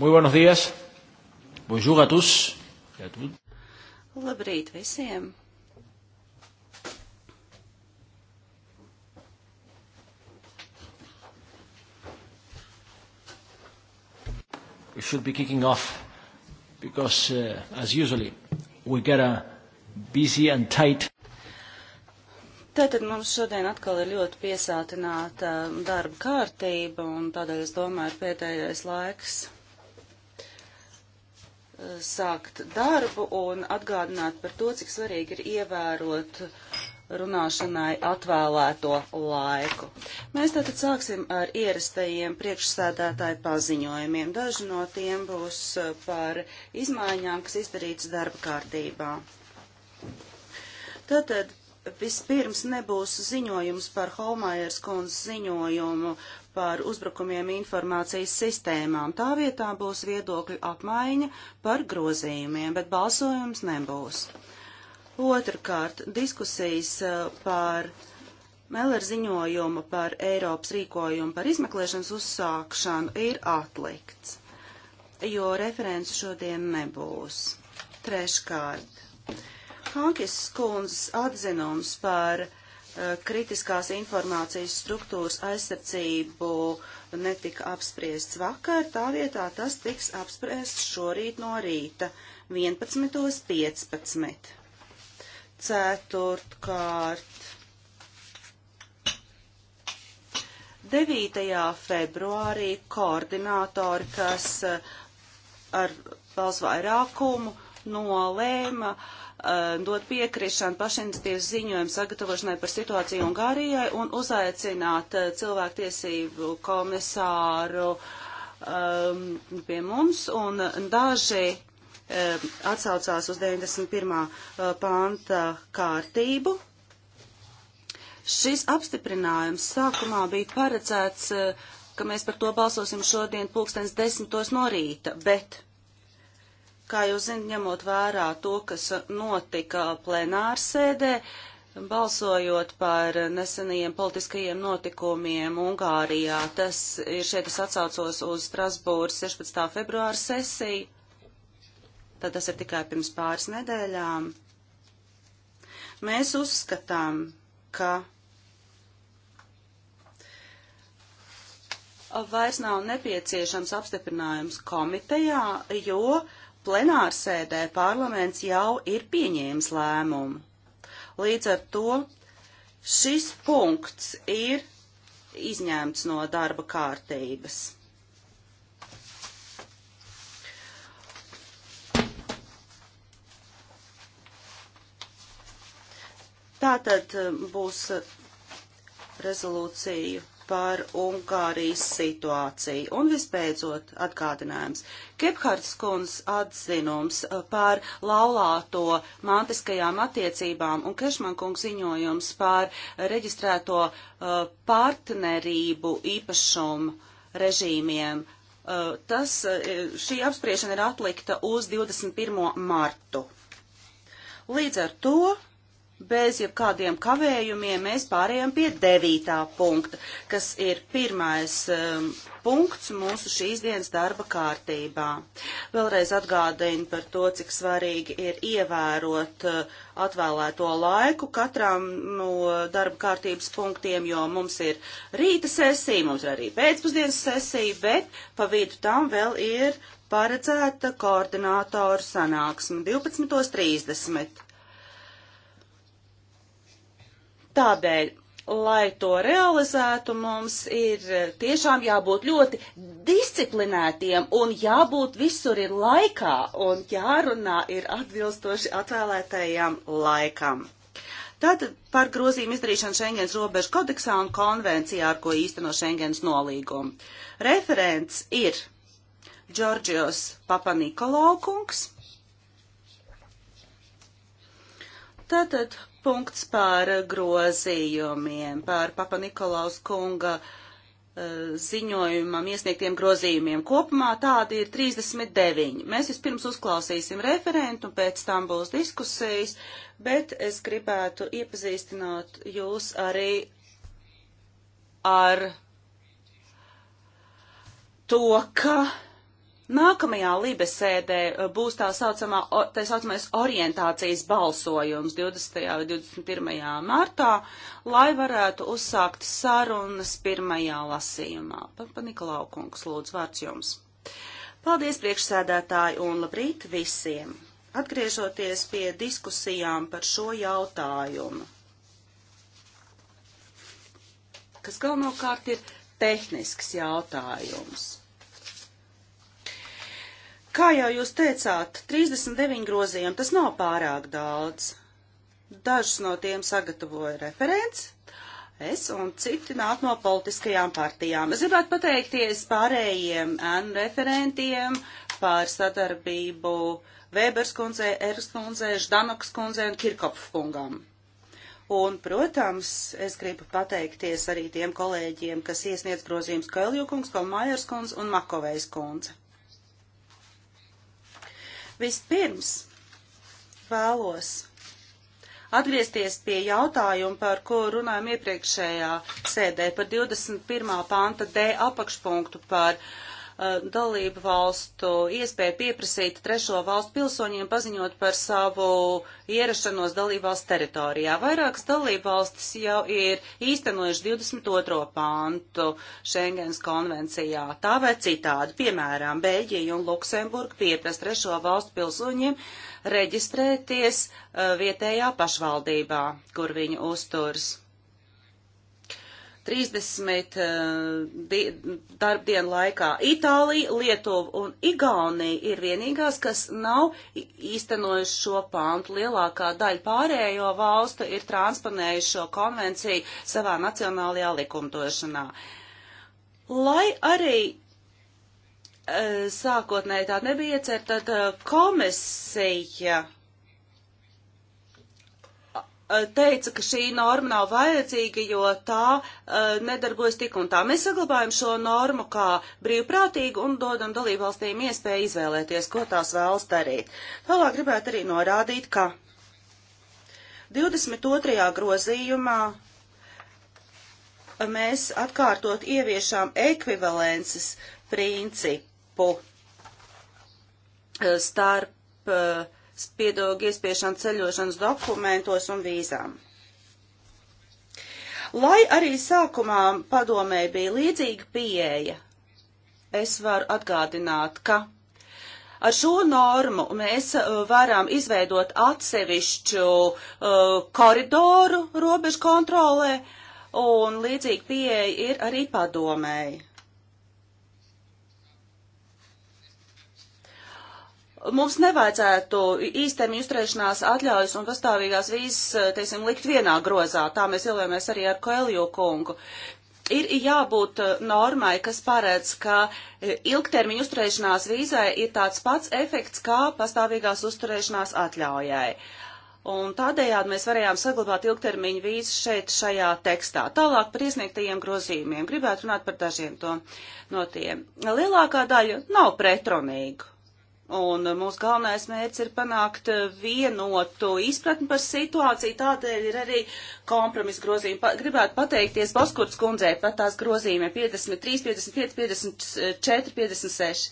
Muy buenos días. Bonjour à tous. Labrīt visiem. We should be kicking off because, uh, as usually, we get a busy and tight. Tātad mums šodien atkal ir ļoti piesātināta um, darba kārtība, un tādēļ, es domāju, ir pēdējais laiks sākt darbu un atgādināt par to, cik svarīgi ir ievērot runāšanai atvēlēto laiku. Mēs tātad sāksim ar ierastajiem priekšsēdētāju paziņojumiem. Daži no tiem būs par izmaiņām, kas izdarīts darba kārtībā. Tātad vispirms nebūs ziņojums par Holmajers kundzes ziņojumu par uzbrukumiem informācijas sistēmām. Tā vietā būs viedokļu apmaiņa par grozījumiem, bet balsojums nebūs. Otrakārt, diskusijas uh, par Meller ziņojumu par Eiropas rīkojumu par izmeklēšanas uzsākšanu ir atlikts, jo referents šodien nebūs. Treškārt, Hankis skundzes atzinums par Eh, kritiskās informācijas struktūras aizsardzību netika apspriests vakar, tā vietā tas tiks apspriests šorīt no rīta 11.15. Ceturtkārt. 9. februārī koordinātori, kas eh, ar balsvairākumu nolēma uh, Uh, dot piekrišanu pašinicitīvas ziņojumu sagatavošanai par situāciju Ungārijai un uzaicināt uh, cilvēktiesību komisāru um, pie mums. Un daži um, atsaucās uz 91. Uh, panta kārtību. Šis apstiprinājums sākumā bija paredzēts, ka mēs par to balsosim šodien pulkstens desmitos no rīta, bet Kā jūs zinat, ņemot vērā to, kas notika plenārsēdē, balsojot par nesenajiem politiskajiem notikumiem Ungārijā, tas ir šeit es atsaucos uz Strasbūras 16. februāra sesiju, tad tas ir tikai pirms pāris nedēļām. Mēs uzskatām, ka vairs nav nepieciešams apstiprinājums komitejā, jo plenārsēdē parlaments jau ir pieņēmis lēmumu. Līdz ar to šis punkts ir izņemts no darba kārtības. Tātad eh, būs eh, rezolūciju par Ungārijas situāciju. Un visbeidzot, atgādinājums. Gebhards kunds atzinums uh, par laulāto mantiskajām attiecībām un Kešman kungs ziņojums par reģistrēto uh, partnerību īpašumu režīmiem. Uh, tas, šī apspriešana ir atlikta uz 21. martu. Līdz ar to bez jebkādiem kavējumiem mēs pārējām pie devītā punkta, kas ir pirmais um, punkts mūsu šīs dienas darba kārtībā. Vēlreiz atgādinu par to, cik svarīgi ir ievērot uh, atvēlēto laiku katram no darba kārtības punktiem, jo mums ir rīta sesija, mums ir arī pēcpusdienas sesija, bet pa vidu tam vēl ir paredzēta koordinātoru sanāksme 12.30 Tādēļ, lai to realizētu, mums ir eh, tiešām jābūt ļoti disciplinētiem un jābūt visur ir laikā un jārunā ir atbilstoši atvēlētajām laikam. Tātad par grozījumu izdarīšanu Schengens robežu kodeksā un konvencijā, ar ko īsteno Schengens nolīgumu. Referents ir Džordžijos Papanikolaokungs. Tātad punkts par grozījumiem, par Papa Nikolaus kunga eh, ziņojumam iesniegtiem grozījumiem. Kopumā tādi ir 39. Mēs vispirms uzklausīsim referentu, pēc tam būs diskusijas, bet es gribētu iepazīstināt jūs arī ar to, ka Nākamajā Libes sēdē eh, būs tā, saucamā, tā saucamais orientācijas balsojums 20. vai 21. martā, lai varētu uzsākt sarunas pirmajā lasījumā. Papa Nikolau kungs, lūdzu, vārds jums. Paldies priekšsēdētāji un labrīt visiem! Atgriežoties pie diskusijām par šo jautājumu, kas galvenokārt ir tehnisks jautājums. Kā jau jūs teicāt, 39 grozījumi tas nav pārāk daudz. Dažus no tiem sagatavoja referents, es un citi nāk no politiskajām partijām. Es gribētu pateikties pārējiem N referentiem par sadarbību Vēbers kundzei, Eras kundzei, Ždanoks kundzei un Kirkopf kungam. Un, protams, es gribu pateikties arī tiem kolēģiem, kas iesniedz grozījums Kailjukungs, Kalmājers kundze un Makovejs kundze. Vispirms vēlos atgriezties pie jautājuma, par ko runājam iepriekšējā sēdē, par 21. panta D apakšpunktu par uh, Uh, dalību valstu iespēja pieprasīt trešo valstu pilsoņiem paziņot par savu ierašanos dalību valsts teritorijā. Vairākas dalību valstis jau ir īstenojuši 22. pantu Schengens konvencijā. Tā vai citādi, piemēram, Beļģija un Luksemburga pieprasa trešo valstu pilsoņiem reģistrēties uh, vietējā pašvaldībā, kur viņi uzturs. 30 uh, eh, darbdienu laikā. Itālija, Lietuva un Igaunija ir vienīgās, kas nav īstenojuši šo pāntu. Lielākā daļa pārējo valstu ir transponējuši šo konvenciju savā nacionālajā likumdošanā. Lai arī uh, sākotnēji tā nebija iecerta, tad uh, komisija Eh, teica, ka šī norma nav vajadzīga, jo tā uh, nedarbojas tik un tā. Mēs saglabājam šo normu kā brīvprātīgu un dodam dalībvalstīm iespēju izvēlēties, ko tās vēlas darīt. Tālāk gribētu arī norādīt, ka 22. grozījumā mēs atkārtot ieviešām ekvivalences principu eh, starp uh, spiedogu iespiešanu ceļošanas dokumentos un vīzām. Lai arī sākumā padomē bija līdzīga pieeja, es varu atgādināt, ka Ar šo normu mēs uh, varam izveidot atsevišķu uh, koridoru robežu kontrolē, un līdzīgi pieeja ir arī padomēji. mums nevajadzētu īstermiņa uzturēšanās atļaujas un pastāvīgās vīzes, eh, teiksim, likt vienā grozā. Tā mēs ielēmies arī ar Koeljo kungu. Ir jābūt eh, normai, kas paredz, ka eh, ilgtermiņa uzturēšanās vīzai ir tāds pats efekts kā pastāvīgās uzturēšanās atļaujai. Un tādējādi mēs varējām saglabāt ilgtermiņu vīzu šeit šajā tekstā. Tālāk par iesniegtajiem grozījumiem. Gribētu runāt par dažiem to, no tiem. Lielākā daļa nav pretrunīgu Un mūsu galvenais mērķis ir panākt vienotu izpratni par situāciju, tādēļ ir arī kompromisa grozījumi. Pa, gribētu pateikties Boskurts kundzei par tās grozījumiem 53, 55, 54, 56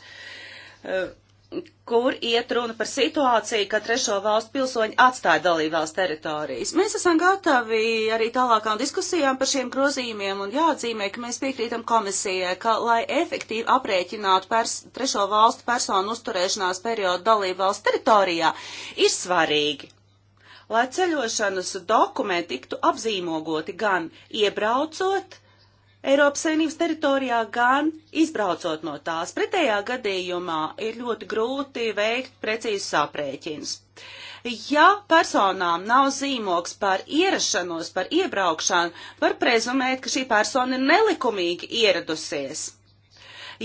kur iet runa par situāciju, ka trešo valstu pilsoņi atstāja dalībvalsts teritorijas. Mēs esam gatavi arī tālākām diskusijām par šiem grozījumiem un jāatzīmē, ka mēs piekrītam komisijai, ka, lai efektīvi aprēķinātu pers trešo valstu personu uzturēšanās periodu dalībvalsts teritorijā, ir svarīgi. Lai ceļošanas dokumenti tiktu apzīmogoti gan iebraucot, Eiropas Savienības teritorijā, gan izbraucot no tās. Pretējā gadījumā ir ļoti grūti veikt precīzus aprēķinus. Ja personām nav zīmoks par ierašanos, par iebraukšanu, var prezumēt, ka šī persona ir nelikumīgi ieradusies.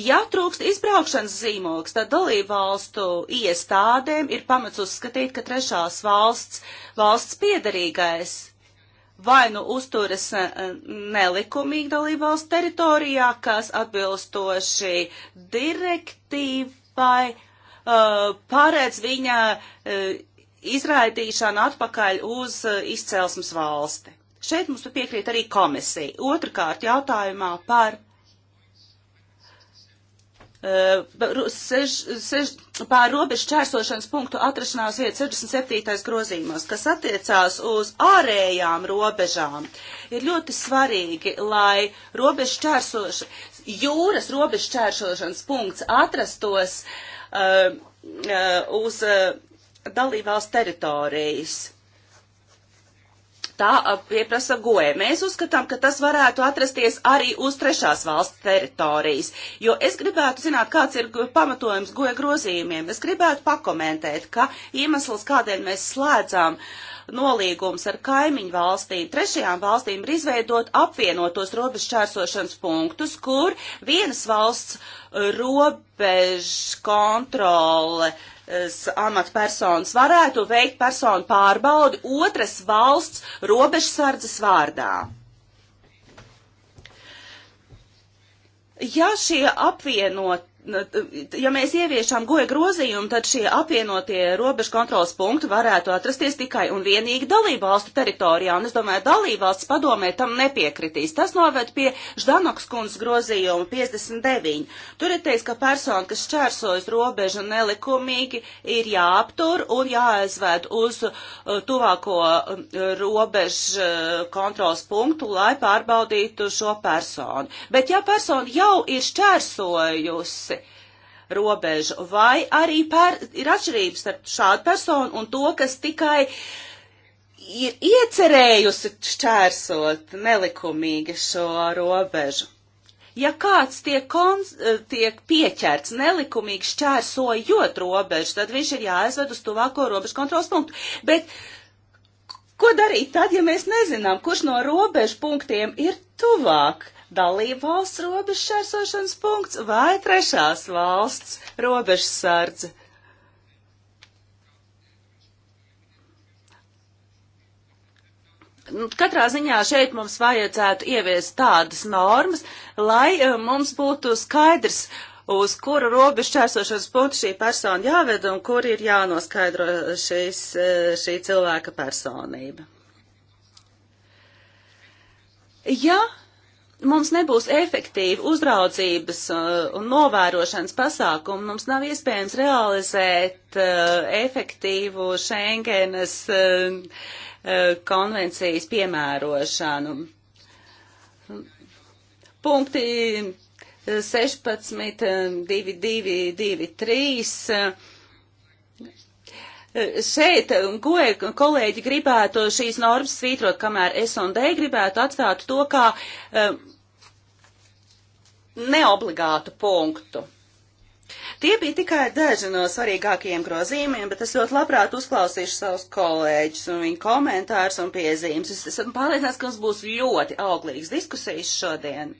Ja trūkst izbraukšanas zīmoks, tad dalībvalstu iestādēm ir pamats uzskatīt, ka trešās valsts, valsts piedarīgais vai nu uzturas eh, nelikumīgi dalībvalsts teritorijā, kas atbilstoši direktīvai uh, paredz viņa uh, izraidīšanu atpakaļ uz uh, izcelsmes valsti. Šeit mums piekrīt arī komisija. Otrakārt jautājumā par Eh, sež, sež, pār robežu čērsošanas punktu atrašanās vietas 67. grozījumos, kas attiecās uz ārējām robežām, ir ļoti svarīgi, lai robežu čērsoša, jūras robežu čērsošanas punkts atrastos uh, uh, uz uh, dalībvalsts teritorijas tā pieprasa goē. Mēs uzskatām, ka tas varētu atrasties arī uz trešās valsts teritorijas, jo es gribētu zināt, kāds ir pamatojums goē grozījumiem. Es gribētu pakomentēt, ka iemesls, kādēļ mēs slēdzām nolīgums ar kaimiņu valstīm, trešajām valstīm, ir izveidot apvienotos robežšķērsošanas punktus, kur vienas valsts uh, robežkontrole kontrole amatpersonas varētu veikt personu pārbaudi otras valsts robežsardzes vārdā. Ja šie apvienot ja mēs ieviešām goja grozījumu, tad šie apvienotie robežu kontrolas punkti varētu atrasties tikai un vienīgi dalību valstu teritorijā, un es domāju, dalību valsts padomē tam nepiekritīs. Tas noved pie Ždanoks kundzes grozījuma 59. Tur ir teiks, ka persona, kas šķērsojas robežu nelikumīgi, ir jāaptur un jāaizved uz uh, tuvāko uh, robežu uh, kontrolas punktu, lai pārbaudītu šo personu. Bet ja persona jau ir šķērsojusi, robežu, vai arī par, ir atšķirības starp šādu personu un to, kas tikai ir iecerējusi šķērsot nelikumīgi šo robežu. Ja kāds tiek, kons, eh, tiek pieķerts nelikumīgi šķērsojot robežu, tad viņš ir jāaizved uz tuvāko robežu kontrols punktu. Bet ko darīt tad, ja mēs nezinām, kurš no robežu punktiem ir tuvāk? dalību valsts robežu šķērsošanas punkts vai trešās valsts robežsardze. Nu, katrā ziņā šeit mums vajadzētu ieviest tādas normas, lai eh, mums būtu skaidrs, uz kuru robežu čērsošanas punktu šī persona jāved un kur ir jānoskaidro šis, eh, šī cilvēka personība. Ja mums nebūs efektīvi uzraudzības uh, un novērošanas pasākumi, mums nav iespējams realizēt uh, efektīvu Schengenas uh, konvencijas piemērošanu. Punkti 16, 2, 2, 2, 3. Šeit um, goja kolēģi gribētu šīs normas svītrot, kamēr es un D gribētu atstāt to kā um, neobligātu punktu. Tie bija tikai daži no svarīgākajiem grozījumiem, bet es ļoti labprāt uzklausīšu savus kolēģus un viņu komentārus un piezīmes. Es esmu pārliecināts, ka mums būs ļoti auglīgas diskusijas šodien.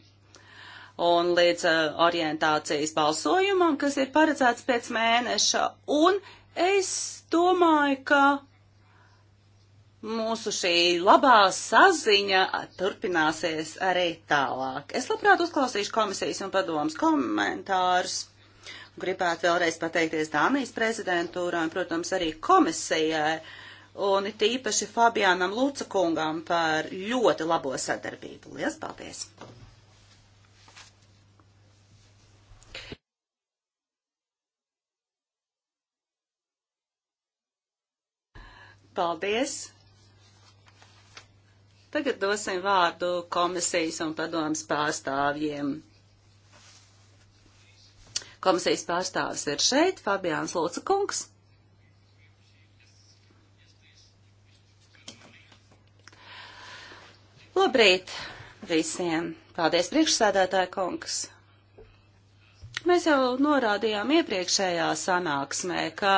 Un līdz uh, orientācijas balsojumam, kas ir paredzēts pēc mēneša, un es domāju, ka mūsu šī labā saziņa turpināsies arī tālāk. Es labprāt uzklausīšu komisijas un padomas komentārus. Gribētu vēlreiz pateikties Dānijas prezidentūrai un, protams, arī komisijai un it īpaši Fabianam Lucakungam par ļoti labo sadarbību. Lielas paldies! Paldies! Tagad dosim vārdu komisijas un padomas pārstāvjiem. Komisijas pārstāvis ir šeit, Fabiāns Lūcakungs. Labrīt visiem! Paldies, priekšsēdētāja kungs! Mēs jau norādījām iepriekšējā sanāksmē, ka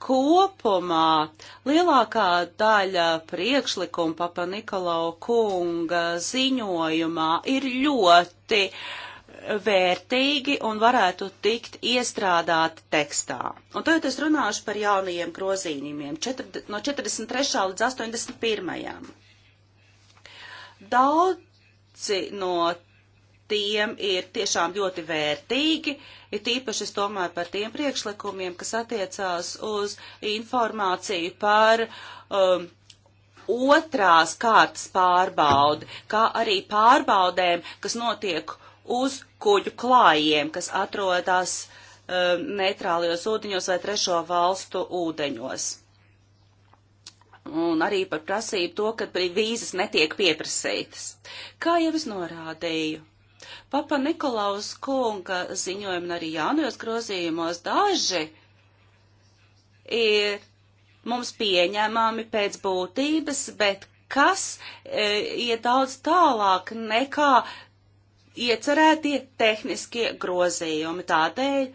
kopumā lielākā daļa priekšlikuma papa Nikolau kunga ziņojumā ir ļoti vērtīgi un varētu tikt iestrādāti tekstā. Un tagad es runāšu par jaunajiem grozīnījumiem no 43. līdz 81. Daudzi no tiem ir tiešām ļoti vērtīgi, ir tīpaši es domāju par tiem priekšlikumiem, kas attiecās uz informāciju par um, otrās kārtas pārbaudi, kā arī pārbaudēm, kas notiek uz kuģu klājiem, kas atrodas um, neitrālajos ūdeņos vai trešo valstu ūdeņos. Un arī par prasību to, ka vīzas netiek pieprasītas. Kā jau es norādīju, Papa Nikolaus kunga ziņojumi un arī jaunajos grozījumos daži ir mums pieņemami pēc būtības, bet kas e, iet daudz tālāk nekā iecerētie tehniskie grozījumi. Tādēļ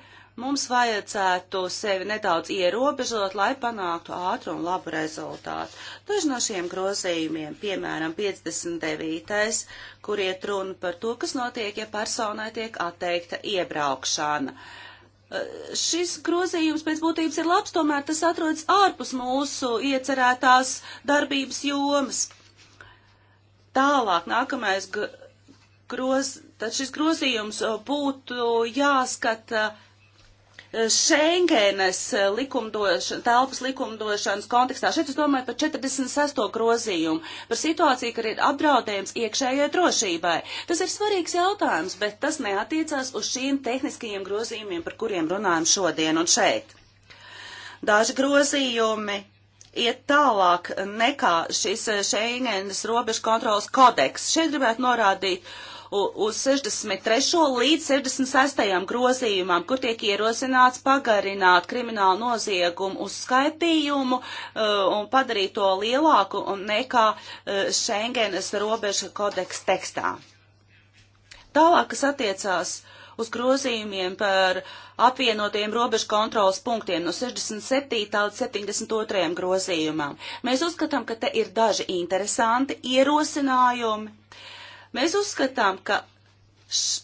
mums vajadzētu sevi nedaudz ierobežot, lai panāktu ātru un labu rezultātu. Daži no šiem grozījumiem, piemēram, 59. kur iet runa par to, kas notiek, ja personai tiek atteikta iebraukšana. Eh, šis grozījums pēc būtības ir labs, tomēr tas atrodas ārpus mūsu iecerētās darbības jomas. Tālāk nākamais groz, tad šis grozījums eh, būtu jāskata uh, Schengenes likumdošana, telpas likumdošanas kontekstā. Šeit es domāju par 46. grozījumu, par situāciju, kad ir apdraudējums iekšējai drošībai. Tas ir svarīgs jautājums, bet tas neatiecās uz šīm tehniskajiem grozījumiem, par kuriem runājam šodien un šeit. Daži grozījumi iet tālāk nekā šis Schengenes robežu kontrolas kodeks. Šeit gribētu norādīt uz 63. līdz 66. grozījumam, kur tiek ierosināts pagarināt kriminālu noziegumu uz skaitījumu uh, un padarīt to lielāku nekā uh, Schengenas robeža kodeks tekstā. Tālāk, kas attiecās uz grozījumiem par apvienotiem robežu kontrolas punktiem no 67. līdz 72. grozījumam, mēs uzskatām, ka te ir daži interesanti ierosinājumi. Mēs uzskatām, ka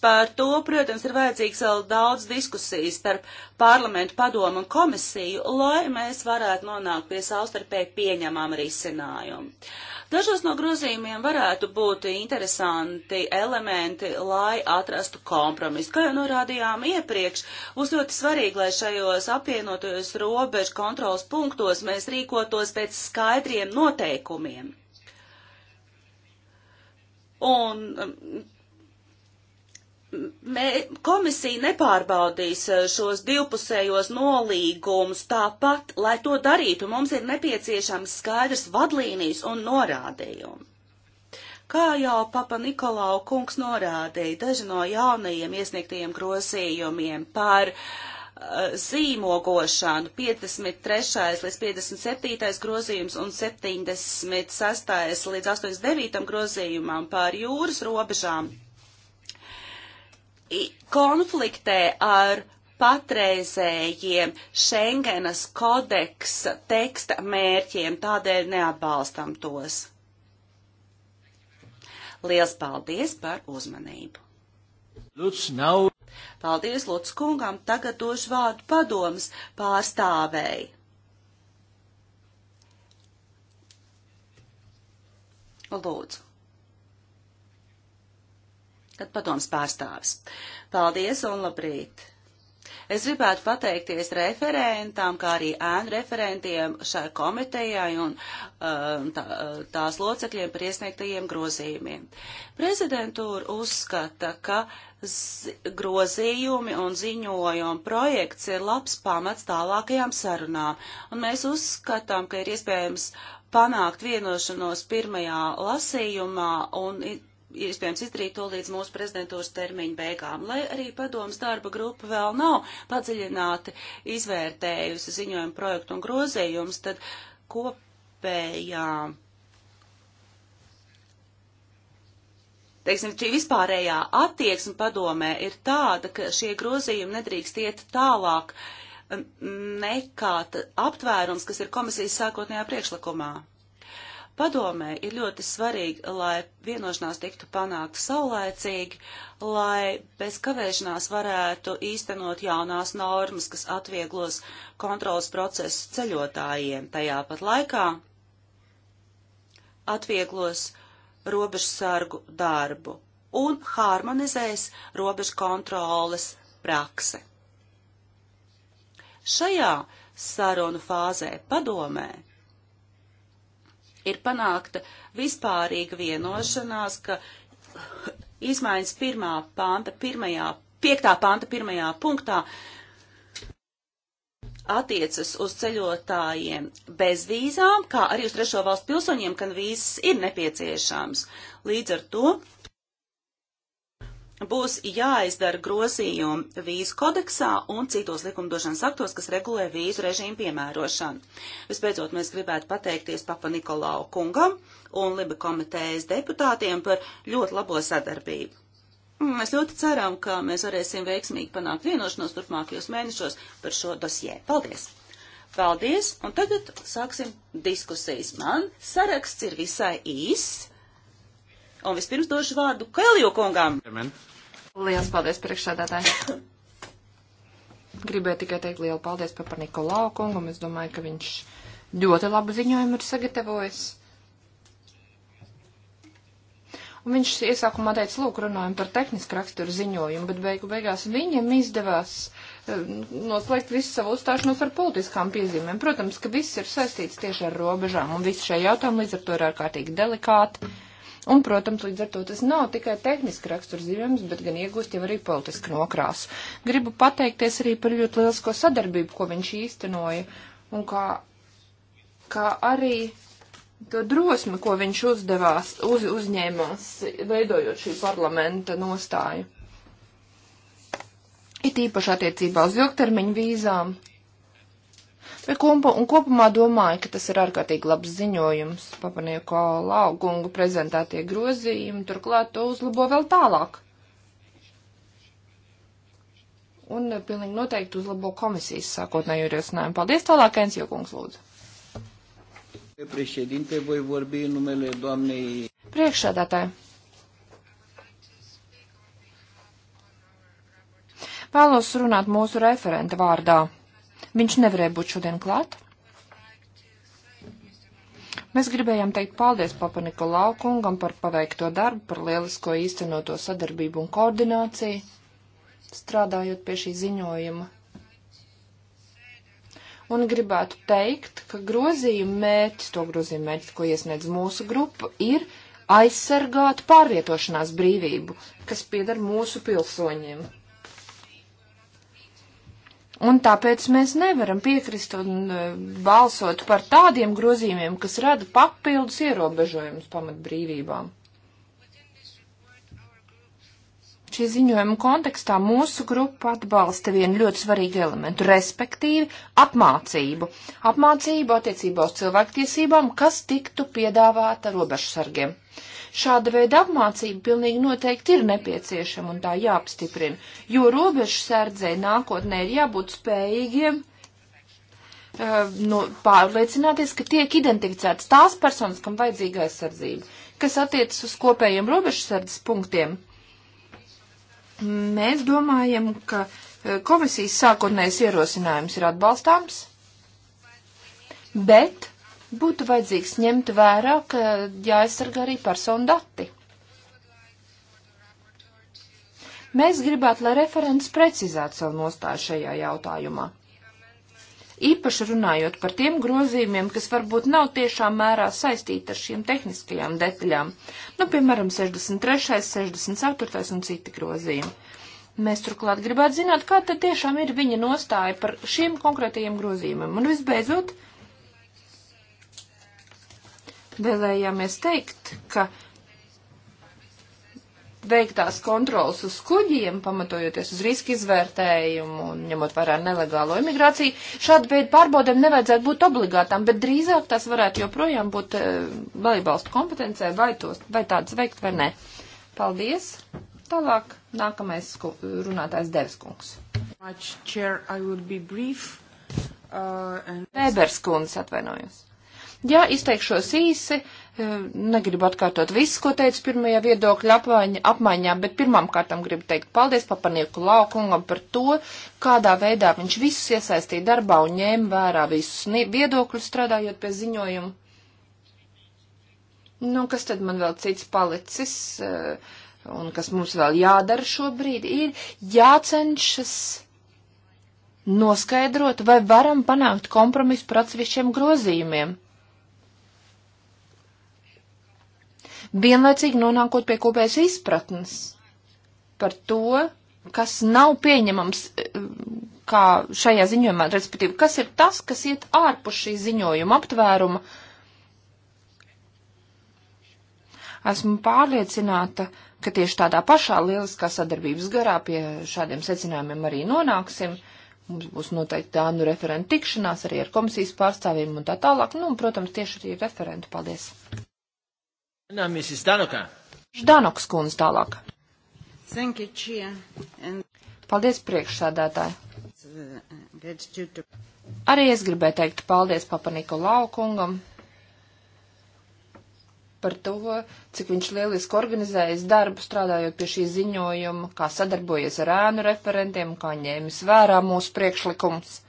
par to, protams, ir vajadzīgs vēl daudz diskusijas starp parlamentu padomu un komisiju, lai mēs varētu nonākt pie savstarpēji pieņemama risinājuma. Dažos no grozījumiem varētu būt interesanti elementi, lai atrastu kompromisu. Kā jau norādījām iepriekš, būs ļoti svarīgi, lai šajos apvienotajos robežu kontrols punktos mēs rīkotos pēc skaidriem noteikumiem. Un um, mē, komisija nepārbaudīs uh, šos divpusējos nolīgumus tāpat, lai to darītu. Mums ir nepieciešams skaidrs vadlīnijas un norādījumi. Kā jau Papa Nikolau kungs norādīja, daži no jaunajiem iesniegtajiem grozījumiem par uh, zīmogošanu eh, 53. līdz 57. grozījums un 76. līdz 89. grozījumam pār jūras robežām konfliktē ar patreizējiem Schengenas kodeksa teksta mērķiem, tādēļ neatbalstam tos. Liels paldies par uzmanību! Lūdzu, nav. Paldies Lūdzu kungam, tagad došu vārdu padomas pārstāvēji. Lūdzu. Kad padoms pārstāvis. Paldies un labrīt. Es gribētu pateikties referentām, kā arī ēnu referentiem šai komitejai un um, tā, tās locekļiem par iesniegtajiem grozījumiem. Prezidentūra uzskata, ka uh, grozījumi un ziņojumi projekts ir labs pamats tālākajām sarunām, un mēs uzskatām, ka ir iespējams panākt vienošanos pirmajā lasījumā un ir iespējams izdarīt to līdz mūsu prezidentūras termiņa beigām. Lai arī padomas darba grupa vēl nav padziļināti izvērtējusi ziņojumu projektu un grozījumus, tad kopējām teiksim, šī vispārējā attieksme padomē ir tāda, ka šie grozījumi nedrīkst iet tālāk um, nekā aptvērums, kas ir komisijas sākotnējā priekšlikumā. Padomē ir ļoti svarīgi, lai vienošanās tiktu panākta saulēcīgi, lai bez kavēšanās varētu īstenot jaunās normas, kas atvieglos kontrolas procesu ceļotājiem. Tajā pat laikā atvieglos uh, robežsargu darbu un harmonizēs robežu kontroles prakse. Šajā sarunu fāzē padomē ir panākta vispārīga vienošanās, ka izmaiņas pirmā panta, pirmajā, piektā panta pirmajā punktā uh, attiecas uz ceļotājiem bez vīzām, kā arī uz trešo valstu pilsoņiem, kad vīzas ir nepieciešams. Līdz ar to būs jāizdara grozījumi vīzu kodeksā un citos likumdošanas aktos, kas regulē vīzu režīmu piemērošanu. Vispēcot, mēs gribētu pateikties Papa Nikolau kungam un Liba komitejas deputātiem par ļoti labo sadarbību. Mm, mēs ļoti ceram, ka mēs varēsim veiksmīgi panākt vienošanos turpmākajos mēnešos par šo dosjē. Paldies! Paldies! Un tagad sāksim diskusijas. Man saraksts ir visai īss. Un vispirms došu vārdu Kalju kungam. Amen. Lielas paldies priekšsēdētāji. Gribēju tikai teikt lielu paldies par Nikolau kungam. Es domāju, ka viņš ļoti labu ziņojumu ir sagatavojis. Un viņš iesākumā teica, lūk, runājam par tehnisku raksturu ziņojumu, bet beigu beigās viņam izdevās eh, noslēgt visu savu uzstāšanos ar politiskām piezīmēm. Protams, ka viss ir saistīts tieši ar robežām, un visi šie jautājumi līdz ar to ir ārkārtīgi delikāti. Un, protams, līdz ar to tas nav tikai tehniski raksturzīmējums, bet gan iegūst jau arī politisku nokrāsu. Gribu pateikties arī par ļoti lielisko sadarbību, ko viņš īstenoja, un kā, kā arī to drosmi, ko viņš uzdevās, uz, uzņēmās, veidojot šī parlamenta nostāju. It īpaši attiecībā uz ilgtermiņu vīzām. Bet kompa, un kopumā domāju, ka tas ir ārkārtīgi labs ziņojums. Papanieko laugungu prezentētie grozījumi, turklāt to uzlabo vēl tālāk. Un pilnīgi noteikti uzlabo komisijas sākotnējo ierosinājumu. Paldies tālāk, Ens Jokungs, lūdzu. Președinte, voi vorbi în numele doamnei... Priekšsēdētāji. Vēlos runāt mūsu referenta vārdā. Viņš nevarēja būt šodien klāt. Mēs gribējām teikt paldies Papaniko laukungam par paveikto darbu, par lielisko īstenoto sadarbību un koordināciju, strādājot pie šī ziņojuma un gribētu teikt, ka grozījuma mērķis, to grozījuma mērķis, ko iesniedz mūsu grupa, ir aizsargāt pārvietošanās brīvību, kas pieder mūsu pilsoņiem. Un tāpēc mēs nevaram piekrist un e, balsot par tādiem grozījumiem, kas rada papildus ierobežojumus pamatbrīvībām. šī ziņojuma kontekstā mūsu grupa atbalsta vienu ļoti svarīgu elementu, respektīvi apmācību. Apmācību attiecībā uz cilvēktiesībām, kas tiktu piedāvāta robežsargiem. Šāda veida apmācība pilnīgi noteikti ir nepieciešama un tā jāapstiprina, jo robežsardzei nākotnē ir jābūt spējīgiem eh, nu, pārliecināties, ka tiek identificētas tās personas, kam vajadzīga aizsardzība, kas attiecas uz kopējiem robežsardzes punktiem Mēs domājam, ka e, komisijas sākotnējais ierosinājums ir atbalstāms, bet būtu vajadzīgs ņemt vērā, ka jāaizsargā arī personu dati. Mēs gribētu, lai referents precizētu savu nostāju šajā jautājumā īpaši runājot par tiem grozījumiem, kas varbūt nav tiešām mērā saistīti ar šiem tehniskajām detaļām, nu, piemēram, 63., 64. un citi grozījumi. Mēs turklāt gribētu zināt, kā tad tiešām ir viņa nostāja par šiem konkrētajiem grozījumiem. Un visbeidzot, vēlējāmies teikt, ka veiktās kontrolas uz kuģiem, pamatojoties uz riska izvērtējumu un ņemot vērā nelegālo imigrāciju, šāda veida pārbaudēm nevajadzētu būt obligātām, bet drīzāk tās varētu joprojām būt eh, dalībvalstu kompetencē, vai, tos, vai tādas veikt vai nē. Paldies! Tālāk nākamais sku, runātājs Devskungs. Weberskundze uh, atvainojos. Jā, izteikšos īsi, eh, negribu atkārtot visu, ko teicu pirmajā viedokļa apmaiņā, apmaiņā bet pirmām kārtām gribu teikt paldies papanieku laukungam par to, kādā veidā viņš visus iesaistīja darbā un ņēma vērā visus viedokļus strādājot pie ziņojumu. Nu, kas tad man vēl cits palicis? Uh, un kas mums vēl jādara šobrīd, ir jācenšas noskaidrot, vai varam panākt kompromisu par atsevišķiem grozījumiem. vienlaicīgi nonākot pie kopējas izpratnes par to, kas nav pieņemams, e, kā šajā ziņojumā, respektīvi, kas ir tas, kas iet ārpus šī ziņojuma aptvēruma. Esmu pārliecināta, ka tieši tādā pašā lieliskā sadarbības garā pie šādiem secinājumiem arī nonāksim. Mums būs noteikti tādu referentu tikšanās arī ar komisijas pārstāvjiem un tā tālāk. Nu, un, protams, tieši arī referentu. Paldies! Nā, Mrs. Danukā. Ždanoks kundze tālāk. Thank you, Chia. And... Paldies priekšsādātāji. Arī es gribēju teikt paldies Papa Nikolau kungam par to, cik viņš lieliski organizējas darbu, strādājot pie šī ziņojuma, kā sadarbojies ar ēnu referentiem, kā ņēmis vērā mūsu priekšlikumus.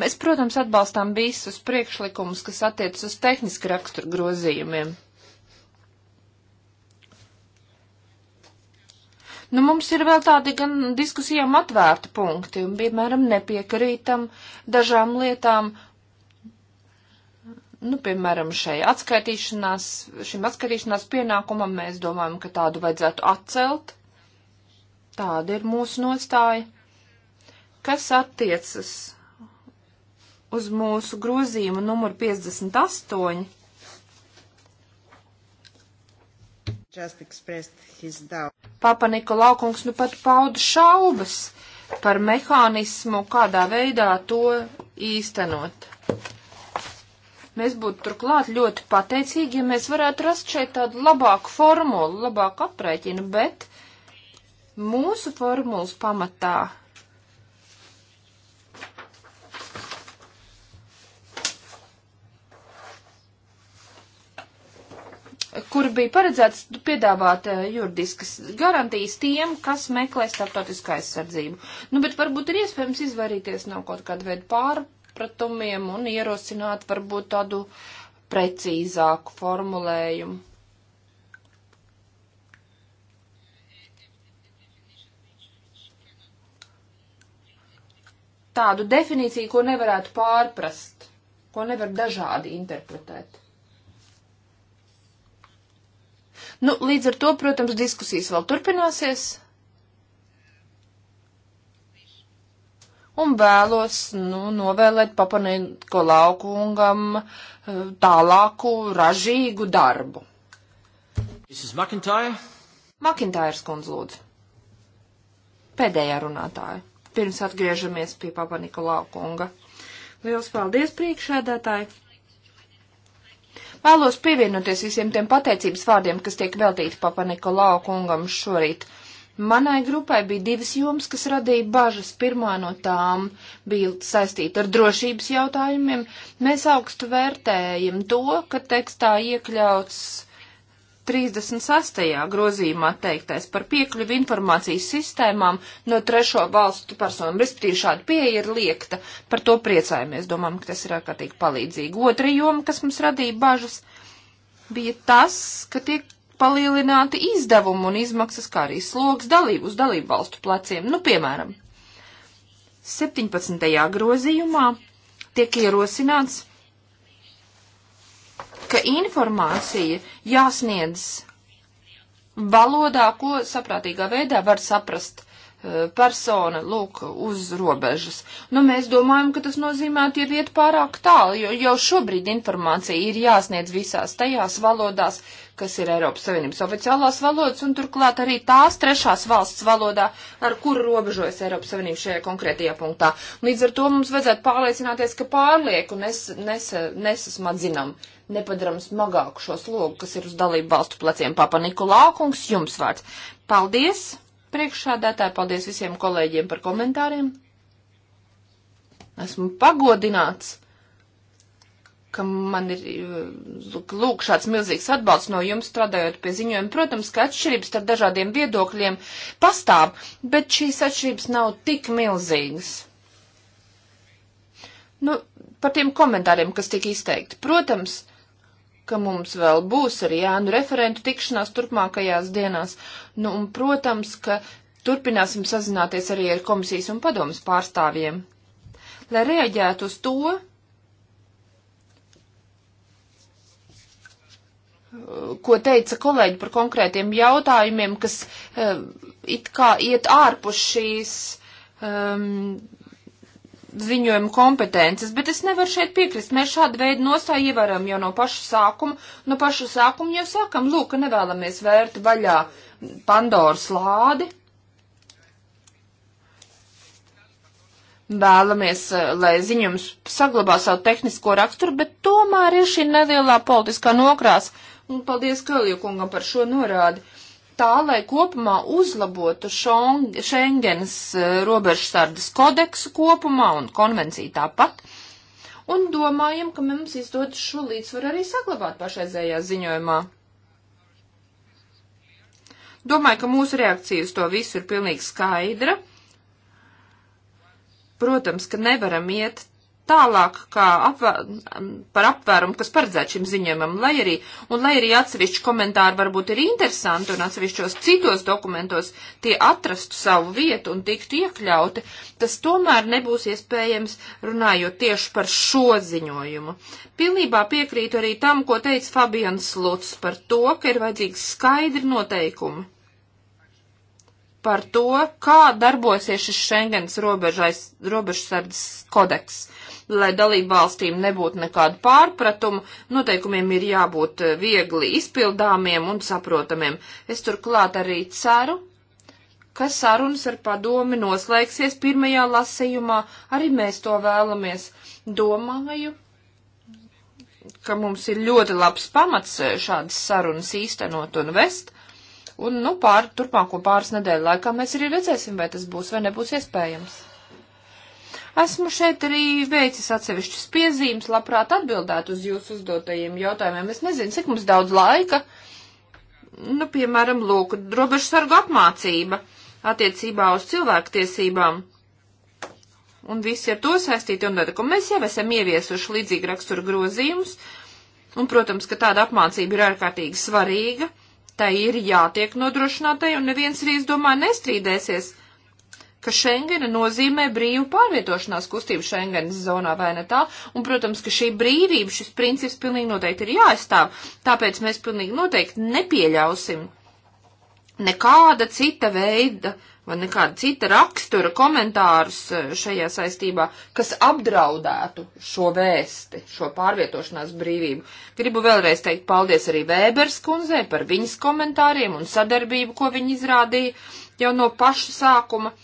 Mēs, protams, atbalstām visus priekšlikumus, kas attiec uz tehniski raksturu grozījumiem. Nu, mums ir vēl tādi gan diskusijām atvērti punkti, un, piemēram, nepiekrītam dažām lietām, nu, piemēram, šai atskaitīšanās, šim atskaitīšanās pienākumam mēs domājam, ka tādu vajadzētu atcelt. Tāda ir mūsu nostāja. Kas attiecas uz mūsu grozījumu numuru 58. Papa Nikolaukungs nu pat pauda šaubas par mehānismu, kādā veidā to īstenot. Mēs būtu turklāt ļoti pateicīgi, ja mēs varētu rast šeit tādu labāku formulu, labāku aprēķinu, bet mūsu formulas pamatā kur bija paredzēts piedāvāt eh, juridiskas garantijas tiem, kas meklē starptautisku aizsardzību. Nu, bet varbūt ir iespējams izvairīties no kaut kāda veida pārpratumiem un ierosināt varbūt tādu precīzāku formulējumu. Tādu definīciju, ko nevarētu pārprast, ko nevar dažādi interpretēt. Nu, līdz ar to, protams, diskusijas vēl turpināsies. un vēlos nu, novēlēt papanīko laukungam eh, tālāku ražīgu darbu. Mrs. McIntyre? McIntyre skundz lūdzu. Pēdējā runātāja. Pirms atgriežamies pie papanīko laukunga. Liels paldies priekšēdētāji! Vēlos pievienoties visiem tiem pateicības vārdiem, kas tiek veltīti Papa Nikolau kungam šorīt. Manai grupai bija divas jomas, kas radīja bažas. Pirmā no tām bija saistīta ar drošības jautājumiem. Mēs augstu vērtējam to, ka tekstā iekļauts 36. grozījumā teiktais par piekļuvi informācijas sistēmām no trešo valstu personu, respektīvi šāda pieeja ir liekta, par to priecājamies, domājam, ka tas ir ārkārtīgi palīdzīgi. Otra joma, kas mums radīja bažas, bija tas, ka tiek palielināti izdevumi un izmaksas, kā arī sloks dalību uz dalību valstu pleciem. Nu, piemēram, 17. grozījumā tiek ierosināts ka informācija jāsniedz valodā, ko saprātīgā veidā var saprast uh, persona, lūk, uz robežas. Nu, mēs domājam, ka tas nozīmētu ja iet pārāk tālu, jo jau šobrīd informācija ir jāsniedz visās tajās valodās, kas ir Eiropas Savienības oficiālās valodas, un turklāt arī tās trešās valsts valodā, ar kuru robežojas Eiropas Savienība šajā konkrētajā punktā. Līdz ar to mums vajadzētu pārliecināties, ka pārlieku nes, nes, nesasmadzinam. Nes, nepadaram smagāku šo slogu, kas ir uz dalību valstu pleciem. Papa Nikolākungs, jums vārds. Paldies, priekšādātāji, paldies visiem kolēģiem par komentāriem. Esmu pagodināts, ka man ir, lūk, šāds milzīgs atbalsts no jums strādājot pie ziņojuma. Protams, ka atšķirības starp dažādiem viedokļiem pastāv, bet šīs atšķirības nav tik milzīgas. Nu, par tiem komentāriem, kas tika izteikti. Protams, uh, ka mums vēl būs arī ēnu referentu tikšanās turpmākajās dienās. Nu, un, protams, ka turpināsim sazināties arī ar komisijas un padomas pārstāvjiem. Lai reaģētu uz to, ko teica kolēģi par konkrētiem jautājumiem, kas eh, it kā iet ārpus šīs um, ziņojumu kompetences, bet es nevaru šeit piekrist. Mēs šādu veidu nostāju ievaram jau no paša sākuma. No paša sākuma jau sākam, lūk, ka nevēlamies vērt vaļā Pandoras lādi. Vēlamies, eh, lai ziņums saglabā savu tehnisko raksturu, bet tomēr ir šī nelielā politiskā nokrās. Un paldies Kalju kungam par šo norādi. Uh, tā, lai kopumā uzlabotu Schengens e, robežsardas kodeksu kopumā un konvenciju tāpat. Un domājam, ka mums izdodas šo līdzsvaru arī saglabāt pašreizējā ziņojumā. Domāju, ka mūsu reakcija uz to visu ir pilnīgi skaidra. Protams, ka nevaram iet tālāk kā apvēr, par apvērumu, kas paredzēts šim ziņojumam, lai arī, un lai arī atsevišķi komentāri varbūt ir interesanti un atsevišķos citos dokumentos tie atrastu savu vietu un tiktu iekļauti, tas tomēr nebūs iespējams runājot tieši par šo ziņojumu. Pilnībā piekrītu arī tam, ko teica Fabians Luts par to, ka ir vajadzīgi skaidri noteikumi par to, kā darbosies šis Schengens robežas sardzes kodeks. Uh, lai dalību valstīm nebūtu nekādu pārpratumu, noteikumiem ir jābūt eh, viegli izpildāmiem un saprotamiem. Es turklāt arī ceru, ka sarunas ar padomi noslēgsies pirmajā lasējumā, arī mēs to vēlamies. Domāju, ka mums ir ļoti labs pamats eh, šādas sarunas īstenot un vest, un, nu, pār, turpmāko pāris nedēļu laikā mēs arī redzēsim, vai tas būs vai nebūs iespējams. Esmu šeit arī veicis atsevišķas piezīmes, labprāt atbildētu uz jūsu uzdotajiem jautājumiem. Es nezinu, cik mums daudz laika. Nu, piemēram, lūk, robežsargu apmācība attiecībā uz cilvēktiesībām un visi ar to saistīti un notikumi. Mēs jau esam ieviesuši līdzīgi rakstura grozījumus, un, protams, ka tāda apmācība ir ārkārtīgi svarīga, tai ir jātiek nodrošinātai, un neviens arī, es domāju, nestrīdēsies ka Schengena nozīmē brīvu pārvietošanās kustību Schengenas zonā, vai ne tā? Un, protams, ka šī brīvība, šis princips pilnīgi noteikti ir jāaizstāv, tāpēc mēs pilnīgi noteikti nepieļausim nekāda cita veida vai nekāda cita rakstura komentārus eh, šajā saistībā, kas apdraudētu šo vēsti, šo pārvietošanās brīvību. Gribu vēlreiz teikt paldies arī Vēbers kundzei par viņas komentāriem un sadarbību, ko viņa izrādīja jau no paša sākuma.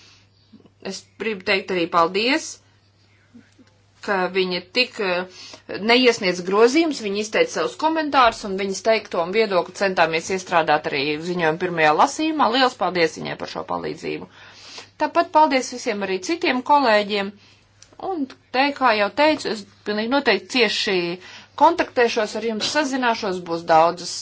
Es gribu teikt arī paldies, ka viņi tik eh, neiesniedz grozījumus, viņi izteica savus komentārus un viņas teikto un viedokli centāmies iestrādāt arī ziņojumu pirmajā lasījumā. Liels paldies viņai par šo palīdzību. Tāpat paldies visiem arī citiem kolēģiem. Un te, kā jau teicu, es pilnīgi noteikti cieši kontaktēšos ar jums, sazināšos, būs daudzas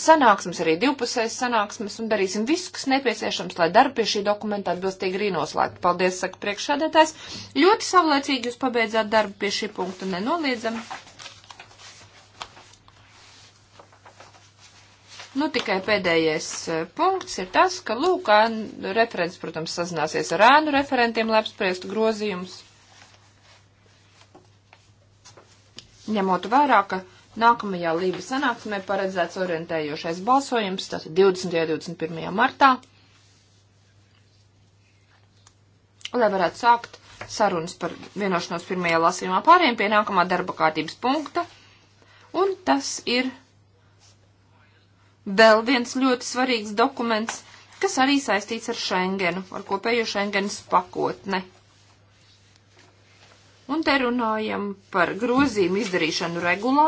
sanāksmes, arī divpusējas sanāksmes, un darīsim visu, kas nepieciešams, lai darbu pie šī dokumenta atbilstīgi arī noslēgtu. Paldies, saka priekšsēdētājs. Ļoti savlaicīgi jūs pabeidzāt darbu pie šī punkta, nenoliedzam. Nu, tikai pēdējais eh, punkts ir tas, ka, lūk, referents, protams, sazināsies ar ēnu referentiem, lai apspriestu grozījumus. ņemot vērā, ka nākamajā Lībijas sanāksmē paredzēts orientējošais balsojums, tātad 20. un 21. martā, lai varētu sākt sarunas par vienošanos pirmajā lasījumā pāriem pie nākamā darba kārtības punkta. Un tas ir vēl viens ļoti svarīgs dokuments, kas arī saistīts ar Schengenu, ar kopējo Schengenas pakotni. Un te runājam par grozījumu izdarīšanu regulā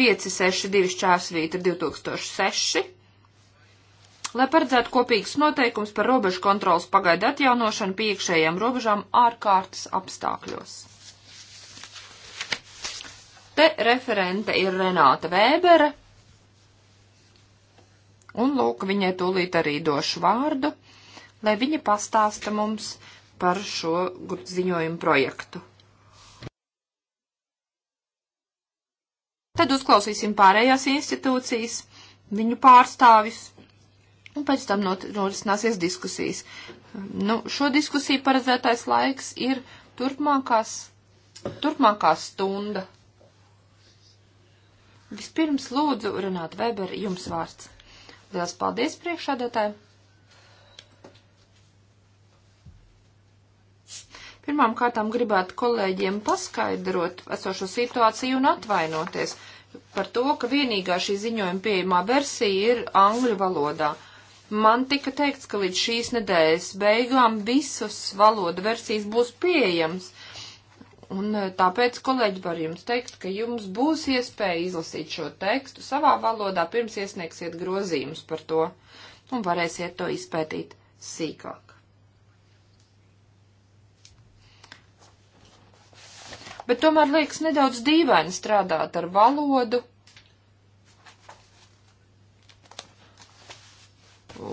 562 čārsvīta 2006, lai paredzētu kopīgas noteikums par robežu kontrolas pagaidu atjaunošanu pie iekšējām robežām ārkārtas apstākļos. Te referente ir Renāta Vēbere, un lūk, viņai tūlīt arī došu vārdu, lai viņa pastāsta mums par šo ziņojumu projektu. Tad uzklausīsim pārējās institūcijas, viņu pārstāvis, un pēc tam norisināsies diskusijas. Nu, šo diskusiju paredzētais laiks ir turpmākās, turpmākā stunda. Vispirms lūdzu, Renāta Weber, jums vārds. Lielas paldies priekšādātājiem! Pirmām kārtām gribētu kolēģiem paskaidrot esošo situāciju un atvainoties par to, ka vienīgā šī ziņojuma pieejamā versija ir angļu valodā. Man tika teikts, ka līdz šīs nedēļas beigām visas valoda versijas būs pieejams. Un eh, tāpēc, kolēģi, var jums teikt, ka jums būs iespēja izlasīt šo tekstu savā valodā, pirms iesniegsiet grozījumus par to, un varēsiet to izpētīt sīkāk. bet tomēr liekas nedaudz dīvaini strādāt ar valodu.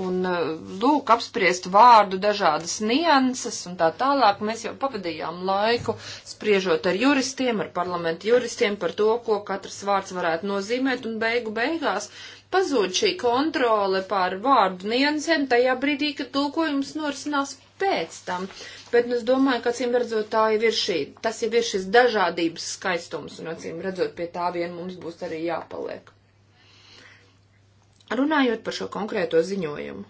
Un eh, lūk, apspriest vārdu dažādas nianses un tā tālāk. Mēs jau pavadījām laiku spriežot ar juristiem, ar parlamentu juristiem par to, ko katrs vārds varētu nozīmēt un beigu beigās pazūd šī kontrole pār vārdu niansēm tajā brīdī, kad tulkojums norisinās pēc tam. Bet nu, es domāju, ka acīm redzot, tā jau ir šī, tas jau ir šis dažādības skaistums, un acīm redzot, pie tā vien mums būs arī jāpaliek. Runājot par šo konkrēto ziņojumu.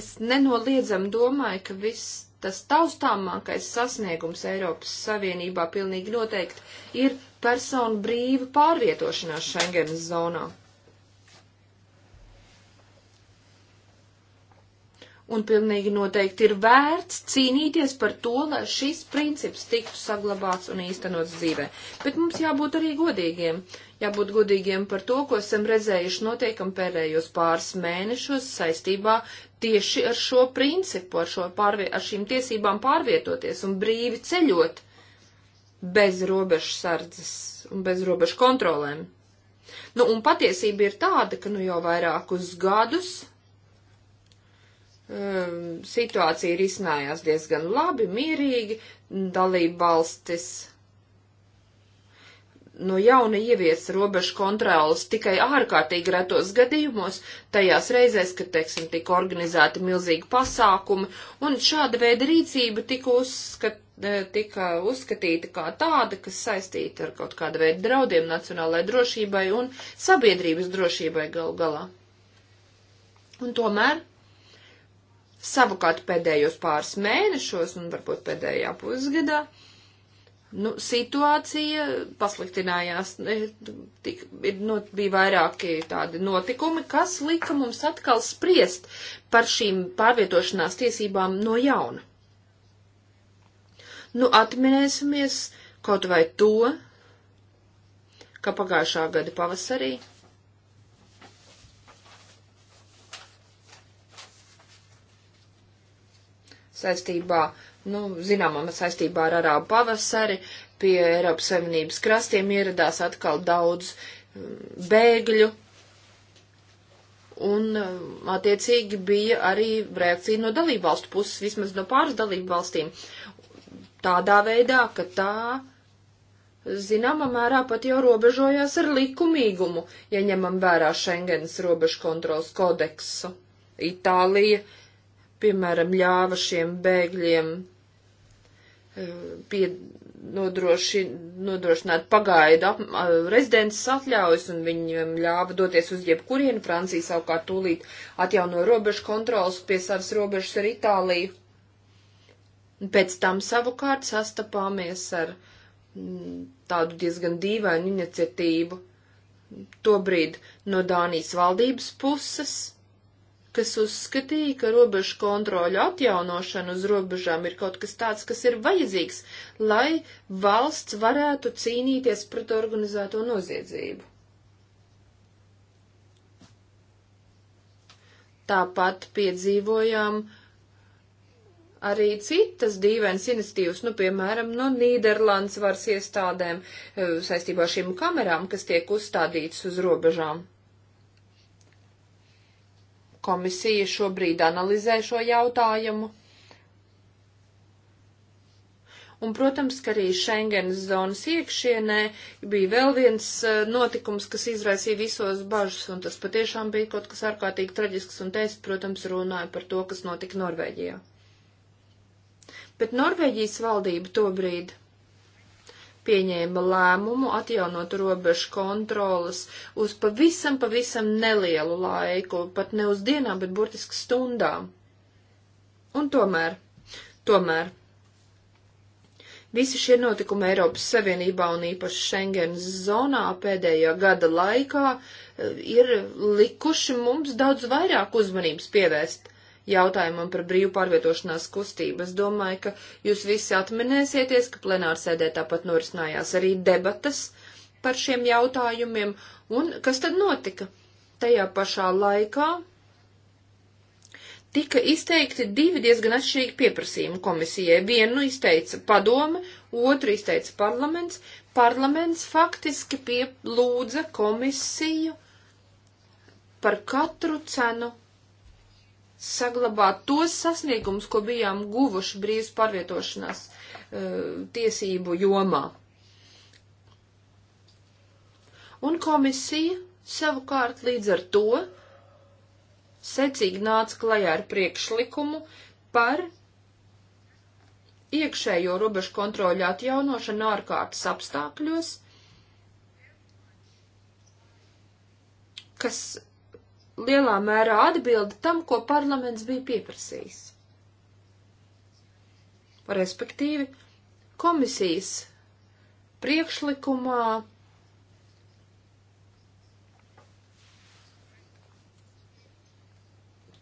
Es nenoliedzam domāju, ka viss tas taustāmākais sasniegums Eiropas Savienībā pilnīgi noteikti ir personu brīvu pārvietošanās Schengenas zonā. Un pilnīgi noteikti ir vērts cīnīties par to, lai šis princips tiktu saglabāts un īstenots dzīvē. Bet mums jābūt arī godīgiem. Jābūt godīgiem par to, ko esam redzējuši notiekam pēdējos pāris mēnešos saistībā tieši ar šo principu, ar, šo pārvie, ar šīm tiesībām pārvietoties un brīvi ceļot bez robežu sardzes un bez robežu kontrolēm. Nu, un patiesība ir tāda, ka nu jau vairākus gadus um, situācija ir iznājās diezgan labi, mierīgi, dalība valstis no jauna ievies robežu kontrolas tikai ārkārtīgi retos gadījumos, tajās reizēs, kad, teiksim, tika organizēti milzīgi pasākumi, un šāda veida rīcība tika uzskatīta E, tika uzskatīta kā tāda, kas saistīta ar kaut kādu veidu draudiem nacionālajai drošībai un sabiedrības drošībai galu galā. Un tomēr, savukārt pēdējos pāris mēnešos un varbūt pēdējā pusgadā, nu, situācija pasliktinājās, e, tik, no, nu, bija vairāki tādi notikumi, kas lika mums atkal spriest par šīm pārvietošanās tiesībām no jauna. Nu, atminēsimies kaut vai to, ka pagājušā gada pavasarī saistībā, nu, zināmā saistībā ar arābu pavasari, pie Eiropas Savienības krastiem ieradās atkal daudz mm, bēgļu, un mm, attiecīgi bija arī reakcija no dalībvalstu puses, vismaz no pāris dalībvalstīm, tādā veidā, ka tā, zināmā mērā, pat jau robežojās ar likumīgumu, ja ņemam vērā Schengens robežu kontrols kodeksu. Itālija, piemēram, ļāva šiem bēgļiem eh, pie, nodroši, nodrošināt pagaidu ap, rezidences atļaujas, un viņiem ļāva doties uz jebkurienu. Francija savukārt tūlīt atjauno robežu kontrols pie savas robežas ar Itāliju. Pēc tam savukārt sastapāmies ar mm, tādu diezgan dīvainu iniciatīvu tobrīd no Dānijas valdības puses, kas uzskatīja, ka robežu kontroļu atjaunošana uz robežām ir kaut kas tāds, kas ir vajadzīgs, lai valsts varētu cīnīties pret organizēto noziedzību. Tāpat piedzīvojām uh, arī citas dīvainas iniciatīvas, nu, piemēram, no Nīderlandes varas iestādēm eh, saistībā ar šīm kamerām, kas tiek uzstādītas uz robežām. Komisija šobrīd analizē šo jautājumu. Un, protams, ka arī Schengenas zonas iekšienē bija vēl viens eh, notikums, kas izraisīja visos bažas, un tas patiešām bija kaut kas ārkārtīgi traģisks, un te es, protams, runāju par to, kas notika Norvēģijā bet Norvēģijas valdība tobrīd pieņēma lēmumu atjaunot robežu kontrolas uz pavisam, pavisam nelielu laiku, pat ne uz dienām, bet burtiski stundām. Un tomēr, tomēr, visi šie notikumi Eiropas Savienībā un īpaši Schengens zonā pēdējā gada laikā eh, ir likuši mums daudz vairāk uzmanības pievērst jautājumam par brīvu pārvietošanās kustību. Es domāju, ka jūs visi atminēsieties, ka plenārsēdē tāpat norisinājās arī debatas par šiem jautājumiem. Un kas tad notika? Tajā pašā laikā tika izteikti divi diezgan atšķirīgi pieprasījumi komisijai. Vienu izteica padome, otru izteica parlaments. Parlaments faktiski pielūdza komisiju par katru cenu saglabāt tos sasniegumus, ko bijām guvuši brīvas pārvietošanās uh, tiesību jomā. Un komisija savukārt līdz ar to secīgi nāca klajā ar priekšlikumu par iekšējo robežu kontroļu atjaunošanu ārkārtas apstākļos, kas lielā mērā atbilda tam, ko parlaments bija pieprasījis. Respektīvi, komisijas priekšlikumā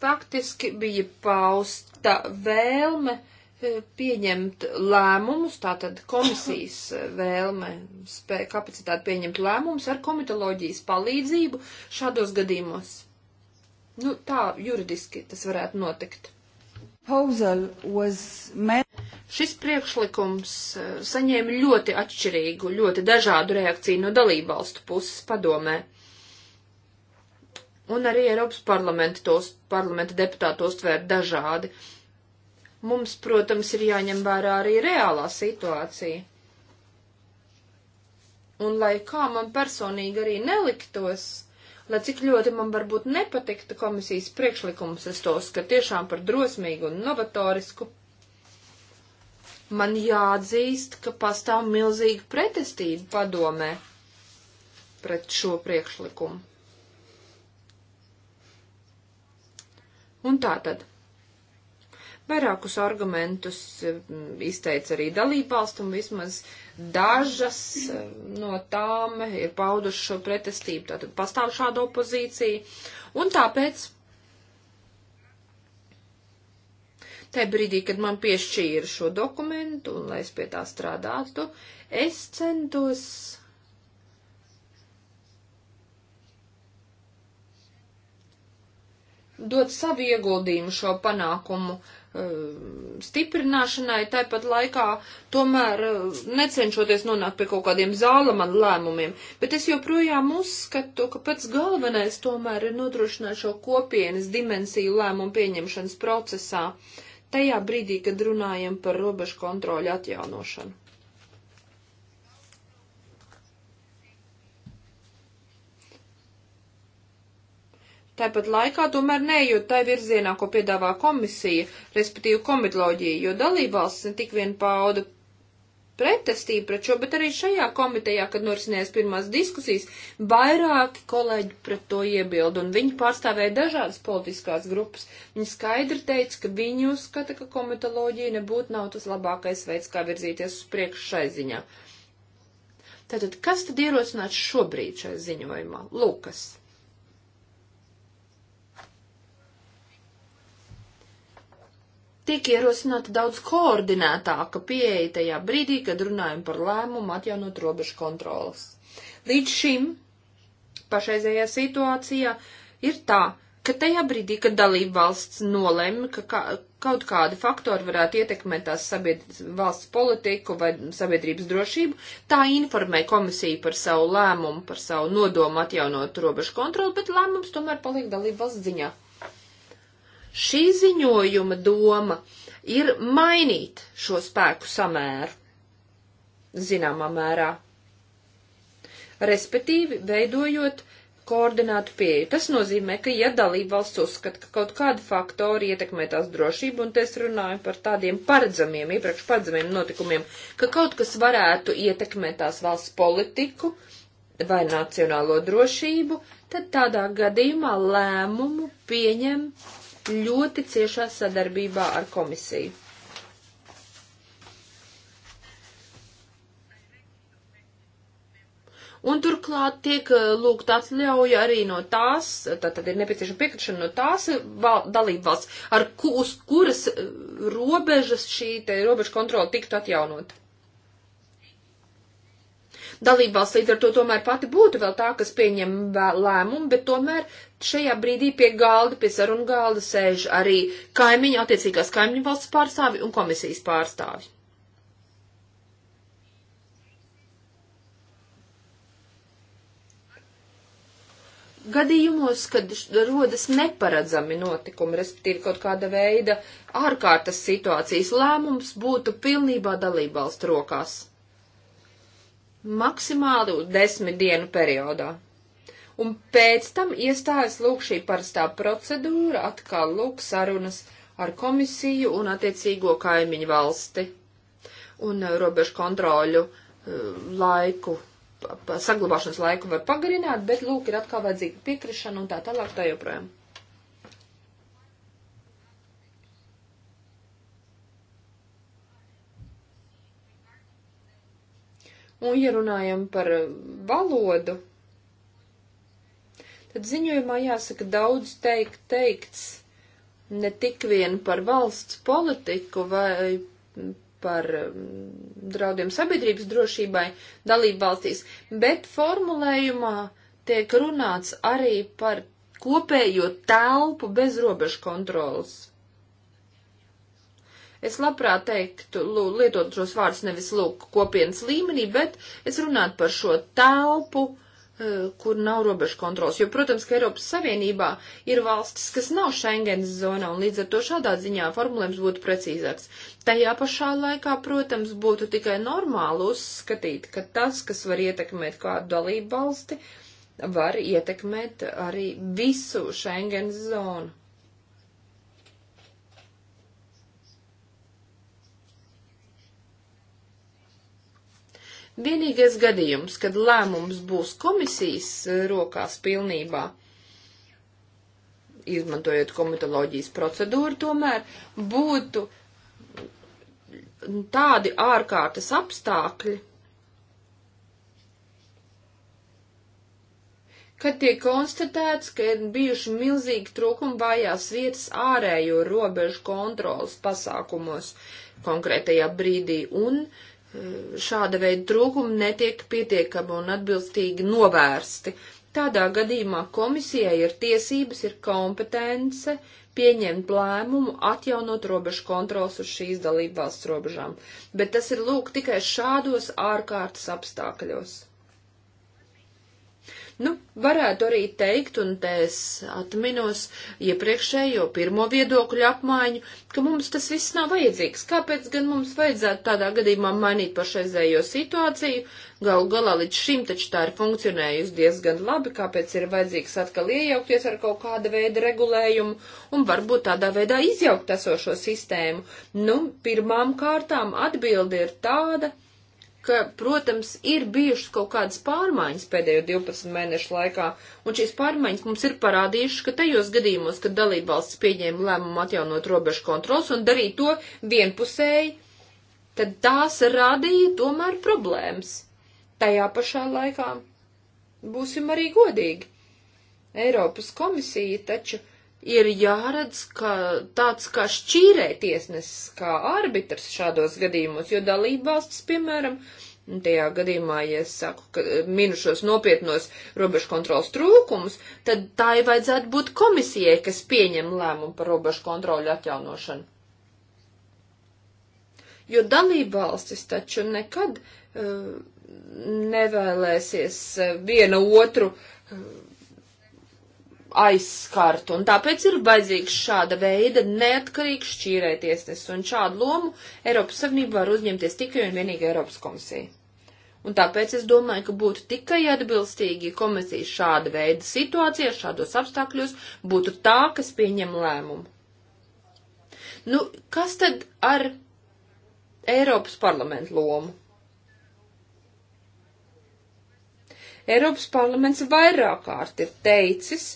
faktiski bija pausta vēlme eh, pieņemt lēmumus, tātad komisijas eh, vēlme, spēja kapacitāti pieņemt lēmumus ar komitoloģijas palīdzību šādos gadījumos. Nu, tā juridiski tas varētu notikt. Šis priekšlikums eh, saņēma ļoti atšķirīgu, ļoti dažādu reakciju no dalībvalstu puses padomē. Un arī Eiropas parlamenta, tos, parlamenta deputāti uztvēra dažādi. Mums, protams, ir jāņem vērā arī reālā situācija. Un lai kā man personīgi arī neliktos, lai cik ļoti man varbūt nepatikta komisijas priekšlikums, es to uzskatu tiešām par drosmīgu un novatorisku. Man jāatzīst, ka pastāv milzīga pretestība padomē pret šo priekšlikumu. Un tā tad. Vairākus argumentus izteica arī dalībvalstu un vismaz uh, Dažas eh, no tām ir paudušas šo pretestību, tātad pastāv šāda opozīcija. Un tāpēc, te brīdī, kad man piešķīra šo dokumentu un lai es pie tā strādātu, es centos dot savu ieguldījumu šo panākumu Um, stiprināšanai, tāpat laikā tomēr uh, necenšoties nonākt pie kaut kādiem zālamanu lēmumiem. Bet es joprojām uzskatu, ka pats galvenais tomēr ir nodrošināt šo kopienas dimensiju lēmumu pieņemšanas procesā, tajā brīdī, kad runājam par robežu kontroļu atjaunošanu. Tāpat laikā tomēr nejūt tai virzienā, ko piedāvā komisija, respektīvi komitoloģija, jo dalībvalsts ne tik vien pauda pretestību pret šo, bet arī šajā komitejā, kad norisinājās pirmās diskusijas, vairāki kolēģi pret to iebildu, un viņi pārstāvēja dažādas politiskās grupas. Viņi skaidri teica, ka viņi uzskata, ka komitoloģija nebūtu nav tas labākais veids, kā virzīties uz priekšu šai ziņā. Tātad, kas tad ierosināts šobrīd šai ziņojumā? Lūkas. tiek ierosināta daudz koordinētāka pieeja tajā brīdī, kad runājam par lēmumu atjaunot robežu kontrolas. Līdz šim pašreizējā situācijā ir tā, ka tajā brīdī, kad dalība valsts nolēma, ka kā, kaut kādi faktori varētu ietekmēt tās valsts politiku vai sabiedrības drošību, tā informē komisiju par savu lēmumu, par savu nodomu atjaunot robežu kontroli, bet lēmums tomēr paliek dalība valsts ziņā. Šī ziņojuma doma ir mainīt šo spēku samēru, zināmā mērā, respektīvi veidojot koordinātu pieeju. Tas nozīmē, ka, ja dalība valsts uzskata, ka kaut kādi faktori ietekmē tās drošību, un te es runāju par tādiem paredzamiem, iepriekš paredzamiem notikumiem, ka kaut kas varētu ietekmēt tās valsts politiku vai nacionālo drošību, tad tādā gadījumā lēmumu pieņem ļoti ciešā sadarbībā ar komisiju. Un turklāt tiek eh, lūgt atļauja arī no tās, tad, tad ir nepieciešama piekrišana no tās val, dalībvalsts, ar ku, uz kuras eh, robežas šī te robežu kontrola tiktu atjaunota. Dalībvalsts līdz ar to tomēr pati būtu vēl tā, kas pieņem lēmumu, bet tomēr šajā brīdī pie galda, pie sarunu galda sēž arī kaimiņu, attiecīgās kaimiņu valsts pārstāvi un komisijas pārstāvi. gadījumos, kad rodas neparedzami notikumi, respektīvi kaut kāda veida ārkārtas situācijas lēmums būtu pilnībā dalībvalstu rokās maksimāli desmit dienu periodā. Un pēc tam iestājas lūk šī parastā procedūra, atkal lūk sarunas ar komisiju un attiecīgo kaimiņu valsti un uh, robežu kontroļu uh, laiku, saglabāšanas laiku var pagarināt, bet lūk ir atkal vajadzīga piekrišana un tā tālāk tā joprojām. Un, ja runājam par eh, valodu, tad ziņojumā jāsaka daudz teikt, teikts ne tik vien par valsts politiku vai par mm, draudiem sabiedrības drošībai dalību valstīs, bet formulējumā tiek runāts arī par kopējo telpu bez robežu kontrolas. Es labprāt teiktu, lū, lietot šos vārdus nevis lūk kopienas līmenī, bet es runātu par šo telpu, eh, kur nav robežu kontrols. Jo, protams, ka Eiropas Savienībā ir valstis, kas nav Schengens zonā, un līdz ar to šādā ziņā formulējums būtu precīzāks. Tajā pašā laikā, protams, būtu tikai normāli uzskatīt, ka tas, kas var ietekmēt kādu dalību valsti, var ietekmēt arī visu Schengens zonu. Vienīgais gadījums, kad lēmums būs komisijas eh, rokās pilnībā, izmantojot komitoloģijas procedūru, tomēr būtu tādi ārkārtas apstākļi, kad tiek konstatēts, ka ir bijuši milzīgi trūkumi vājās vietas ārējo robežu kontrolas pasākumos konkrētajā brīdī un uh, šāda veida trūkumi netiek pietiekami un atbilstīgi novērsti. Tādā gadījumā komisijai ir tiesības, ir kompetence pieņemt lēmumu, atjaunot robežu kontrols uz šīs dalību valsts robežām. Bet tas ir lūk tikai šādos ārkārtas apstākļos. Nu, varētu arī teikt, un te es atminos iepriekšējo pirmo viedokļu apmaiņu, ka mums tas viss nav vajadzīgs. Kāpēc gan mums vajadzētu tādā gadījumā mainīt pašreizējo situāciju? Galu galā līdz šim taču tā ir funkcionējusi diezgan labi, kāpēc ir vajadzīgs atkal iejaukties ar kaut kāda veida regulējumu un varbūt tādā veidā izjaukt esošo sistēmu. Nu, pirmām kārtām atbildi ir tāda, ka, protams, ir bijušas kaut kādas pārmaiņas pēdējo 12 mēnešu laikā, un šīs pārmaiņas mums ir parādījušas, ka tajos gadījumos, kad dalībvalsts pieņēma lēmumu atjaunot robežu kontrols un darīt to vienpusēji, tad tās radīja tomēr problēmas. Tajā pašā laikā būsim arī godīgi. Eiropas komisija taču ir jāredz, ka tāds kā šķīrē tiesnesis, kā arbitrs šādos gadījumos, jo dalība valsts, piemēram, tajā gadījumā, ja es saku, ka eh, minu šos nopietnos robežu kontrols trūkumus, tad tā ir vajadzētu būt komisijai, kas pieņem lēmumu par robežu kontroļu atjaunošanu. Jo dalība valstis taču nekad uh, nevēlēsies eh, viena otru uh, aizskart, un tāpēc ir vajadzīgs šāda veida neatkarīgs šķīrētiesnes, un šādu lomu Eiropas Savienība var uzņemties tikai un vienīgi Eiropas komisija. Un tāpēc es domāju, ka būtu tikai atbilstīgi komisija šāda veida situācijā, šādos apstākļos, būtu tā, kas pieņem lēmumu. Nu, kas tad ar Eiropas parlamentu lomu? Eiropas parlaments vairāk kārt ir teicis,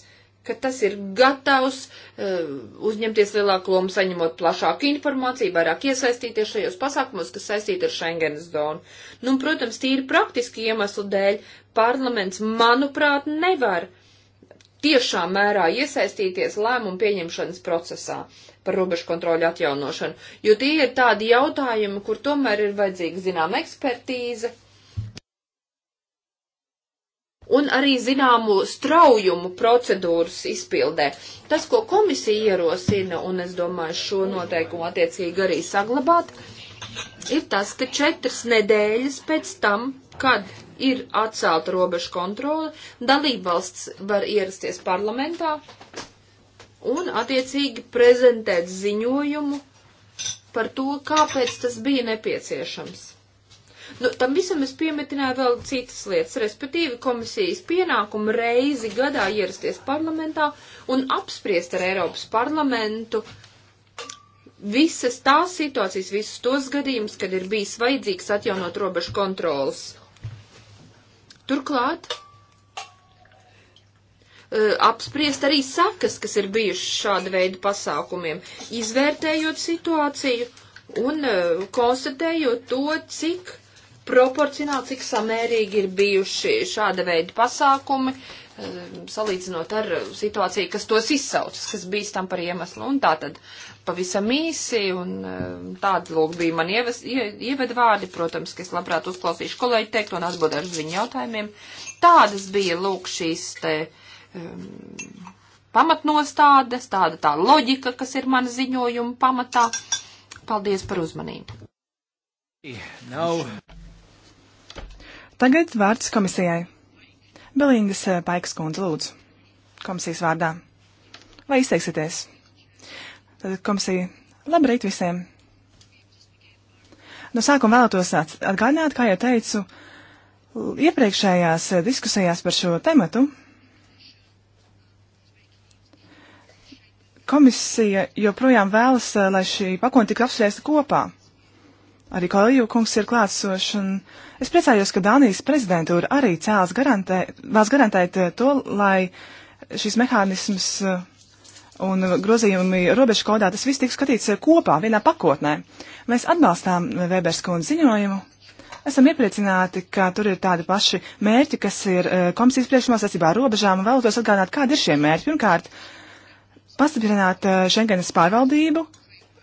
ka tas ir gatavs uh, uzņemties lielāku lomu, saņemot plašāku informāciju, vairāk iesaistīties šajos pasākumos, kas saistīti ar Schengenas zonu. Nu, un, protams, tīri praktiski iemeslu dēļ parlaments, manuprāt, nevar tiešā mērā iesaistīties lēmumu pieņemšanas procesā par robežu kontroļu atjaunošanu, jo tie ir tādi jautājumi, kur tomēr ir vajadzīga zinām ekspertīze, un arī zināmu straujumu procedūras izpildē. Tas, ko komisija ierosina, un es domāju šo noteikumu attiecīgi arī saglabāt, ir tas, ka četras nedēļas pēc tam, kad ir atcelta robežu kontrole, dalībvalsts var ierasties parlamentā un attiecīgi prezentēt ziņojumu par to, kāpēc tas bija nepieciešams. Nu, tam visam es piemetināju vēl citas lietas, respektīvi komisijas pienākumu reizi gadā ierasties parlamentā un apspriest ar Eiropas parlamentu visas tās situācijas, visus tos gadījumus, kad ir bijis vajadzīgs atjaunot robežu kontrolas. Turklāt e, apspriest arī sakas, kas ir bijušas šāda veida pasākumiem, izvērtējot situāciju un e, konstatējot to, cik proporcionāli, cik samērīgi ir bijuši šāda veida pasākumi, eh, salīdzinot ar situāciju, kas tos izsaucas, kas bijis tam par iemeslu. Un tā tad pavisam īsi, un eh, tāda lūk bija man ievas, ie, ieved vārdi, protams, ka es labprāt uzklausīšu kolēģi teikt un atbildēšu uz viņu jautājumiem. Tādas bija lūk šīs te. Um, pamatnostādes, tāda tā loģika, kas ir mana ziņojuma pamatā. Paldies par uzmanību. Nav. No. Tagad vārds komisijai. Belīngas eh, Paikas kundze lūdzu. Komisijas vārdā. Vai izteiksieties? Tad komisija. Labrīt visiem! No sākuma vēlētos atgādināt, kā jau teicu, iepriekšējās eh, diskusijās par šo tematu. Komisija joprojām vēlas, eh, lai šī pakona tika apspriesta kopā arī kolēģu kungs ir klātsošs, un es priecājos, ka Dānijas prezidentūra arī cēlas garantē, vēlas garantēt eh, to, lai šis mehānisms eh, un grozījumi robežu kodā tas viss tiek skatīts eh, kopā vienā pakotnē. Mēs atbalstām Weberskundas ziņojumu. Esam iepriecināti, ka tur ir tādi paši mērķi, kas ir komisijas priekšmās saistībā ar robežām, un vēlētos atgādināt, kādi ir šie mērķi. Pirmkārt, pastiprināt Schengenes pārvaldību,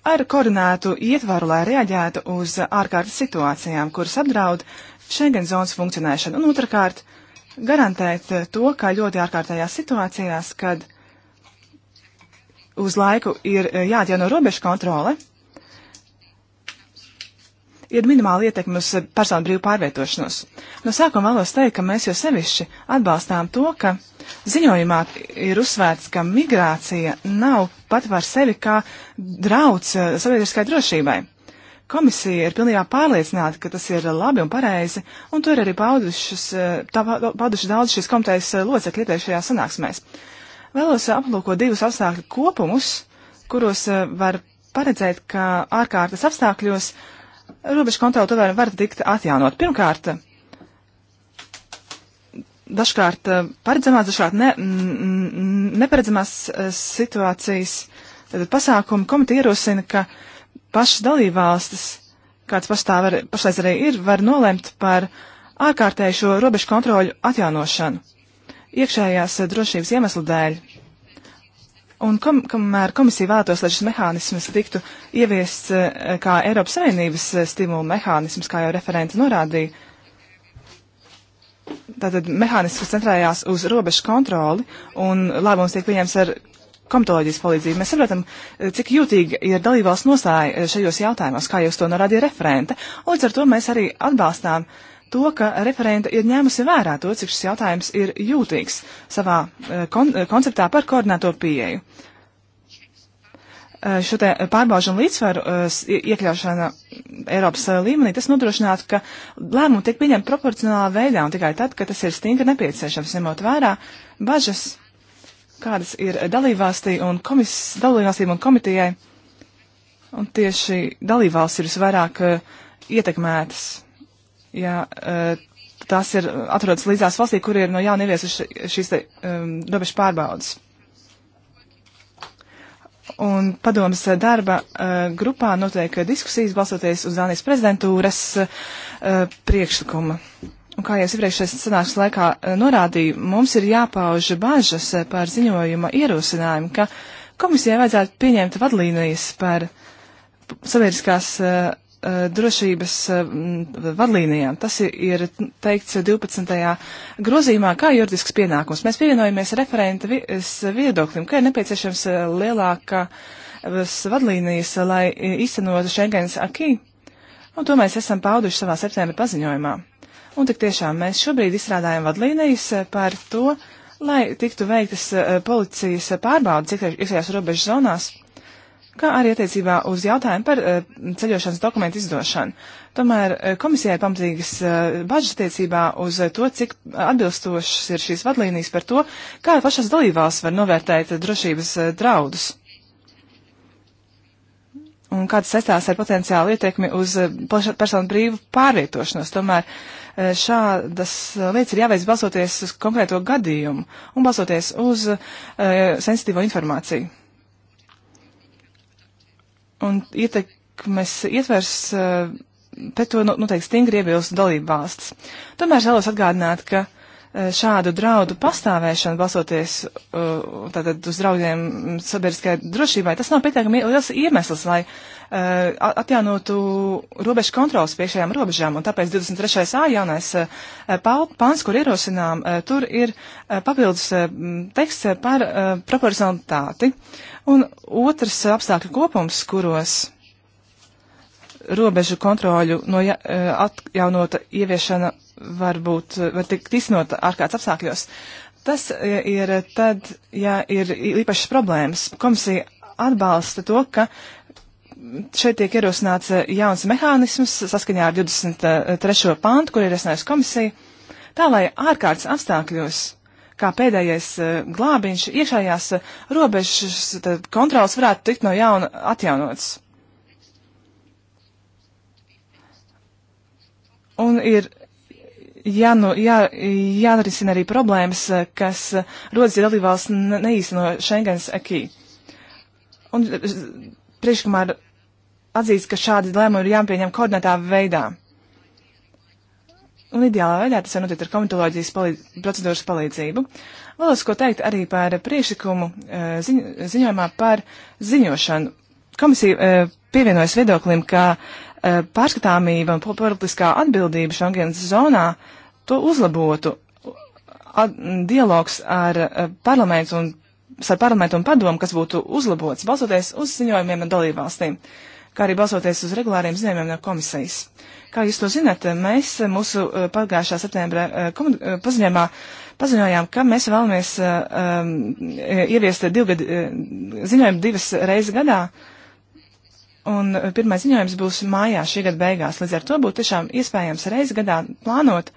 ar koordinētu ietvaru, lai reaģētu uz ārkārtas situācijām, kuras apdraud Schengen zonas funkcionēšanu. Un otrkārt, garantēt to, ka ļoti ārkārtējās situācijās, kad uz laiku ir jāatjauno robežu kontrole, ir minimāla ietekme uz personu brīvu pārvietošanos. No sākuma vēlos teikt, ka mēs jau sevišķi atbalstām to, ka ziņojumā ir uzsvērts, ka migrācija nav patvēr sevi kā drauds eh, sabiedriskai drošībai. Komisija ir pilnībā pārliecināta, ka tas ir labi un pareizi, un to ir arī paudušas, eh, tā pauduši daudz šīs komitejas eh, locekļi iepriekšējā sanāksmēs. Vēlos aplūkot divus apstākļu kopumus, kuros var paredzēt, ka ārkārtas apstākļos robežu kontroli tomēr var tikt atjaunot. Pirmkārt, dažkārt eh, paredzamās, dažkārt ne, neparedzamās eh, situācijas tad pasākumu komiteja ierosina, ka pašas dalībvalstis, kāds pastāv ar, pašlaiz arī ir, var nolemt par ārkārtēju šo robežu kontroļu atjaunošanu iekšējās eh, drošības iemeslu dēļ. Un kom, kamēr komisija vēlētos, lai šis mehānisms tiktu ieviests kā Eiropas Savienības stimulu mehānisms, kā jau referenti norādīja, tātad mehānisms, kas centrējās uz robežu kontroli un lēmums tiek pieņems ar komitoloģijas palīdzību. Mēs saprotam, cik jūtīgi ir dalībvalsts nostāja eh, šajos jautājumos, kā jūs to norādīja referente. Līdz ar to mēs arī atbalstām to, ka referente ir ņēmusi vērā to, cik šis jautājums ir jūtīgs savā eh, kon eh, konceptā par koordinēto pieeju. Eh, šo te pārbaužu un līdzsvaru eh, iekļaušana Eiropas eh, līmenī, tas nodrošinātu, ka lēmumi tiek pieņemti proporcionālā veidā un tikai tad, kad tas ir stingri nepieciešams, ņemot vērā bažas, kādas ir dalībvalstī un komis, dalībvalstīm un komitijai. Un tieši dalībvalsts ir visvairāk ietekmētas, ja tās ir atrodas līdzās valstī, kur ir no jauna ieviesuši šīs te um, robežu pārbaudas. Un padomas darba eh, grupā notiek diskusijas balsoties uz Dānijas prezidentūras eh, priekšlikuma. Un kā jau iepriekšējais sanāks laikā eh, norādīju, mums ir jāpauž bažas par ziņojuma ierosinājumu, ka komisijai vajadzētu pieņemt vadlīnijas par sabiedriskās Eh, drošības eh, vadlīnijām. Tas ir, ir teikts 12. grozījumā, kā juridisks pienākums. Mēs pievienojamies referenta vi viedoklim, ka ir nepieciešams eh, lielākas vadlīnijas, lai īstenotu Schengens akī. Un to mēs esam pauduši savā septembra paziņojumā. Un tik tiešām mēs šobrīd izstrādājam vadlīnijas par to, lai tiktu veiktas policijas pārbaudas iekšējās robežas zonās kā arī attiecībā uz jautājumu par uh, ceļošanas dokumentu izdošanu. Tomēr uh, komisijai pamatīgas uh, bažas attiecībā uz uh, to, cik atbilstošas ir šīs vadlīnijas par to, kā pašas dalībvalsts var novērtēt uh, drošības uh, draudus. Un kāds saistās ar potenciālu ietekmi uz uh, personu brīvu pārvietošanos. Tomēr uh, šādas lietas ir jāveic balsoties uz konkrēto gadījumu un balsoties uz uh, sensitīvo informāciju un ietekmes ietvers eh, pret to nu, noteikti stingri iebilst dalību valsts. Tomēr vēlos atgādināt, ka Eh, šādu draudu pastāvēšanu, balsoties eh, tātad uz draudiem sabiedriskajai drošībai, tas nav pietiekami liels iemesls, lai eh, atjaunotu robežu kontrolas pie šajām robežām. Un tāpēc 23. A jaunais pāns, kur ierosinām, tur ir papildus teksts par proporcionalitāti. Un otrs apstākļu kopums, kuros robežu kontroļu no atjaunota ieviešana var būt, var tikt iznot ārkārtas apstākļos. Tas ir tad, ja ir īpašas problēmas. Komisija atbalsta to, ka šeit tiek ierosināts jauns mehānisms saskaņā ar 23. pāntu, kur ir iesnējusi komisija, tā lai ārkārtas apstākļos, kā pēdējais eh, glābiņš, iekšējās robežas kontrols varētu tikt no jauna atjaunots. Un ir jāno, nu, jā, jārisina arī problēmas, eh, kas eh, rodas, ja dalībvalsts neīsteno Schengens akī. Un eh, priekšlikumā atzīst, ka šādi lēmumi ir jāpieņem koordinētā veidā. Un ideālā veidā tas var notikt ar komitoloģijas palīd procedūras palīdzību. Vēlos ko teikt arī par priekšlikumu ziņ ziņojumā par ziņošanu. Komisija pievienojas viedoklim, ka uh, Eh, pārskatāmība un politiskā atbildība Schengens zonā to uzlabotu. Ad, dialogs ar eh, parlamentu un, ar parlamentu un padomu, kas būtu uzlabots, balsoties uz ziņojumiem no dalībvalstīm, kā arī balsoties uz regulāriem ziņojumiem no komisijas. Kā jūs to zināt, mēs mūsu eh, pagājušā septembra paziņojumā paziņojām, ka mēs vēlamies um, ieviest divgad, ziņojumu divas reizes gadā. Uh, Un e, pirmais ziņojums būs mājā šī gada beigās. Līdz ar to būtu tiešām iespējams reizi gadā plānot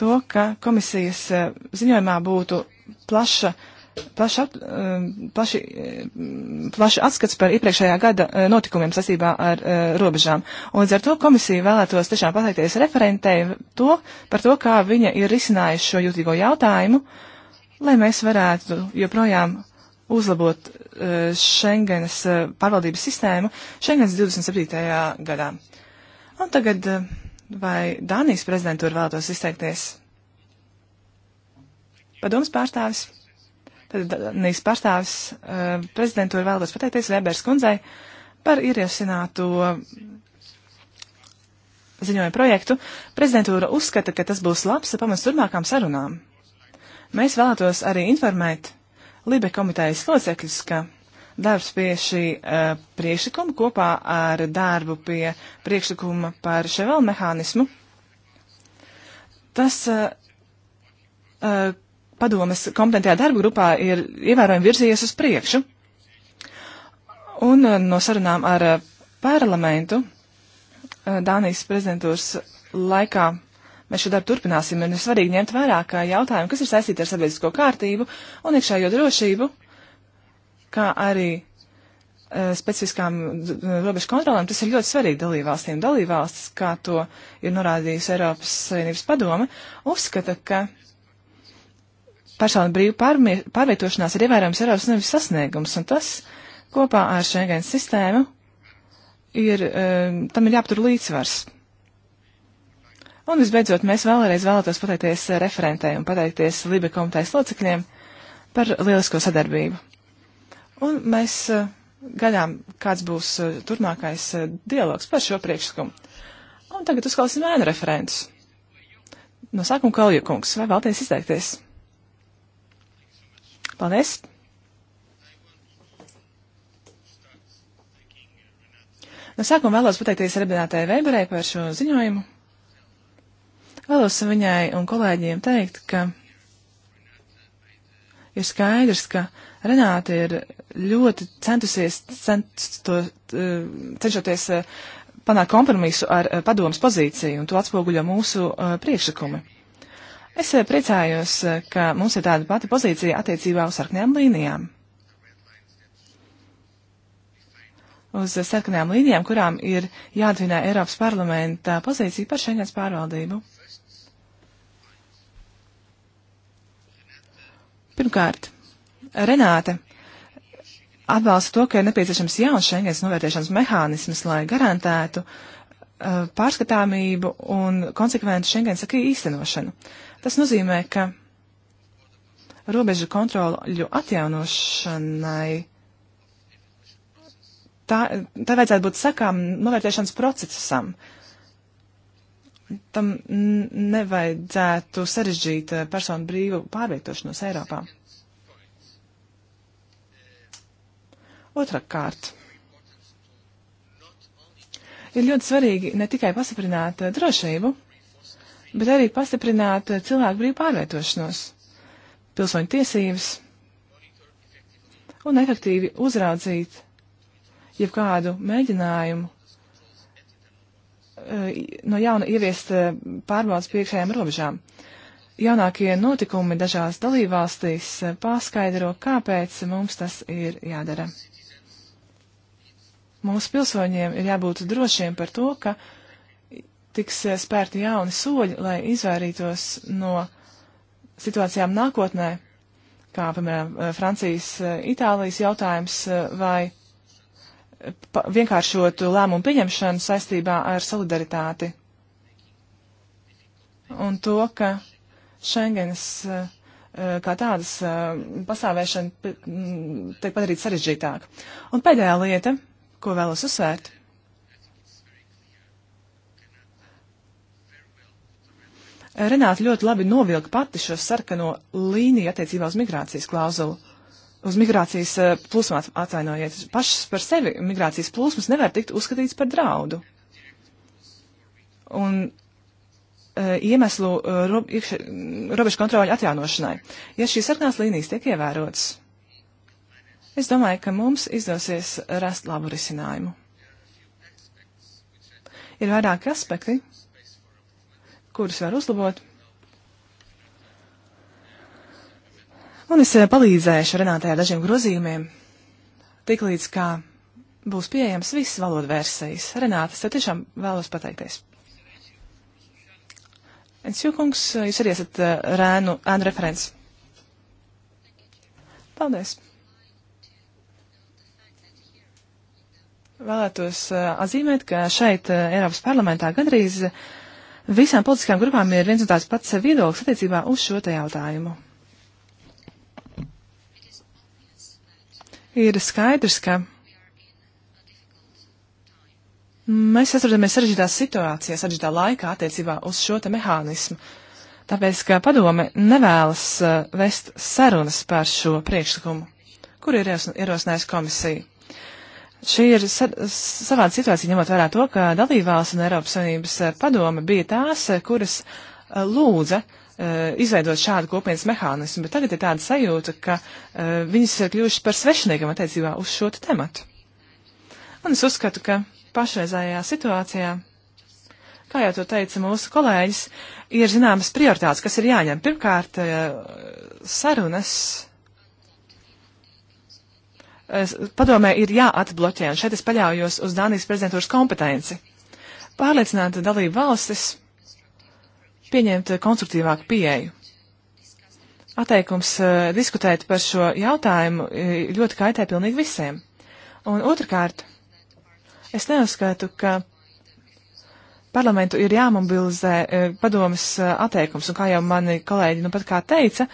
to, ka komisijas e, ziņojumā būtu plaša, plaša, e, plaši, plaši atskats par iepriekšējā gada notikumiem sasībā ar robežām. Un līdz ar to komisija vēlētos tiešām pateikties referentei to, par to, kā viņa ir risinājusi šo jūtīgo jautājumu, lai mēs varētu joprojām uzlabot eh, Schengenas eh, pārvaldības sistēmu Schengenas 27. gadā. Un tagad eh, vai Dānijas prezidentūra vēlētos izteikties? Padoms pārstāvis. Tad Dānijas pārstāvis prezidentūra vēlētos pateikties Vēbērs kundzei par ierosināto ziņoja projektu, prezidentūra uzskata, ka tas būs labs pamats turpmākām sarunām. Mēs vēlētos arī informēt Libe komitejas locekļus, ka darbs pie šī uh, priekšlikuma kopā ar darbu pie priekšlikuma par ševel mehānismu, tas uh, uh, padomes kompetentajā darba grupā ir ievērojami virzījies uz priekšu. Un uh, no sarunām ar uh, parlamentu uh, Dānijas prezidentūras laikā Mēs šo darbu turpināsim, un ir svarīgi ņemt vērā, ka jautājumi, kas ir saistīti ar sabiedrisko kārtību un iekšējo drošību, kā arī uh, specifiskām robežu kontrolēm, tas ir ļoti svarīgi dalībvalstīm. Dalībvalstis, kā to ir norādījusi Eiropas Savienības padome, uzskata, ka personu brīvu pārvietošanās ir ievērojams Eiropas Savienības sasniegums, un tas kopā ar Schengen sistēmu ir, um, tam ir jāaptur līdzsvars. Un visbeidzot, mēs vēlreiz vēlētos pateikties referentē un pateikties Libe komitejas locekļiem par lielisko sadarbību. Un mēs eh, gaidām, kāds būs eh, turpmākais eh, dialogs par šo priekšlikumu. Un tagad uzklausīsim ēnu referentus. No sākuma Kalju kungs, vai vēlties izteikties? Paldies! No sākuma vēlos pateikties Rebinātē Veiberē par šo ziņojumu. Vēlos viņai un kolēģiem teikt, ka ir skaidrs, ka Renāte ir ļoti centusies, centsto, eh, cenšoties eh, panākt kompromisu ar eh, padomas pozīciju, un to atspoguļo mūsu priekšlikumi. Es priecājos, ka mums ir tāda pati pozīcija attiecībā uz sarknējām līnijām. Uz sarkanajām līnijām, kurām ir jāatvinā Eiropas parlamenta pozīcija par šeņģens pārvaldību. Pirmkārt, Renāte atbalsta to, ka ir nepieciešams jauns Schengens novērtēšanas mehānisms, lai garantētu uh, pārskatāmību un konsekventu Schengens akī īstenošanu. Tas nozīmē, ka robežu kontroļu atjaunošanai tā, tā vajadzētu būt sakām novērtēšanas procesam. Uh, tam nevajadzētu sarežģīt eh, personu brīvu pārvietošanos Eiropā. Otrakārt, ir ļoti svarīgi ne tikai pastiprināt eh, drošību, bet arī pastiprināt eh, cilvēku brīvu pārvietošanos, pilsoņu tiesības un efektīvi uzraudzīt jebkādu mēģinājumu no jauna ieviest eh, pārbaudas piekšējām robežām. Jaunākie notikumi dažās dalībvalstīs eh, paskaidro, kāpēc mums tas ir jādara. Mūsu pilsoņiem ir jābūt drošiem par to, ka tiks eh, spērti jauni soļi, lai izvairītos no situācijām nākotnē, kā, piemēram, Francijas, Itālijas jautājums vai vienkāršotu lēmumu pieņemšanu saistībā ar solidaritāti un to, ka Schengens eh, kā tādas eh, pasāvēšana tiek padarīta sarežģītāk. Un pēdējā lieta, ko vēlos uzsvērt. Renāta ļoti labi novilka pati šo sarkano līniju attiecībā uz migrācijas klauzulu uz migrācijas eh, plūsmām atvainojiet. Pašas par sevi migrācijas plūsmas nevar tikt uzskatīts par draudu. Un eh, iemeslu eh, ro, iekšē, robežu kontroļu atjaunošanai. Ja šīs sarkanās līnijas tiek ievērotas, es domāju, ka mums izdosies rast labu risinājumu. Ir vairāki aspekti, kurus var uzlabot. Un es eh, palīdzēšu Renātē ar dažiem grozījumiem, tiklīdz kā būs pieejams viss valodu versijas. Renāte, es tev tiešām vēlos pateikties. Ensjūkungs, jūs arī esat eh, rēnu, ēnu referents. Paldies. Vēlētos eh, atzīmēt, ka šeit Eiropas parlamentā gandrīz visām politiskajām grupām ir viens un tās pats viedoklis attiecībā uz šo te jautājumu. ir skaidrs, ka mēs atrodamies sarežģītā situācijā, sarežģītā laikā attiecībā uz šo te mehānismu. Tāpēc, ka padome nevēlas uh, vest sarunas par šo priekšlikumu, kur ir ierosinājusi komisija. Šī ir sa savāda situācija, ņemot vērā to, ka dalībvalsts un Eiropas Savienības uh, padome bija tās, uh, kuras uh, lūdza uh, Eh, izveidot šādu kopienas mehānismu, bet tagad ir tāda sajūta, ka uh, viņas ir kļuvušas par svešiniekam attiecībā uz šo tematu. Un es uzskatu, ka pašreizējā situācijā, kā jau to teica mūsu kolēģis, ir zināmas prioritātes, kas ir jāņem. Pirmkārt, uh, sarunas. Es, padomē ir jāatbloķē, un šeit es paļaujos uz Dānijas prezidentūras kompetenci. Pārliecināta dalība valstis pieņemt konstruktīvāku pieeju. Atteikums eh, diskutēt par šo jautājumu eh, ļoti kaitē pilnīgi visiem. Un otrkārt, es neuzskatu, ka parlamentu ir jāmobilizē eh, padomas atteikums, un kā jau mani kolēģi nu pat kā teica,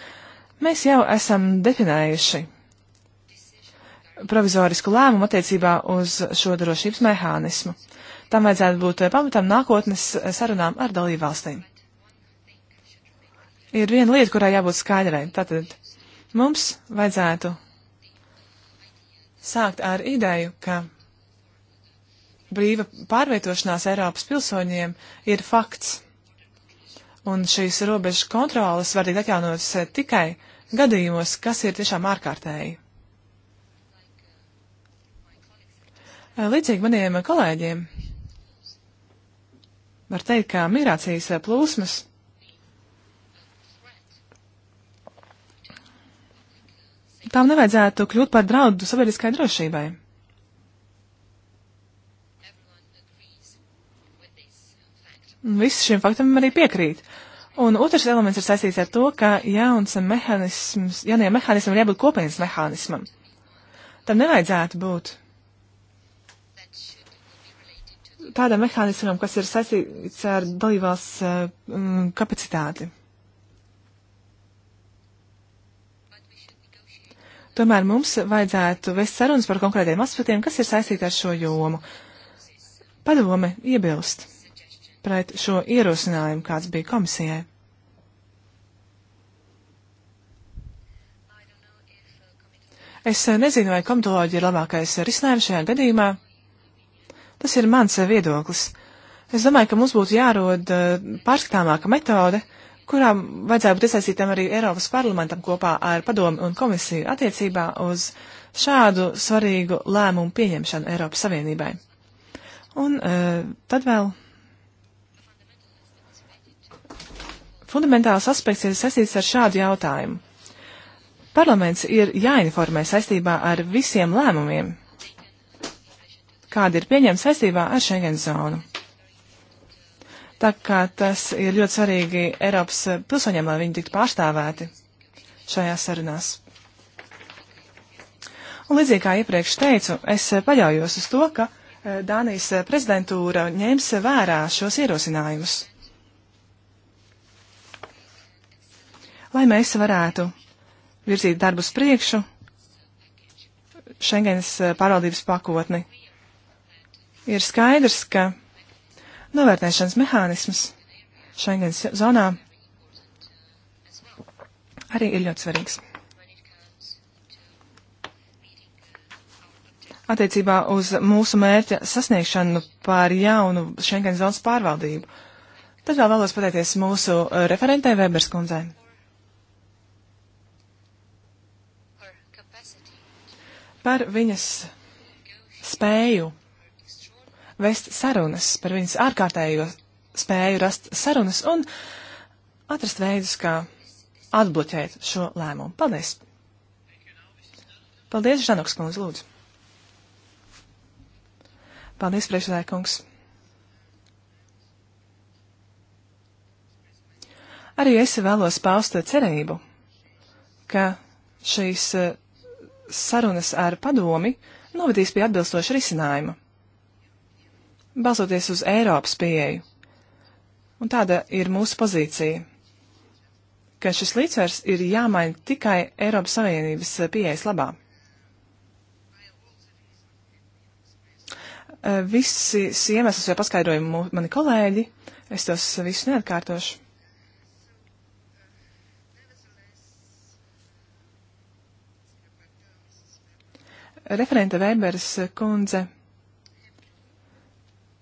mēs jau esam definējuši provizorisku lēmumu attiecībā uz šo drošības mehānismu. Tam vajadzētu būt pamatam nākotnes sarunām ar dalību valstīm ir viena lieta, kurai jābūt skaidrai. Tātad mums vajadzētu sākt ar ideju, ka brīva pārvietošanās Eiropas pilsoņiem ir fakts. Un šīs robežas kontrolas var tikt atjaunotas eh, tikai gadījumos, kas ir tiešām ārkārtēji. Eh, līdzīgi maniem kolēģiem var teikt, ka migrācijas eh, plūsmas tām nevajadzētu kļūt par draudu sabiedriskai drošībai. Viss šim faktam arī piekrīt. Un otrs elements ir saistīts ar to, ka jauns mehānisms, jaunajam mehānismam ir jābūt kopienas mehānismam. Tam nevajadzētu būt tādam mehānismam, kas ir saistīts ar dalībās um, eh, kapacitāti. Tomēr mums vajadzētu vest sarunas par konkrētiem aspektiem, kas ir saistīti ar šo jomu. Padome iebilst pret šo ierosinājumu, kāds bija komisijai. Es eh, nezinu, vai komitoloģija ir labākais risinājums šajā gadījumā. Tas ir mans eh, viedoklis. Es domāju, ka mums būtu jārod eh, pārskatāmāka metode, uh, kurām vajadzētu būt iesaistītam arī Eiropas parlamentam kopā ar padomu un komisiju attiecībā uz šādu svarīgu lēmumu pieņemšanu Eiropas Savienībai. Un uh, tad vēl fundamentāls aspekts ir saistīts ar šādu jautājumu. Parlaments ir jāinformē saistībā ar visiem lēmumiem, kādi ir pieņemti saistībā ar Schengen zonu tā kā tas ir ļoti svarīgi Eiropas pilsoņiem, lai viņi tiktu pārstāvēti šajās sarunās. Un līdzīgi kā iepriekš teicu, es paļaujos uz to, ka eh, Dānijas prezidentūra ņems vērā šos ierosinājumus. Lai mēs varētu virzīt darbus priekšu Schengens eh, pārvaldības pakotni. Ir skaidrs, ka novērtēšanas mehānisms Schengens zonā arī ir ļoti svarīgs. Attiecībā uz mūsu mērķa sasniegšanu pār jaunu Schengens zonas pārvaldību. Tad vēl vēlos pateikties mūsu eh, referentē Weberas kundzei. Par viņas spēju vest sarunas, par viņas ārkārtējo spēju rast sarunas un atrast veidus, kā atbloķēt šo lēmumu. Paldies! Paldies, Žanoks kundze, lūdzu! Paldies, priekšsēdētāj kungs! Arī es vēlos paust cerību, ka šīs eh, sarunas ar padomi novadīs pie atbilstoša risinājuma balsoties uz Eiropas pieeju. Un tāda ir mūsu pozīcija, ka šis līdzsvers ir jāmaina tikai Eiropas Savienības pieejas labā. Visus iemeslus jau paskaidroja mani kolēģi, es tos visus neatkārtošu. Referente Weberas kundze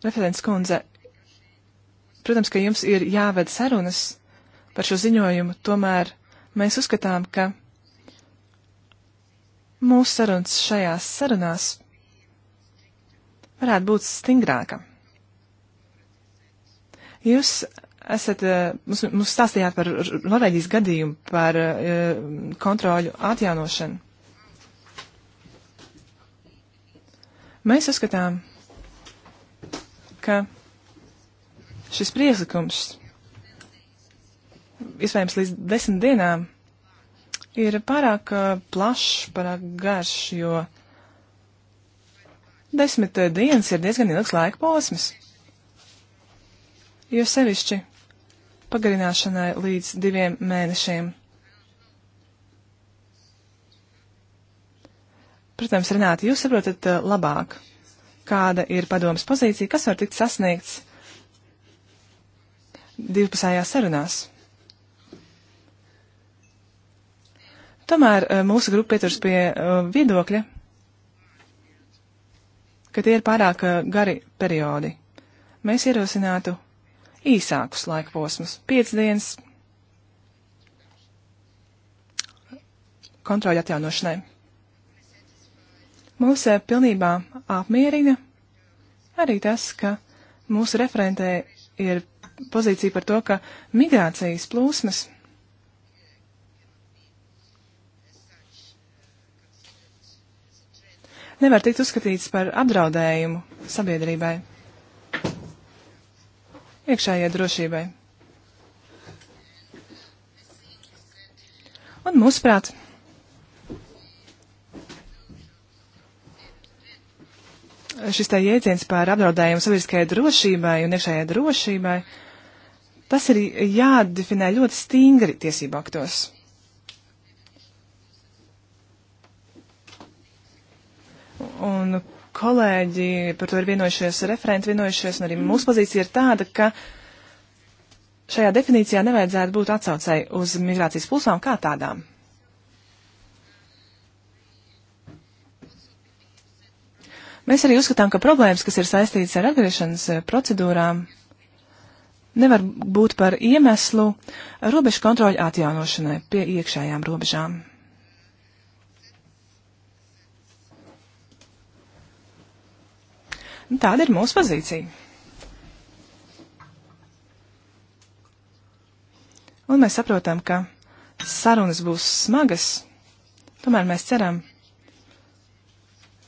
Referents kundze, protams, ka jums ir jāved sarunas par šo ziņojumu, tomēr mēs uzskatām, ka mūsu sarunas šajās sarunās varētu būt stingrāka. Jūs esat, eh, mums, mums stāstījāt par Norvēģijas gadījumu, par eh, kontroļu atjaunošanu. Mēs uzskatām, ka šis priesakums iespējams līdz desmit dienām ir pārāk uh, plašs, pārāk garš, jo desmit uh, dienas ir diezgan ilgs laika posms. Jo sevišķi pagarināšanai līdz diviem mēnešiem. Protams, Renāti, jūs saprotat uh, labāk kāda ir padomas pozīcija, kas var tikt sasniegts divpusējās sarunās. Tomēr eh, mūsu grupa pieturas pie eh, viedokļa, ka tie ir pārāk eh, gari periodi. Mēs ierosinātu īsākus laika posmus - 5 dienas kontroļu atjaunošanai. Mūs eh, pilnībā apmierina arī tas, ka mūsu referentē ir pozīcija par to, ka migrācijas plūsmas nevar tikt uzskatīts par apdraudējumu sabiedrībai, iekšējai drošībai. Un mūsuprāt, šis te jēdziens par apdraudējumu sabiedriskajai drošībai un iekšējai drošībai, tas ir jādefinē ļoti stingri tiesību aktos. Un kolēģi par to ir vienojušies, referenti vienojušies, un arī mm. mūsu pozīcija ir tāda, ka šajā definīcijā nevajadzētu būt atsaucai uz migrācijas pulsām kā tādām. Mēs arī uzskatām, ka problēmas, kas ir saistītas ar atgriešanas eh, procedūrām, nevar būt par iemeslu robežu kontroļu atjaunošanai pie iekšējām robežām. Tāda ir mūsu pozīcija. Un mēs saprotam, ka sarunas būs smagas, tomēr mēs ceram,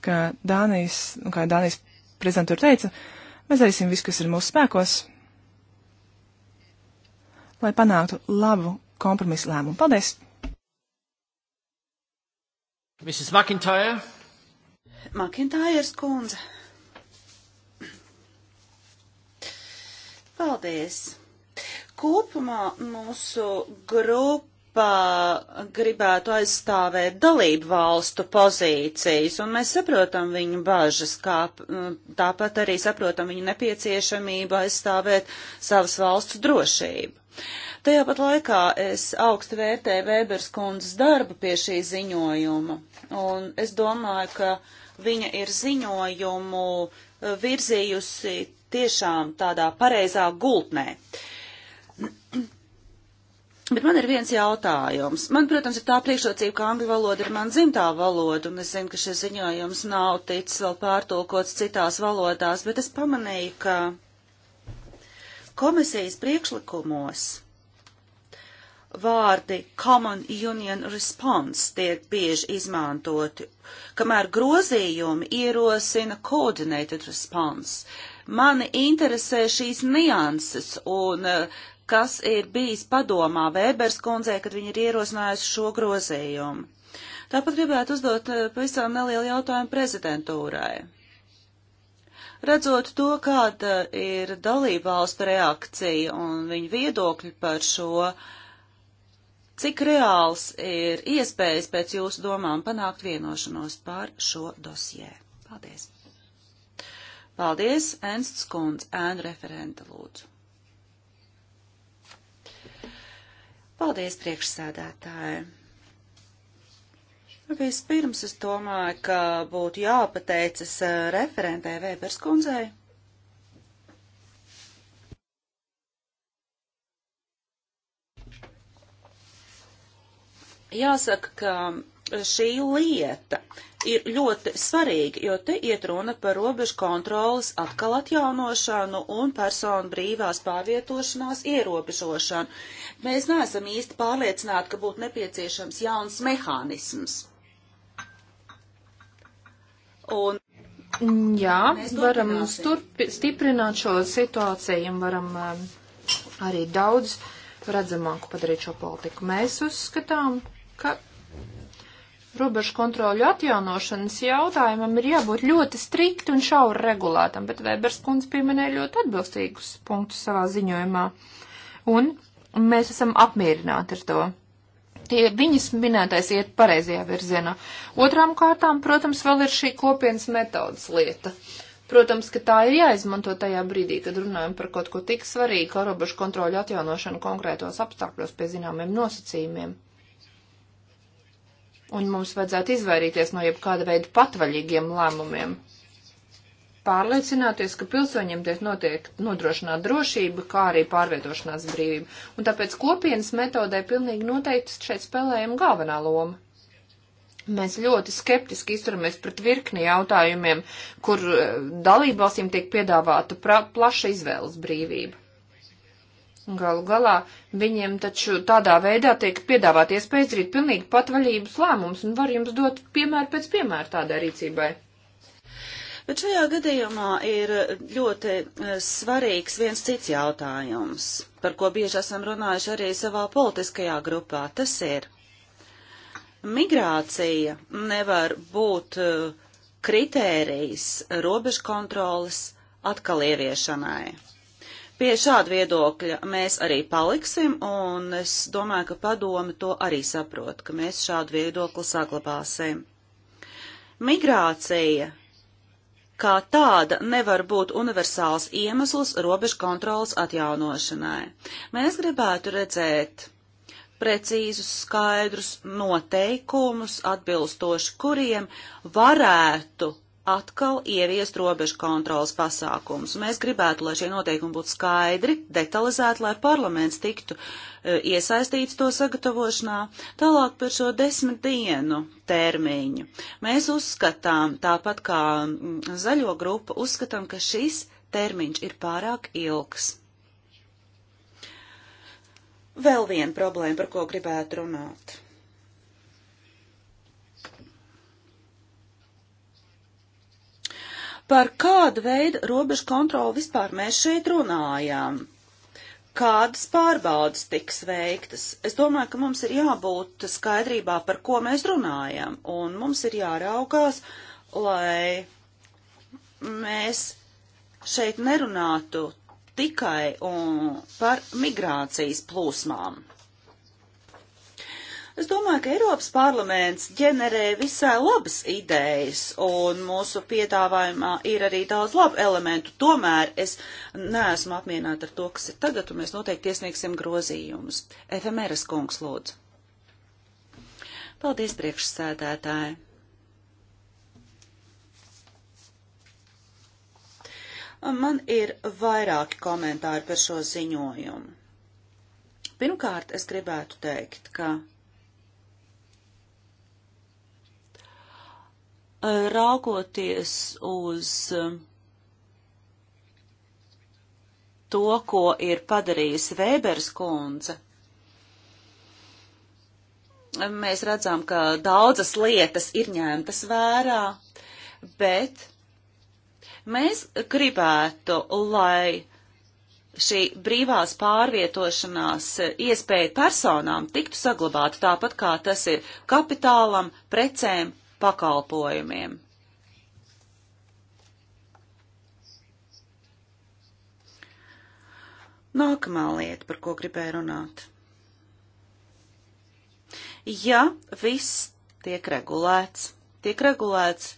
ka Dānijas, nu, kā Dānijas prezidentūra teica, mēs darīsim visu, kas ir mūsu spēkos, lai panāktu labu kompromisu lēmumu. Paldies! Mrs. McIntyre. McIntyre skundze. Paldies! Kopumā mūsu grupa Eiropā gribētu aizstāvēt dalību valstu pozīcijas, un mēs saprotam viņu bažas, kā tāpat arī saprotam viņu nepieciešamību aizstāvēt savas valsts drošību. Tajā pat laikā es augstu vērtēju Vēbers kundzes darbu pie šī ziņojuma, un es domāju, ka viņa ir ziņojumu virzījusi tiešām tādā pareizā gultnē. Uh, Bet man ir viens jautājums. Man, protams, ir tā priekšrocība, ka angļu valoda ir man dzimtā valoda, un es zinu, ka šis ziņojums nav ticis vēl pārtulkots citās valodās, bet es pamanīju, ka komisijas priekšlikumos vārdi Common Union Response tiek bieži izmantoti, kamēr grozījumi ierosina Coordinated Response. Mani interesē šīs nianses un uh, kas ir bijis padomā Vēbers kundzei, kad viņa ir ierosinājusi šo grozījumu. Tāpat gribētu uzdot eh, pavisam nelielu jautājumu prezidentūrai. Redzot to, kāda ir dalībvalstu reakcija un viņu viedokļi par šo, cik reāls ir iespējas pēc jūsu domām panākt vienošanos par šo dosjē? Paldies! Paldies, Ensts Kundz, ēnu referenta lūdzu. Paldies, priekšsēdētāji! Nu, vispirms es domāju, ka būtu jāpateicas eh, referentē Vēberskundzei. Jāsaka, ka šī lieta ir ļoti svarīga, jo te iet runa par robežu kontrolas atkal atjaunošanu un personu brīvās pārvietošanās ierobežošanu. Mēs neesam īsti pārliecināti, ka būtu nepieciešams jauns mehānisms. Un Jā, varam sturpi, stiprināt šo situāciju un varam um, arī daudz redzamāku padarīt šo politiku. Mēs uzskatām, ka robežu kontroļu atjaunošanas jautājumam ir jābūt ļoti strikti un šauri regulētam, bet Vēbers kundze pieminēja ļoti atbilstīgus punktus savā ziņojumā. Un mēs esam apmierināti ar to. Tie viņas minētais iet pareizajā virzienā. Otrām kārtām, protams, vēl ir šī kopienas metodas lieta. Protams, ka tā ir jāizmanto tajā brīdī, kad runājam par kaut ko tik svarīgu, kā robežu kontroļu atjaunošanu konkrētos apstākļos pie zināmiem nosacījumiem un mums vajadzētu izvairīties no jebkāda veida patvaļīgiem lēmumiem. Pārliecināties, ka pilsoņiem tiek notiek nodrošināt drošība, kā arī pārvietošanās brīvība, un tāpēc kopienas metodē pilnīgi noteikti šeit spēlējam galvenā loma. Mēs ļoti skeptiski izturamies pret virkni jautājumiem, kur eh, dalībvalstīm tiek piedāvāta plaša izvēles brīvība. Galu galā viņiem taču tādā veidā tiek piedāvāt iespēja izdarīt pilnīgi patvaļības lēmumus un var jums dot piemēru pēc piemēra tādai rīcībai. Bet šajā gadījumā ir ļoti eh, svarīgs viens cits jautājums, par ko bieži esam runājuši arī savā politiskajā grupā. Tas ir, migrācija nevar būt eh, kritērijs robežkontrolas atkal ieviešanai. Pie šāda viedokļa mēs arī paliksim, un es domāju, ka padome to arī saprot, ka mēs šādu viedokli saglabāsim. Migrācija kā tāda nevar būt universāls iemesls robežu kontrolas atjaunošanai. Mēs gribētu redzēt precīzus, skaidrus noteikumus, atbilstoši kuriem varētu atkal ieviest robežu kontrolas pasākums. Mēs gribētu, lai šie noteikumi būtu skaidri, detalizēti, lai parlaments tiktu e, iesaistīts to sagatavošanā. Tālāk par šo desmit dienu termiņu. Mēs uzskatām, tāpat kā mm, zaļo grupa, uzskatām, ka šis termiņš ir pārāk ilgs. Vēl viena problēma, par ko gribētu runāt. Par kādu veidu robežu kontroli vispār mēs šeit runājām? Kādas pārbaudas tiks veiktas? Es domāju, ka mums ir jābūt skaidrībā, par ko mēs runājam, un mums ir jāraugās, lai mēs šeit nerunātu tikai un par migrācijas plūsmām. Es domāju, ka Eiropas parlaments ģenerē visai labas idejas, un mūsu piedāvājumā ir arī daudz labu elementu. Tomēr es neesmu apmierināta ar to, kas ir tagad, un mēs noteikti iesniegsim grozījumus. Efemēras kungs lūdzu. Paldies, priekšsēdētāji! Man ir vairāki komentāri par šo ziņojumu. Pirmkārt, es gribētu teikt, ka Raugoties uz um, to, ko ir padarījusi Vēbers kundze, mēs redzam, ka daudzas lietas ir ņemtas vērā, bet mēs gribētu, lai šī brīvās pārvietošanās iespēja personām tiktu saglabāta tāpat kā tas ir kapitālam, precēm pakalpojumiem. Nākamā lieta, par ko gribēju runāt. Ja viss tiek regulēts, tiek regulēts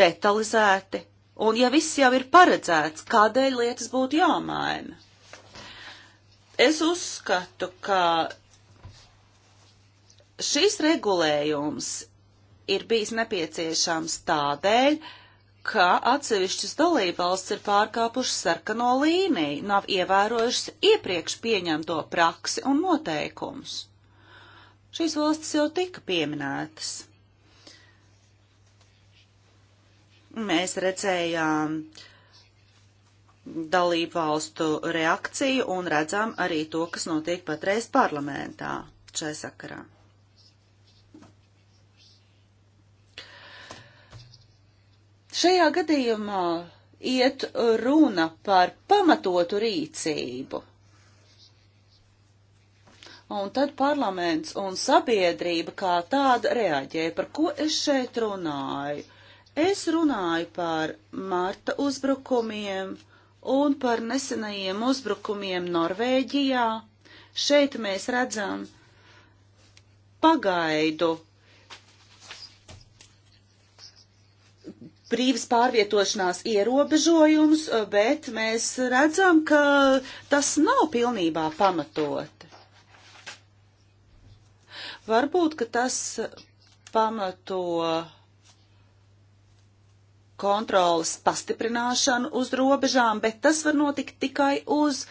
detalizēti, un ja viss jau ir paredzēts, kādēļ lietas būtu jāmaina? Es uzskatu, ka šis regulējums ir bijis nepieciešams tādēļ, ka atsevišķas dalībvalsts ir pārkāpušas sarkano līniju, nav ievērojušas iepriekš pieņemto praksi un noteikumus. Šīs valstis jau tika pieminētas. Mēs redzējām dalību valstu reakciju un redzam arī to, kas notiek patreiz parlamentā šai sakarā. Šajā gadījumā iet runa par pamatotu rīcību. Un tad parlaments un sabiedrība kā tāda reaģē, par ko es šeit runāju. Es runāju par Marta uzbrukumiem un par nesenajiem uzbrukumiem Norvēģijā. Šeit mēs redzam pagaidu brīvas pārvietošanās ierobežojums, eh, bet mēs redzam, ka tas nav pilnībā pamatoti. Varbūt, ka tas pamato kontrolas pastiprināšanu uz robežām, bet tas var notikt tikai uz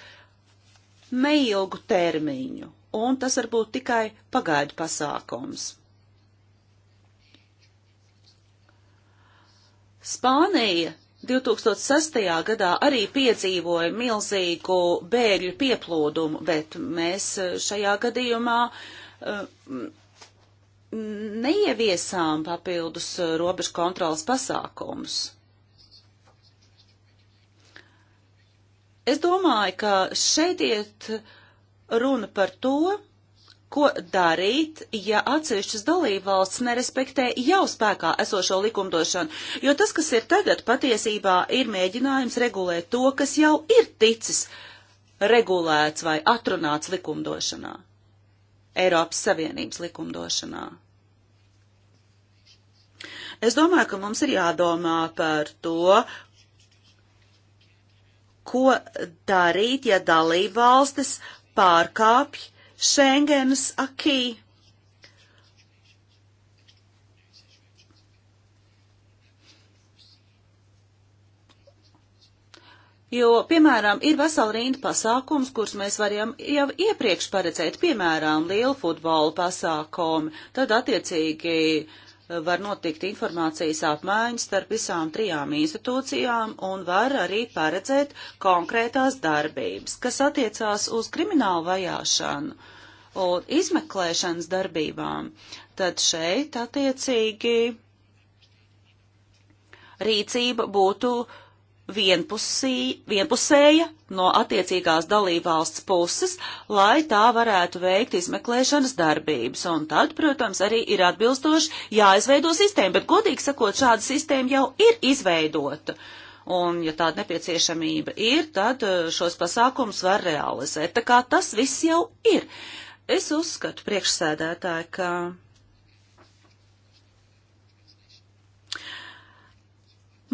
neilgu termiņu, un tas var būt tikai pagaidu pasākums. Spānija 2006. gadā arī piedzīvoja milzīgu bēgļu pieplūdumu, bet mēs eh, šajā gadījumā eh, neieviesām papildus eh, robežu kontrolas pasākumus. Es domāju, ka šeit iet runa par to, ko darīt, ja atsevišķas dalībvalsts nerespektē jau spēkā esošo likumdošanu, jo tas, kas ir tagad, patiesībā ir mēģinājums regulēt to, kas jau ir ticis regulēts vai atrunāts likumdošanā, Eiropas Savienības likumdošanā. Es domāju, ka mums ir jādomā par to, ko darīt, ja dalībvalstis pārkāpj Schengens akī. Jo, piemēram, ir vesela rinda pasākums, kurus mēs varam jau iepriekš paredzēt, piemēram, lielu futbolu pasākumu, tad attiecīgi uh, var notikt informācijas apmaiņas starp visām trijām institūcijām un var arī paredzēt konkrētās darbības, kas attiecās uz kriminālu vajāšanu un izmeklēšanas darbībām, tad šeit attiecīgi rīcība būtu vienpusī, vienpusēja no attiecīgās dalībvalsts puses, lai tā varētu veikt izmeklēšanas darbības. Un tad, protams, arī ir atbilstoši jāizveido sistēma, bet godīgi sakot, šāda sistēma jau ir izveidota. Un, ja tāda nepieciešamība ir, tad eh, šos pasākums var realizēt. Tā kā tas viss jau ir. Es uzskatu priekšsēdētāji, ka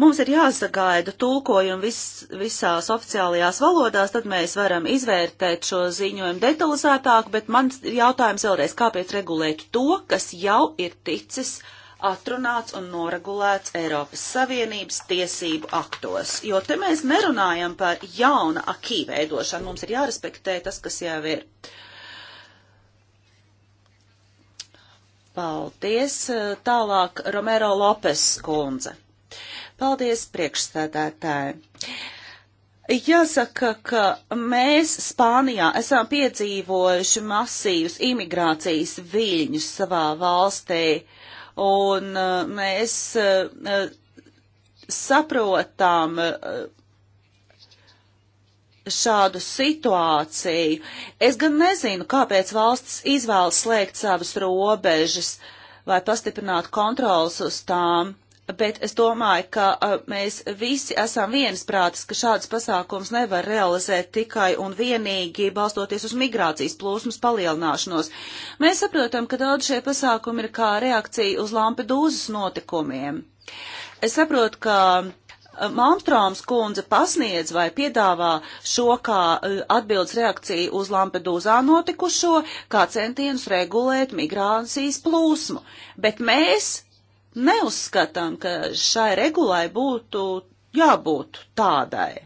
Mums ir jāsagaida tulkojumi vis, visās oficiālajās valodās, tad mēs varam izvērtēt šo ziņojumu detalizētāk, bet man ir jautājums vēlreiz, kāpēc regulēt to, kas jau ir ticis atrunāts un noregulēts Eiropas Savienības tiesību aktos. Jo te mēs nerunājam par jauna akī veidošanu, mums ir jārespektē tas, kas jau ir. Paldies. Tālāk Romero Lopes kundze. Paldies, priekšstādātāji! Jāsaka, ka mēs Spānijā esam piedzīvojuši masīvus imigrācijas viļņus savā valstī, un uh, mēs uh, saprotam uh, šādu situāciju. Es gan nezinu, kāpēc valsts izvēlas slēgt savas robežas vai pastiprināt kontrolas uz tām. Uh, bet es domāju, ka mēs visi esam viensprātis, ka šāds pasākums nevar realizēt tikai un vienīgi balstoties uz migrācijas plūsmas palielināšanos. Mēs saprotam, ka daudz šie pasākumi ir kā reakcija uz Lampedūzas notikumiem. Es saprotu, ka Malmstrāms kundze pasniedz vai piedāvā šo kā atbildes reakciju uz Lampedūzā notikušo, kā centienus regulēt migrācijas plūsmu, bet mēs neuzskatām, ka šai regulai būtu jābūt tādai.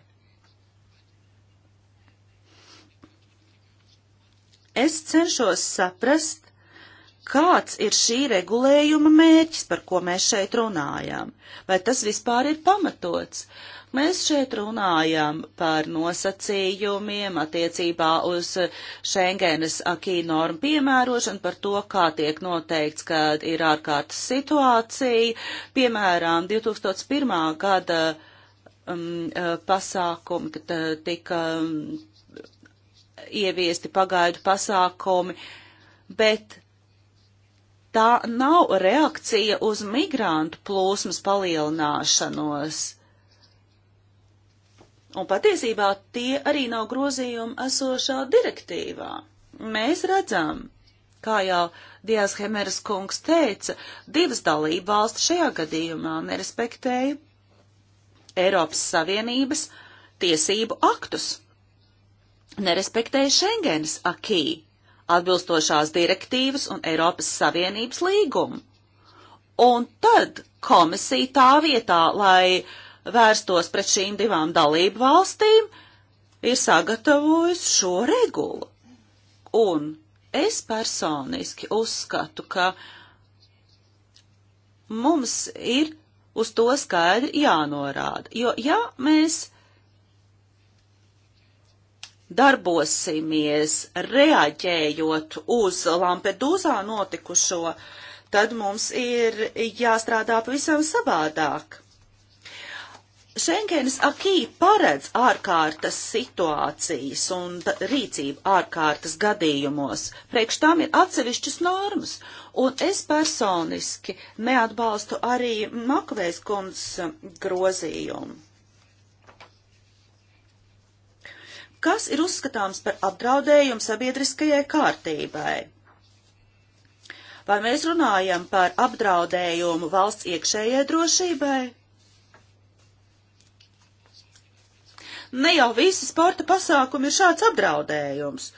Es cenšos saprast, kāds ir šī regulējuma mērķis, par ko mēs šeit runājām. Vai tas vispār ir pamatots? Uh, Mēs šeit runājam par nosacījumiem attiecībā uz Schengenes akī normu piemērošanu, par to, kā tiek noteikts, kad ir ārkārtas situācija. Piemēram, 2001. gada um, uh, pasākumi, kad uh, tika um, ieviesti pagaidu pasākumi, bet tā nav reakcija uz migrantu plūsmas palielināšanos. Un patiesībā tie arī nav grozījumi esošā direktīvā. Mēs redzam, kā jau Dijas Hemeras kungs teica, divas dalība valsts šajā gadījumā nerespektēja Eiropas Savienības tiesību aktus, nerespektēja Schengenas akī, atbilstošās direktīvas un Eiropas Savienības līgumu. Un tad komisija tā vietā, lai uh, vērstos pret šīm divām dalību valstīm, ir sagatavojis šo regulu. Un es personiski uzskatu, ka mums ir uz to skaidri jānorāda, jo ja mēs darbosimies reaģējot uz Lampedūzā notikušo, tad mums ir jāstrādā pavisam savādāk. Šengenes akī paredz ārkārtas situācijas un rīcību ārkārtas gadījumos. Priekš tam ir atsevišķas normas, un es personiski neatbalstu arī Makvēs kundzes um, grozījumu. Kas ir uzskatāms par apdraudējumu sabiedriskajai kārtībai? Vai mēs runājam par apdraudējumu valsts iekšējai drošībai? ne jau visi sporta pasākumi ir šāds apdraudējums.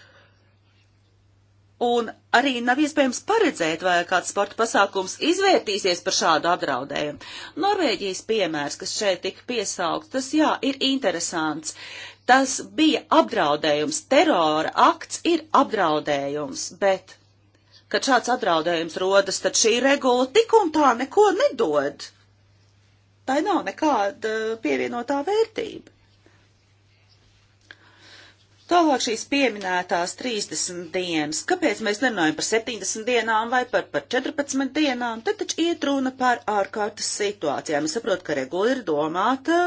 Un arī nav iespējams paredzēt, vai kāds sporta pasākums izvērtīsies par šādu apdraudējumu. Norvēģijas piemērs, kas šeit tika piesaukt, tas jā, ir interesants. Tas bija apdraudējums, terora akts ir apdraudējums, bet, kad šāds apdraudējums rodas, tad šī regula tik un tā neko nedod. Tai nav nekāda pievienotā vērtība. Tālāk šīs pieminētās 30 dienas. Kāpēc mēs nerunājam par 70 dienām vai par, par 14 dienām? Te taču iet runa par ārkārtas situācijām. Es saprotu, ka regula ir domāta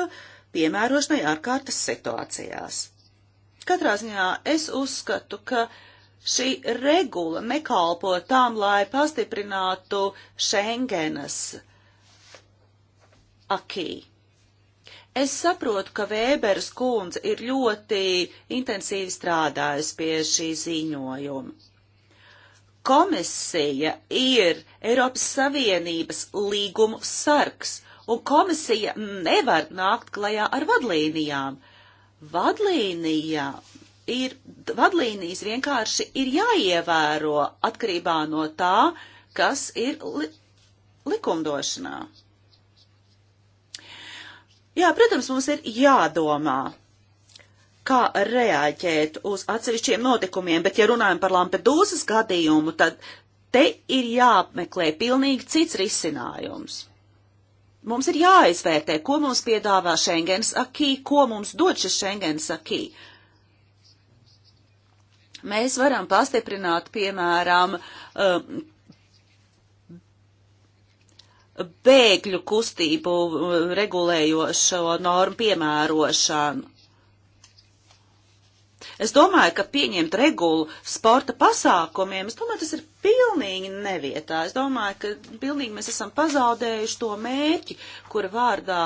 piemērošanai ārkārtas situācijās. Katrā ziņā es uzskatu, ka šī regula nekalpo tām, lai pastiprinātu Schengenas akī. Es saprotu, ka Vēberas kundze ir ļoti intensīvi strādājusi pie šī ziņojuma. Komisija ir Eiropas Savienības līgumu sargs, un komisija nevar nākt klajā ar vadlīnijām. Vadlīnijā ir, vadlīnijas vienkārši ir jāievēro atkarībā no tā, kas ir li likumdošanā. Jā, protams, mums ir jādomā, kā reaģēt uz atsevišķiem notikumiem, bet ja runājam par Lampedūzas gadījumu, tad te ir jāapmeklē pilnīgi cits risinājums. Mums ir jāizvērtē, ko mums piedāvā Schengens akī, ko mums dod šis Schengens akī. Mēs varam pastiprināt, piemēram, uh, bēgļu kustību uh, regulējošo normu piemērošanu. Es domāju, ka pieņemt regulu sporta pasākumiem, es domāju, tas ir pilnīgi nevietā. Es domāju, ka pilnīgi mēs esam pazaudējuši to mērķi, kura vārdā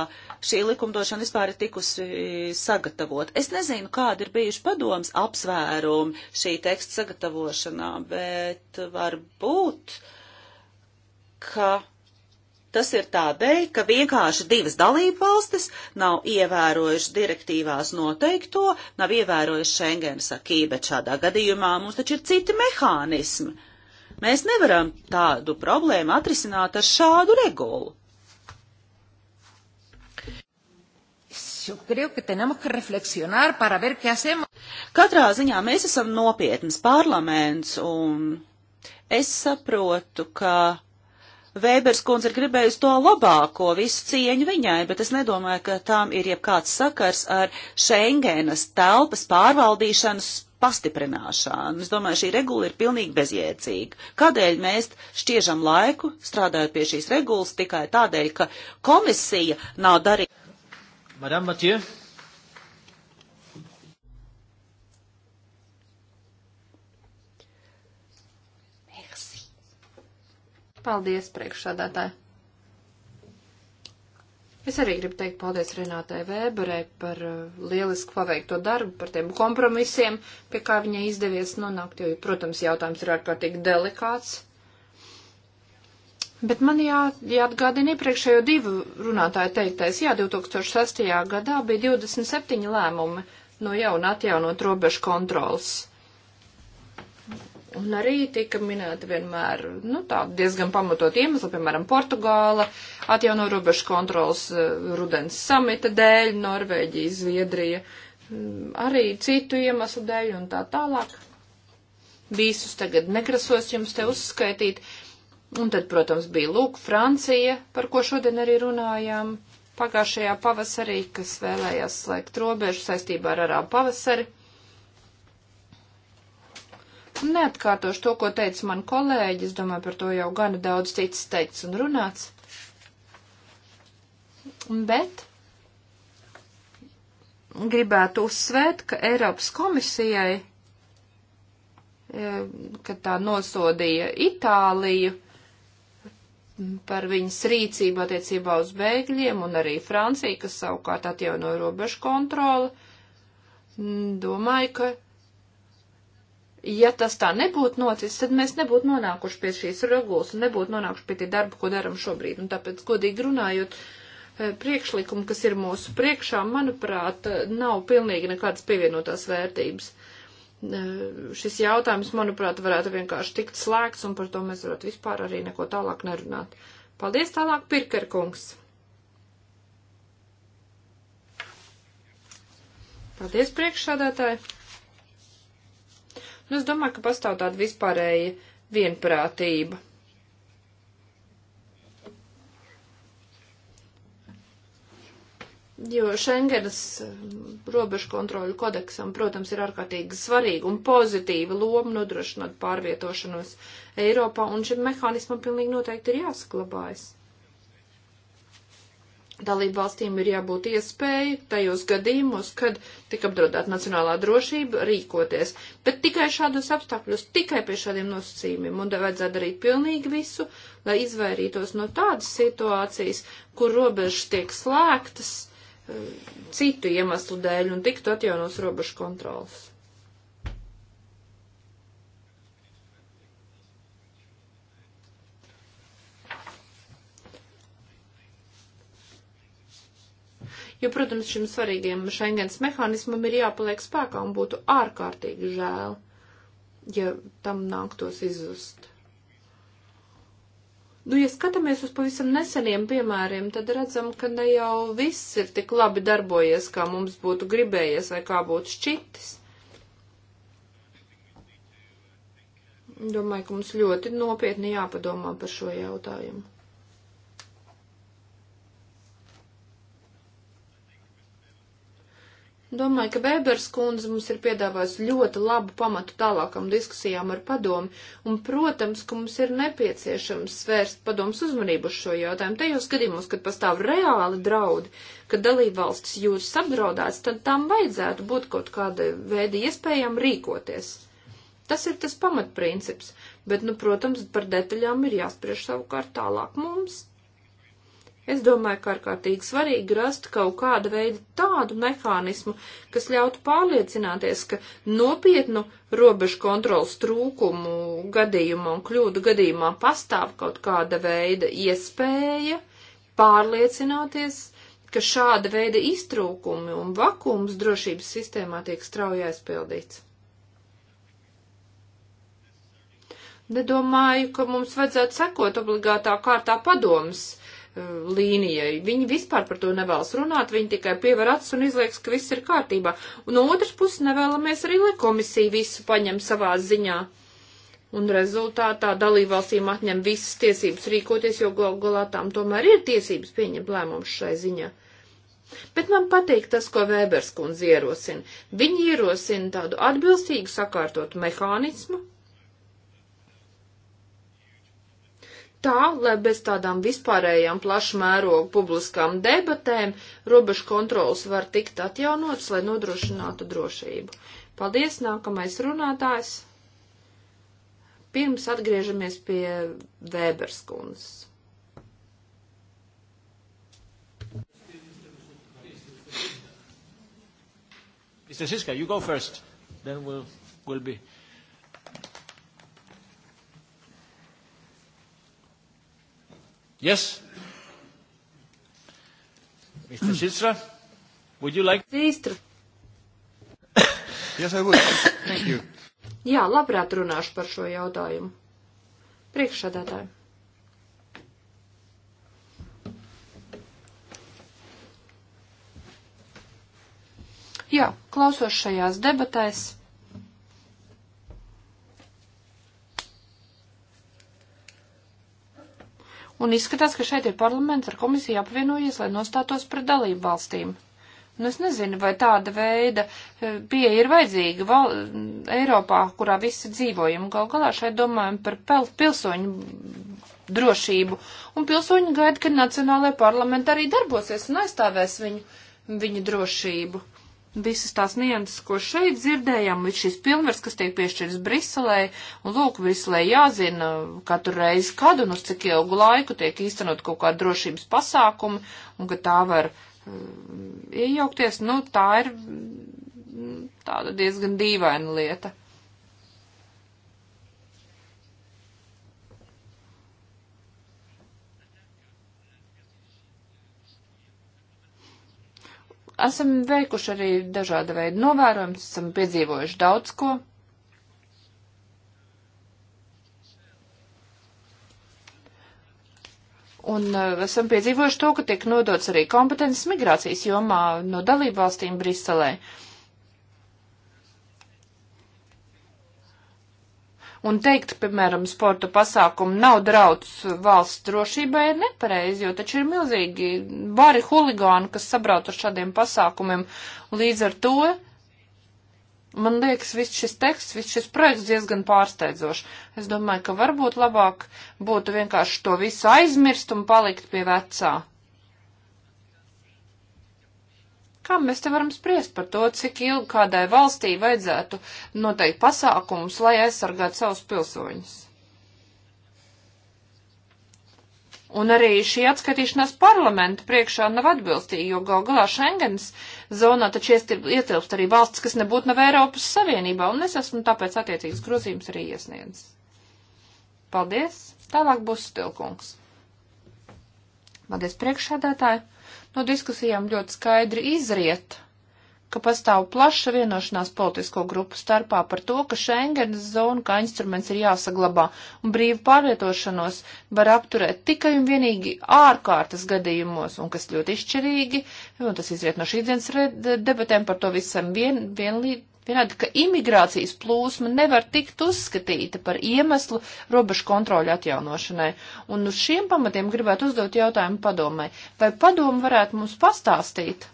šī likumdošana vispār ir tikusi eh, sagatavot. Es nezinu, kāda ir bijuši padoms apsvērumi šī teksta sagatavošanā, bet varbūt, ka Tas ir tādēļ, ka vienkārši divas dalību valstis nav ievērojuši direktīvās noteikto, nav ievērojuši Schengenas akī, bet šādā gadījumā mums taču ir citi mehānismi. Mēs nevaram tādu problēmu atrisināt ar šādu regulu. Yo creo que tenemos que reflexionar para ver qué hacemos. Katrā ziņā mēs esam nopietns parlaments, un es saprotu, ka Vēbers kundze ir gribējusi to labāko, visu cieņu viņai, bet es nedomāju, ka tām ir jebkāds sakars ar Schengenas telpas pārvaldīšanas pastiprināšanu. Es domāju, šī regula ir pilnīgi bezjēdzīga. Kādēļ mēs šķiežam laiku, strādājot pie šīs regulas, tikai tādēļ, ka komisija nav darījusi. Madame Mathieu. Paldies, priekšsādātāji! Es arī gribu teikt paldies Renātai Vēberei par uh, lielisku paveikto darbu, par tiem kompromisiem, pie kā viņai izdevies nonākt, jo, protams, jautājums ir ārkārtīgi delikāts. Bet man jā, jāatgādina iepriekšējo divu runātāju teiktais, jā, 2006. gadā bija 27 lēmumi no jauna atjaunot robežu kontrols Un arī tika minēta vienmēr, nu, tā diezgan pamatot iemesli, piemēram, Portugāla atjauno robežu kontrols eh, rudens samita dēļ, Norvēģija, Zviedrija, mm, arī citu iemeslu dēļ un tā tālāk. Visus tagad negrasos jums te uzskaitīt. Un tad, protams, bija lūk Francija, par ko šodien arī runājām pagājušajā pavasarī, kas vēlējās slēgt robežu saistībā ar arābu pavasari. Neatkārtošu to, ko teica man kolēģi, es domāju, par to jau gana daudz cits teicis un runāts. Bet gribētu uzsvērt, ka Eiropas komisijai, e, kad tā nosodīja Itāliju par viņas rīcību attiecībā uz bēgļiem un arī Franciju, kas savukārt atjaunoja robežu kontroli, domāju, ka ja tas tā nebūtu noticis, tad mēs nebūtu nonākuši pie šīs regulas un nebūtu nonākuši pie tie darba, ko daram šobrīd. Un tāpēc, godīgi runājot, eh, priekšlikumi, kas ir mūsu priekšā, manuprāt, nav pilnīgi nekādas pievienotās vērtības. Eh, šis jautājums, manuprāt, varētu vienkārši tikt slēgts, un par to mēs varētu vispār arī neko tālāk nerunāt. Paldies tālāk, Pirkerkungs! Paldies priekšsādātāji! Nu, es domāju, ka pastāv tāda vispārēja vienprātība. Jo Šengenas mm, robežu kontroļu kodeksam, protams, ir ārkārtīgi svarīga un pozitīva loma nodrošinot pārvietošanos Eiropā, un šim mehānismam pilnīgi noteikti ir jāsaklabājas dalību valstīm ir jābūt iespēju tajos gadījumos, kad tik apdraudēta nacionālā drošība, rīkoties. Bet tikai šādos apstākļos, tikai pie šādiem nosacījumiem, un vajadzētu darīt pilnīgi visu, lai izvairītos no tādas situācijas, kur robežas tiek slēgtas eh, citu iemeslu dēļ un tiktu atjaunos robežu kontrolas. jo, protams, šim svarīgiem Schengens mehānismam ir jāpaliek spēkā un būtu ārkārtīgi žēl, ja tam nāktos izzust. Nu, ja skatāmies uz pavisam neseniem piemēriem, tad redzam, ka ne jau viss ir tik labi darbojies, kā mums būtu gribējies vai kā būtu šķitis. Domāju, ka mums ļoti nopietni jāpadomā par šo jautājumu. Domāju, ka Bēbers kundze mums ir piedāvājusi ļoti labu pamatu tālākam diskusijām ar padomu, un, protams, ka mums ir nepieciešams svērst padomus uzmanību uz šo jautājumu. Tajos gadījumos, kad pastāv reāli draudi, kad dalībvalstis jūtas apdraudēts, tad tam vajadzētu būt kaut kāda veida iespējām rīkoties. Tas ir tas pamatprincips, bet, nu, protams, par detaļām ir jāspriež savukārt tālāk mums. Es domāju, ka ārkārtīgi svarīgi rast kaut kādu veidu tādu mehānismu, kas ļautu pārliecināties, ka nopietnu robežu kontrolas trūkumu gadījumā un kļūdu gadījumā pastāv kaut kāda veida iespēja pārliecināties, ka šāda veida iztrūkumi un vakums drošības sistēmā tiek strauji aizpildīts. Nedomāju, ka mums vajadzētu sekot obligātā kārtā padomas Uh, līnijai. Viņi vispār par to nevēlas runāt, viņi tikai piever acis un izliekas, ka viss ir kārtībā. Un no otras puses nevēlamies arī, lai komisija visu paņem savā ziņā. Un rezultātā dalībvalstīm atņem visas tiesības rīkoties, jo gal galā tām tomēr ir tiesības pieņemt lēmumus šai ziņā. Bet man patīk tas, ko Vēberskundze ierosina. Viņa ierosina tādu atbilstīgu sakārtotu mehānismu, tā, lai bez tādām vispārējām plašmērogu publiskām debatēm robežu kontrols var tikt atjaunots, lai nodrošinātu drošību. Paldies, nākamais runātājs. Pirms atgriežamies pie Vēberskundas. Mr. Siska, you go first, then we'll, we'll be. Yes? Mr. Sistra, would you like? Sistra. yes, I would. Thank you. Jā, labprāt runāšu par šo jautājumu. Priekšsādātāji. Jā, klausos šajās debatēs. Un izskatās, ka šeit ir parlaments ar komisiju apvienojies, lai nostātos pret dalību valstīm. Nu, es nezinu, vai tāda veida e, pieeja ir vajadzīga val Eiropā, kurā visi dzīvojam. Gal galā šeit domājam par pilsoņu drošību. Un pilsoņi gaida, ka Nacionālajā parlamentā arī darbosies un aizstāvēs viņu, viņu drošību visas tās nianses, ko šeit dzirdējām, līdz šis pilnvars, kas tiek piešķirts Briselē, un lūk, Briselē jāzina katru reizi, kad un uz cik ilgu laiku tiek īstenot kaut kāda drošības pasākuma, un ka tā var uh, iejaukties, nu, tā ir mm, tāda diezgan dīvaina lieta. Esam veikuši arī dažāda veida novērojumus, esam piedzīvojuši daudz ko. Un uh, esam piedzīvojuši to, ka tiek nodots arī kompetences migrācijas jomā no dalību valstīm Briselē. Uh, Un teikt, piemēram, sporta pasākumu nav drauds valsts drošībai ir nepareizi, jo taču ir milzīgi bari huligāni, kas sabrauc ar šādiem pasākumiem. Līdz ar to Man liekas, viss šis teksts, viss šis projekts diezgan pārsteidzošs. Es domāju, ka varbūt labāk būtu vienkārši to visu aizmirst un palikt pie vecā. Kā mēs te varam spriest par to, cik ilgi kādai valstī vajadzētu noteikt pasākumus, lai aizsargātu savus pilsoņus? Un arī šī atskaitīšanās parlamenta priekšā nav atbilstīga, jo gal galā Schengens zonā taču ietilpst arī valsts, kas nebūtu nav Eiropas Savienībā, un es esmu tāpēc attiecīgas grozījums arī iesniedzis. Paldies! Tālāk būs stilkungs. Paldies priekšādātāji! No diskusijām ļoti skaidri izriet, ka pastāv plaša vienošanās politisko grupu starpā par to, ka Schengenas zona kā instruments ir jāsaglabā un brīvu pārvietošanos var apturēt tikai un vienīgi ārkārtas gadījumos, un kas ļoti izšķirīgi, un tas izriet no šīdienas debatēm par to visam vien, vienlīdz Vienādi, ka imigrācijas plūsma nevar tikt uzskatīta par iemeslu robežu kontroļu atjaunošanai. Un uz šiem pamatiem gribētu uzdot jautājumu padomai. Vai padoma varētu mums pastāstīt?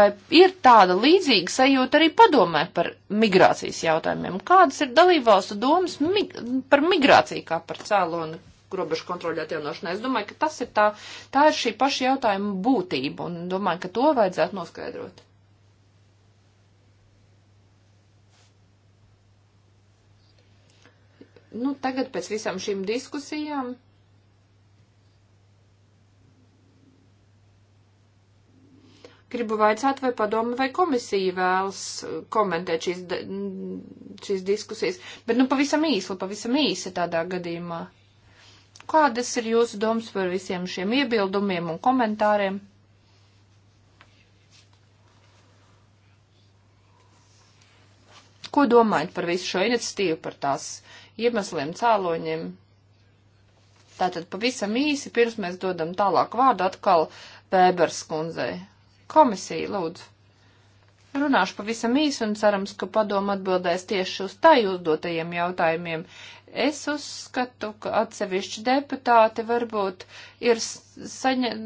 Vai ir tāda līdzīga sajūta arī padomē par migrācijas jautājumiem? Kādas ir dalībvalstu domas mig par migrāciju kā par cēloni robežu kontroļu atjaunošanai. Es domāju, ka tas ir tā, tā ir šī paša jautājuma būtība un domāju, ka to vajadzētu noskaidrot. Nu, tagad pēc visām šīm diskusijām. Gribu vaicāt, vai padoma vai komisija vēlas uh, komentēt šīs, šīs diskusijas, bet nu pavisam īsi, pavisam īsi tādā gadījumā. Kādas ir jūsu domas par visiem šiem iebildumiem un komentāriem? Ko domājat par visu šo iniciatīvu, par tās iemesliem, cēloņiem. Tātad pavisam īsi, pirms mēs dodam tālāk vārdu atkal Pēbers kundzei. Komisija, lūdzu. Runāšu pavisam īsi un cerams, ka padomu atbildēs tieši uz tai uzdotajiem jautājumiem. Es uzskatu, ka atsevišķi deputāti varbūt ir saņem,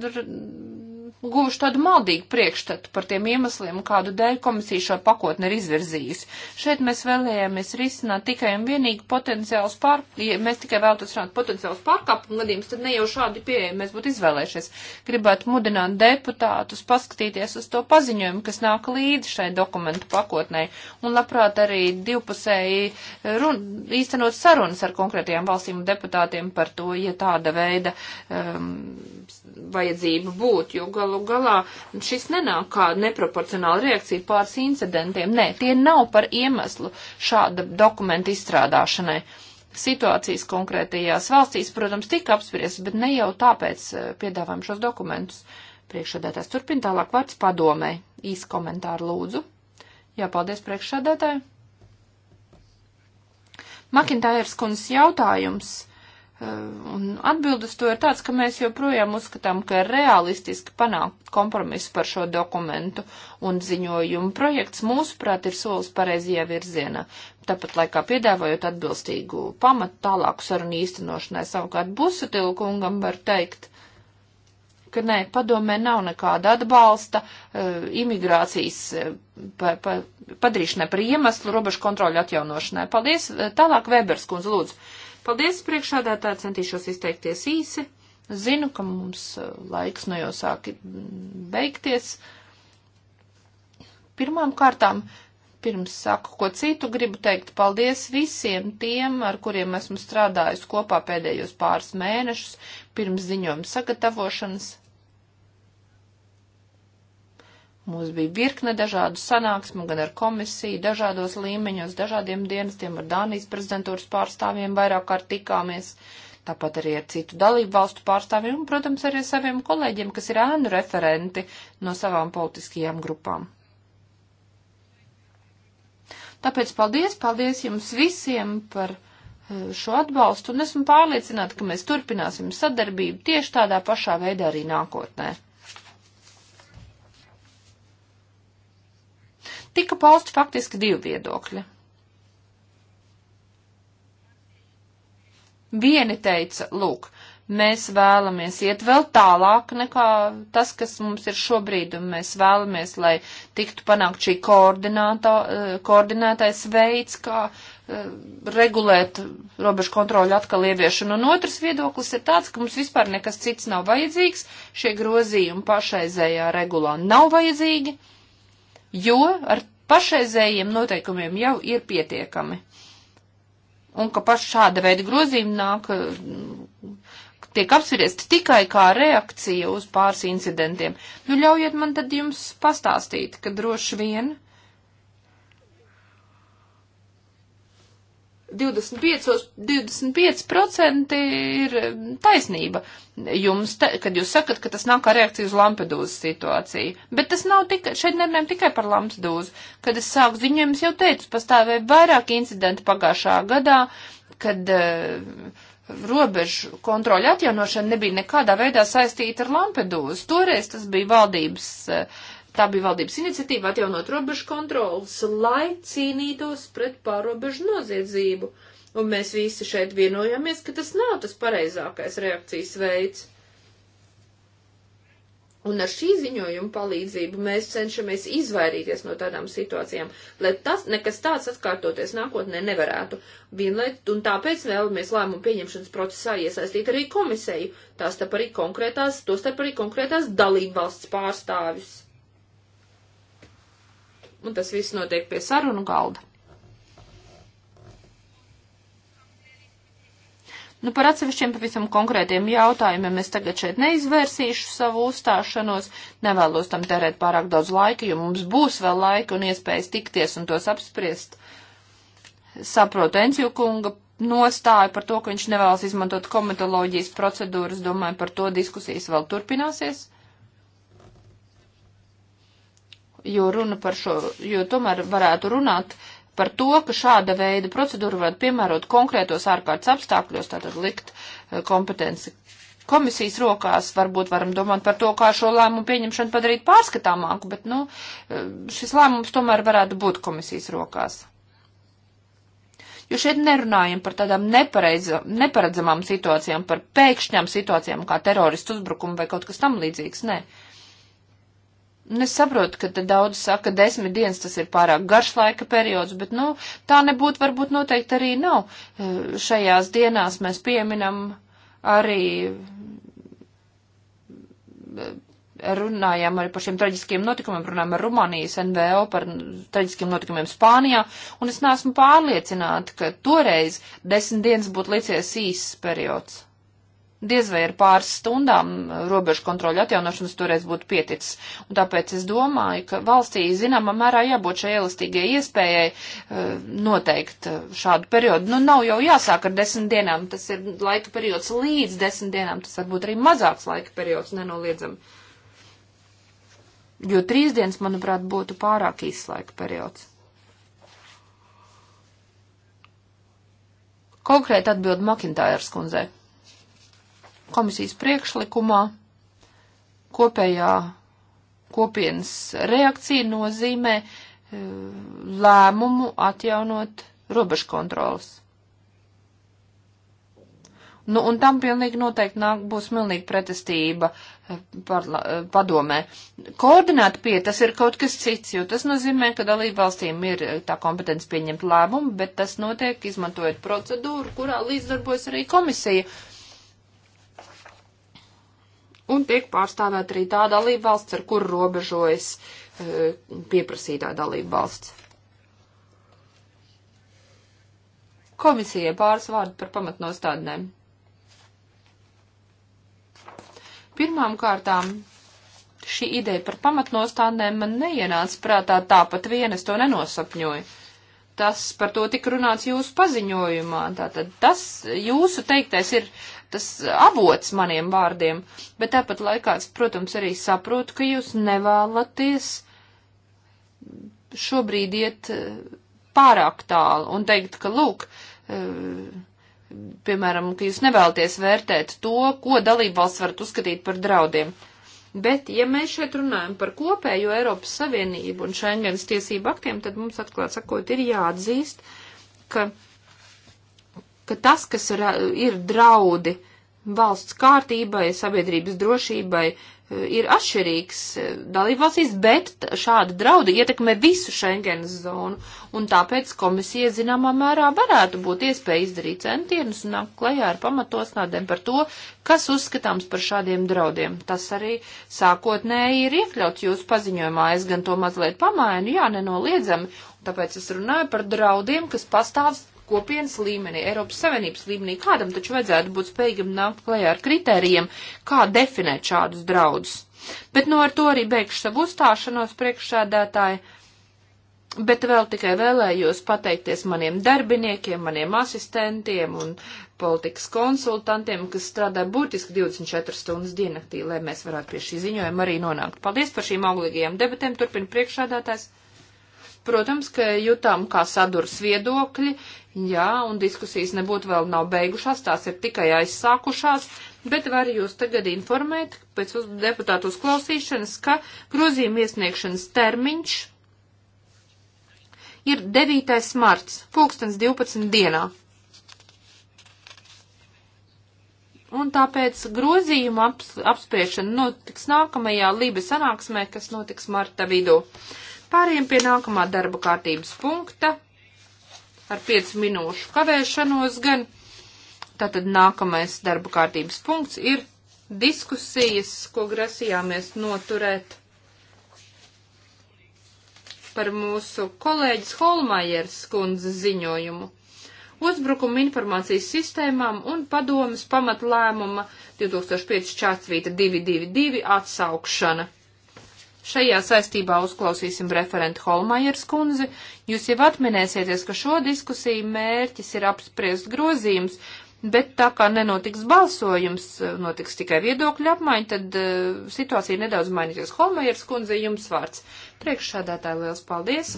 guvuši tādu maldīgu priekšstatu par tiem iemesliem, kādu dēļ komisija šo pakotni ir izvirzījusi. Šeit mēs vēlējāmies risināt tikai un vienīgi potenciāls pār, ja mēs tikai vēlētos runāt potenciāls pārkāpumu gadījums, tad ne jau šādi pieeja mēs būtu izvēlējušies. Gribētu mudināt deputātus paskatīties uz to paziņojumu, kas nāk līdzi šai dokumentu pakotnē, un labprāt arī divpusēji run, īstenot sarunas ar konkrētajām valstīm un deputātiem par to, ja tāda veida um, vajadzība būtu, jo galu galā šis nenāk kā neproporcionāla reakcija pāris incidentiem. Nē, tie nav par iemeslu šāda dokumenta izstrādāšanai. Situācijas konkrētajās valstīs, protams, tika apspriestas, bet ne jau tāpēc eh, piedāvājam šos dokumentus. Priekšsēdētājs turpina tālāk vārds padomē. Īs komentāru lūdzu. Jā, paldies priekšsēdētāji. Makintājers kundzes jautājums Eh, un atbildus to ir tāds, ka mēs joprojām uzskatām, ka ir realistiski panākt kompromisu par šo dokumentu un ziņojumu. Projekts mūsuprāt ir solis pareizajā virzienā, tāpat laikā piedāvājot atbilstīgu pamatu tālāku sarunu īstenošanai. Savukārt Busutilu kungam var teikt, ka nē, padomē nav nekāda atbalsta uh, imigrācijas uh, pa, pa, padarīšanai par iemeslu robežu kontroļu atjaunošanai. Paldies! Tālāk Weberskundze lūdzu. Paldies priekšādātāji, centīšos izteikties īsi. Zinu, ka mums eh, laiks no nu jau sāki beigties. Pirmām kārtām, pirms saku ko citu, gribu teikt paldies visiem tiem, ar kuriem esmu strādājis kopā pēdējos pāris mēnešus pirms ziņojuma sagatavošanas. Mums bija virkne dažādu sanāksmu, gan ar komisiju, dažādos līmeņos, dažādiem dienestiem, ar Dānijas prezidentūras pārstāvjiem vairāk kārt tikāmies, tāpat arī ar citu dalību valstu pārstāvjiem un, protams, arī ar saviem kolēģiem, kas ir ēnu referenti no savām politiskajām grupām. Tāpēc paldies, paldies jums visiem par eh, šo atbalstu, un esmu pārliecināta, ka mēs turpināsim sadarbību tieši tādā pašā veidā arī nākotnē. Tika pausti faktiski divi viedokļi. Vieni teica, lūk, mēs vēlamies iet vēl tālāk nekā tas, kas mums ir šobrīd, un mēs vēlamies, lai tiktu panākt šī eh, koordinētais veids, kā uh, regulēt robežu kontroļu atkal ieviešanu. Un otrs viedoklis ir tāds, ka mums vispār nekas cits nav vajadzīgs, šie grozījumi pašreizējā regulā nav vajadzīgi. Uh, jo ar pašreizējiem noteikumiem jau ir pietiekami. Un ka paši šāda veida grozījumi nāk, mm, tiek apspriesti tikai kā reakcija uz pāris incidentiem. Nu, ļaujiet man tad jums pastāstīt, ka droši vien uh, 25, 25% ir mm, taisnība jums, te, kad jūs sakat, ka tas nav kā reakcija uz Lampedūzas situāciju. Bet tas nav tikai, šeit nerunājam tikai par Lampedūzu. Kad es sāku ziņojumus, jau teicu, pastāvēja vairāk incidenti pagājušā gadā, kad uh, robežu kontroļa atjaunošana nebija nekādā veidā saistīta ar Lampedūzu. Toreiz tas bija valdības uh, Tā bija valdības iniciatīva atjaunot robežu kontrolas, lai cīnītos pret pārobežu noziedzību. Un mēs visi šeit vienojamies, ka tas nav tas pareizākais reakcijas veids. Un ar šī ziņojuma palīdzību mēs cenšamies izvairīties no tādām situācijām, lai tas nekas tāds atkārtoties nākotnē nevarētu. Vienlaid, un tāpēc vēlamies lēmumu pieņemšanas procesā iesaistīt arī komisēju, tās starp arī konkrētās, to starp arī konkrētās dalību valsts pārstāvjus. Un tas viss notiek pie sarunu galda. Nu, par atsevišķiem pavisam konkrētiem jautājumiem es tagad šeit neizvērsīšu savu uzstāšanos, nevēlos tam tērēt pārāk daudz laika, jo mums būs vēl laika un iespējas tikties un tos apspriest. Saprotu Enciju kunga nostāju par to, ka viņš nevēlas izmantot komitoloģijas procedūras, domāju, par to diskusijas vēl turpināsies jo runa par šo, jo tomēr varētu runāt par to, ka šāda veida procedūra varētu piemērot konkrētos ārkārtas apstākļos, tātad likt eh, kompetenci komisijas rokās, varbūt varam domāt par to, kā šo lēmumu pieņemšanu padarīt pārskatāmāku, bet, nu, eh, šis lēmums tomēr varētu būt komisijas rokās. Jo šeit nerunājam par tādām nepareiza, neparedzamām situācijām, par pēkšņām situācijām, kā teroristu uzbrukumu vai kaut kas tam līdzīgs, nē. Ne. Un es saprotu, ka te daudz saka, desmit dienas tas ir pārāk garš laika periods, bet, nu, tā nebūtu varbūt noteikti arī nav. E, šajās dienās mēs pieminam arī, e, runājām arī par šiem traģiskiem notikumiem, runājām ar Rumānijas NVO par traģiskiem notikumiem Spānijā, un es neesmu pārliecināta, ka toreiz desmit dienas būtu licies īsts periods diez vai ar pāris stundām robežu kontroļu atjaunošanas toreiz būtu pieticis. Un tāpēc es domāju, ka valstī zināmā mērā jābūt šai elastīgai iespējai eh, noteikt eh, šādu periodu. Nu, nav jau jāsāk ar desmit dienām, tas ir laika periods līdz desmit dienām, tas varbūt arī mazāks laika periods nenoliedzami. Jo trīs dienas, manuprāt, būtu pārāk īsts laika periods. Konkrēti atbild Makintājas kundzei komisijas priekšlikumā kopējā kopienas reakcija nozīmē eh, lēmumu atjaunot robežkontrolas. Nu, un tam pilnīgi noteikti nāk, būs milnīgi pretestība eh, par, eh, padomē. Koordinēt pie tas ir kaut kas cits, jo tas nozīmē, ka dalību valstīm ir tā kompetence pieņemt lēmumu, bet tas notiek izmantojot procedūru, kurā līdzdarbojas arī komisija. Uh, un tiek pārstāvēt arī tā dalība valsts, ar kur robežojas e, pieprasītā dalība valsts. Komisijai pāris vārdi par pamatnostādnēm. Pirmām kārtām šī ideja par pamatnostādnēm man neienāca prātā tāpat vien, es to nenosapņoju Tas par to tika runāts jūsu paziņojumā. Tātad tas jūsu teiktais ir tas avots maniem vārdiem, bet tāpat laikā es, protams, arī saprotu, ka jūs nevēlaties šobrīd iet eh, pārāk tālu un teikt, ka lūk, eh, piemēram, ka jūs nevēlaties vērtēt to, ko dalībvalsts varat uzskatīt par draudiem. Bet, ja mēs šeit runājam par kopējo Eiropas Savienību un Schengens tiesību aktiem, tad mums atklāt sakot ir jāatzīst, ka, ka tas, kas ir, ir draudi valsts kārtībai, sabiedrības drošībai, ir atšķirīgs dalībvalstīs, bet šāda drauda ietekmē visu Schengenas zonu, un tāpēc komisija zināmā mērā varētu būt iespēja izdarīt centienus un nākt klajā ar pamatosnādēm par to, kas uzskatāms par šādiem draudiem. Tas arī sākotnēji ir iekļauts jūsu paziņojumā, es gan to mazliet pamainu, jā, nenoliedzami, tāpēc es runāju par draudiem, kas pastāv kopienas līmenī, Eiropas Savienības līmenī, kādam taču vajadzētu būt spējīgam nākt klajā ar kritērijiem, kā definēt šādus draudus. Bet nu no ar to arī beigšu savu uzstāšanos priekšsādātāju bet vēl tikai vēlējos pateikties maniem darbiniekiem, maniem asistentiem un politikas konsultantiem, kas strādā būtiski 24 stundas diennaktī, lai mēs varētu pie šī ziņojuma arī nonākt. Paldies par šīm auglīgajām debatēm, turpina priekšādātājs. Protams, ka jutām kā sadurs viedokļi, Jā, un diskusijas nebūtu vēl nav beigušās, tās ir tikai aizsākušās, bet varu jūs tagad informēt pēc uz deputātu uzklausīšanas, ka grozījuma iesniegšanas termiņš ir 9. marts, pulkstens 12 dienā. Un tāpēc grozījuma aps, apspriešana notiks nākamajā Lībe sanāksmē, kas notiks marta vidū. Pāriem pie nākamā darba kārtības punkta ar 5 minūšu kavēšanos gan. Tātad nākamais darba kārtības punkts ir diskusijas, ko grasījāmies noturēt par mūsu kolēģis Holmajers kundzes ziņojumu uzbrukumu informācijas sistēmām un padomas pamatlēmuma 2005 čātsvīta 222 atsaukšana. Šajā saistībā uzklausīsim referentu Holmajers kundzi. Jūs jau atminēsieties, ka šo diskusiju mērķis ir apspriest grozījums, bet tā kā nenotiks balsojums, notiks tikai viedokļu apmaiņa, tad uh, situācija nedaudz mainīsies. Holmajers kundze, jums vārds. Priekšsādātāji, liels paldies!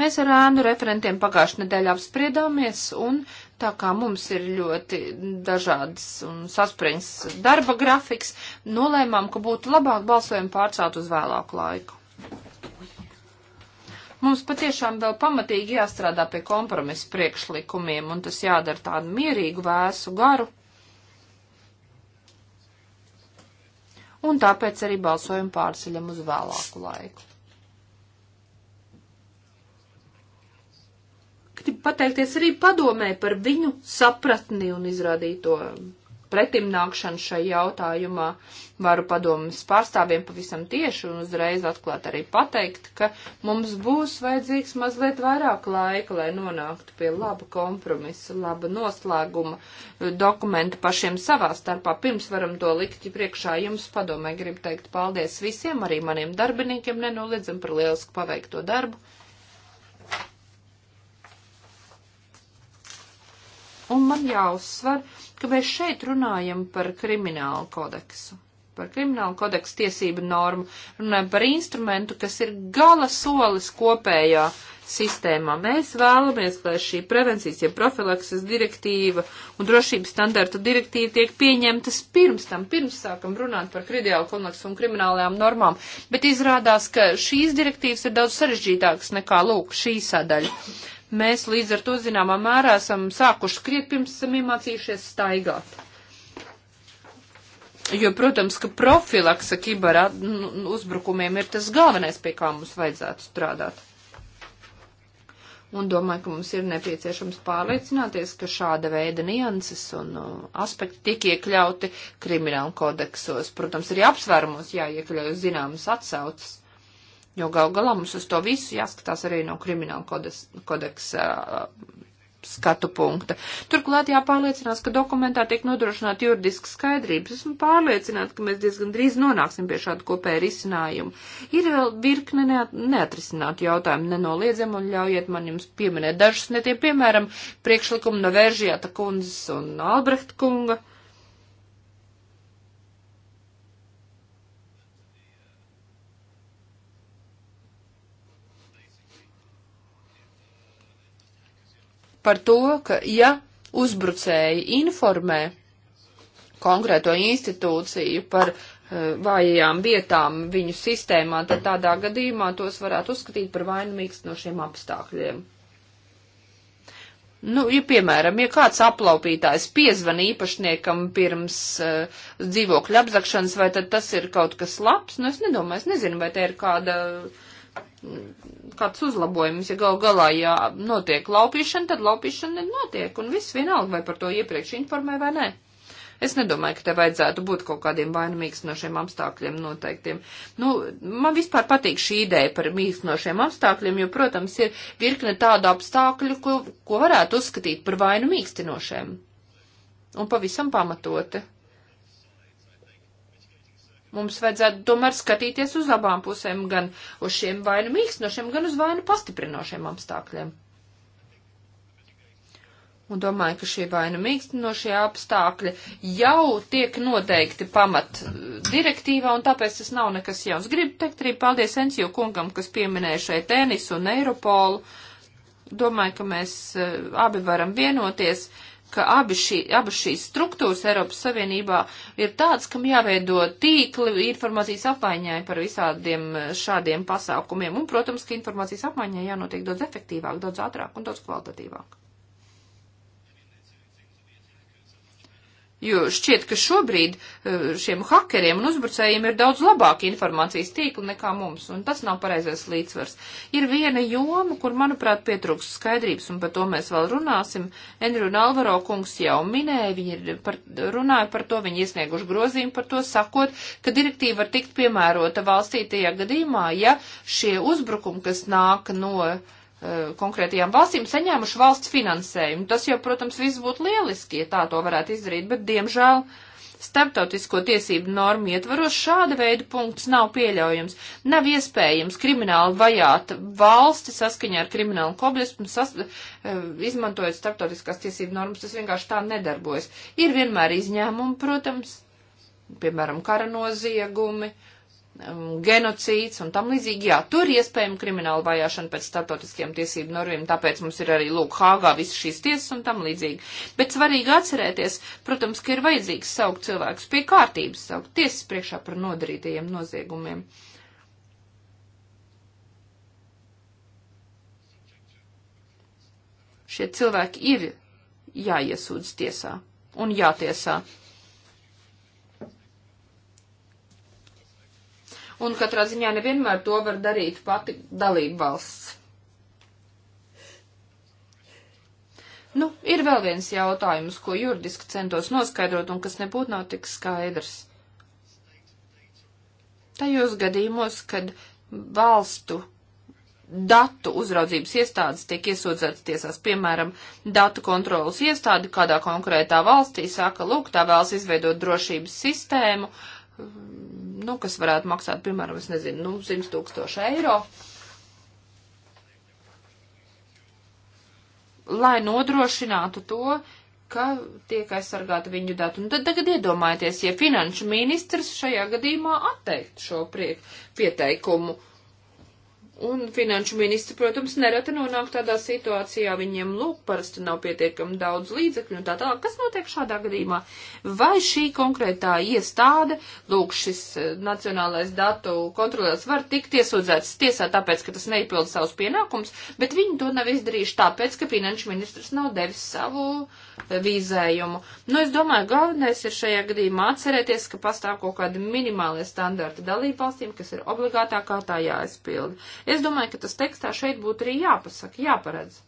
Mēs ar ēnu referentiem pagājušajā nedēļā apspriedāmies un Tā kā mums ir ļoti dažādas un saspringts darba grafiks, nolēmām, ka būtu labāk balsojumu pārcelt uz vēlāku laiku. Mums patiešām vēl pamatīgi jāstrādā pie kompromisa priekšlikumiem, un tas jādara tādu mierīgu vēsu garu. Un tāpēc arī balsojumu pārceļam uz vēlāku laiku. gribu pateikties arī padomē par viņu sapratni un izrādīto pretimnākšanu šai jautājumā. Varu padomas pārstāvjiem pavisam tieši un uzreiz atklāt arī pateikt, ka mums būs vajadzīgs mazliet vairāk laika, lai nonāktu pie laba kompromisa, laba noslēguma dokumenta pašiem savā starpā. Pirms varam to likt priekšā jums padomē. Gribu teikt paldies visiem, arī maniem darbiniekiem nenoliedzam par lielisku paveikto darbu Un man jāuzsver, ka mēs šeit runājam par kriminālu kodeksu, par kriminālu kodeksu tiesību normu, runājam par instrumentu, kas ir gala solis kopējā sistēmā. Mēs vēlamies, lai šī prevencijas, ja profilakses direktīva un drošības standarta direktīva tiek pieņemtas pirms tam, pirms sākam runāt par kriminālu kodeksu un kriminālajām normām, bet izrādās, ka šīs direktīvas ir daudz sarežģītākas nekā, lūk, šī sadaļa. Mēs līdz ar to zināmā mērā esam sākuši skriet pirms esam iemācījušies staigāt. Jo, protams, ka profilaksa kiber nu, nu, uzbrukumiem ir tas galvenais, pie kā mums vajadzētu strādāt un domāju, ka mums ir nepieciešams pārliecināties, ka šāda veida nianses un uh, aspekti tiek iekļauti krimināla kodeksos. Protams, arī apsvērumos jāiekļauj zināmas atsaucas. Jo gal galā mums uz to visu jāskatās arī no krimināla kodeksa kodeks, skatu punkta. Turklāt jāpārliecinās, ka dokumentā tiek nodrošināta juridiska skaidrība. Esmu pārliecināta, ka mēs diezgan drīz nonāksim pie šāda kopēja risinājuma. Ir vēl virkne neatrisinātu jautājumu nenoliedzam un ļaujiet man jums pieminēt dažus, ne tie piemēram priekšlikumi no Vēržijāta kundzes un Albrehta kunga. Uh, par to, ka ja uzbrucēji informē konkrēto institūciju par eh, vājajām vietām viņu sistēmā, tad tādā gadījumā tos varētu uzskatīt par vainamīgs no šiem apstākļiem. Nu, ja, piemēram, ja kāds aplaupītājs piezvan īpašniekam pirms uh, dzīvokļa apzakšanas, vai tad tas ir kaut kas labs? Nu, es nedomāju, es nezinu, vai te ir kāda uh, kāds uzlabojums, ja gal galā, ja notiek laupīšana, tad laupīšana notiek, un viss vienalga, vai par to iepriekš informē vai nē. Es nedomāju, ka te vajadzētu būt kaut kādiem vainamīgs no šiem apstākļiem noteiktiem. Nu, man vispār patīk šī ideja par mīgs no šiem apstākļiem, jo, protams, ir virkne tādu apstākļu, ko, ko varētu uzskatīt par vainu mīkstinošiem. Un pavisam pamatoti. Mums vajadzētu tomēr skatīties uz abām pusēm, gan uz šiem vainu mīkstinošiem, gan uz vainu pastiprinošiem apstākļiem. Un domāju, ka šie vainu mīkstinošie apstākļi jau tiek noteikti pamat direktīvā, un tāpēc tas nav nekas jauns. Gribu teikt arī paldies Encijo kungam, kas pieminēja šeit tenisu un Eiropolu. Domāju, ka mēs eh, abi varam vienoties. Uh, ka abi šī, abas šīs struktūras Eiropas Savienībā ir tāds, kam jāveido tīkli informācijas apmaiņai par visādiem eh, šādiem pasākumiem. Un, protams, ka informācijas apmaiņai jānotiek daudz efektīvāk, daudz ātrāk un daudz kvalitatīvāk. Jo šķiet, ka šobrīd e, šiem hakeriem un uzbrucējiem ir daudz labāka informācijas tīkla nekā mums, un tas nav pareizais līdzsvars. Ir viena joma, kur, manuprāt, pietrūks skaidrības, un par to mēs vēl runāsim. Enri un Alvaro kungs jau minēja, viņi ir par, runāja par to, viņi iesnieguši grozījumu par to, sakot, ka direktīva var tikt piemērota valstī tajā gadījumā, ja šie uzbrukumi, kas nāk no uh, Eh, konkrētajām valstīm saņēmuši valsts finansējumu. Tas jau, protams, viss būtu lieliski, ja tā to varētu izdarīt, bet, diemžēl, starptautisko tiesību normu ietvaros šāda veida punkts nav pieļaujams. Nav iespējams krimināli vajāt valsti saskaņā ar kriminālu kodismu, sas, eh, izmantojot starptautiskās tiesību normas, tas vienkārši tā nedarbojas. Ir vienmēr izņēmumi, protams, piemēram, kara noziegumi um, genocīds un tam līdzīgi. Jā, tur iespējama krimināla vajāšana pēc starptautiskiem tiesību normiem, tāpēc mums ir arī lūk Hāgā visas šīs tiesas un tam līdzīgi. Bet svarīgi atcerēties, protams, ka ir vajadzīgs saukt cilvēkus pie kārtības, saukt tiesas priekšā par nodarītajiem noziegumiem. Šie cilvēki ir jāiesūdz tiesā un jātiesā. un katrā ziņā nevienmēr to var darīt pati dalība valsts. Nu, ir vēl viens jautājums, ko juridiski centos noskaidrot un kas nebūtu nav tik skaidrs. Tajos gadījumos, kad valstu datu uzraudzības iestādes tiek iesūdzētas tiesās, piemēram, datu kontrolas iestādi kādā konkrētā valstī saka, lūk, tā vēlas izveidot drošības sistēmu, uh, Mm, nu, kas varētu maksāt, piemēram, es nezinu, nu, 100 tūkstoši eiro. Lai nodrošinātu to, ka tiek aizsargāta viņu dati. Un tad tagad iedomājieties, ja finanšu ministrs šajā gadījumā atteikt šo priek, pieteikumu Un finanšu ministri, protams, nereti nonāk tādā situācijā, viņiem lūk, parasti nav pietiekami daudz līdzekļu un tā tālāk. Kas notiek šādā gadījumā? Vai šī konkrētā iestāde, lūk, šis eh, nacionālais datu kontrolēts var tikt iesūdzēts tiesā tāpēc, ka tas neizpild savus pienākumus, bet viņi to nav izdarījuši tāpēc, ka finanšu ministrs nav devis savu uh, vīzējumu. Nu, es domāju, galvenais ir šajā gadījumā atcerēties, ka pastāv kaut kādi minimālie standarti dalībvalstīm, kas ir obligātā kārtā jāizpilda. Es domāju, ka tas tekstā šeit būtu arī jāpasaka, jāparedz.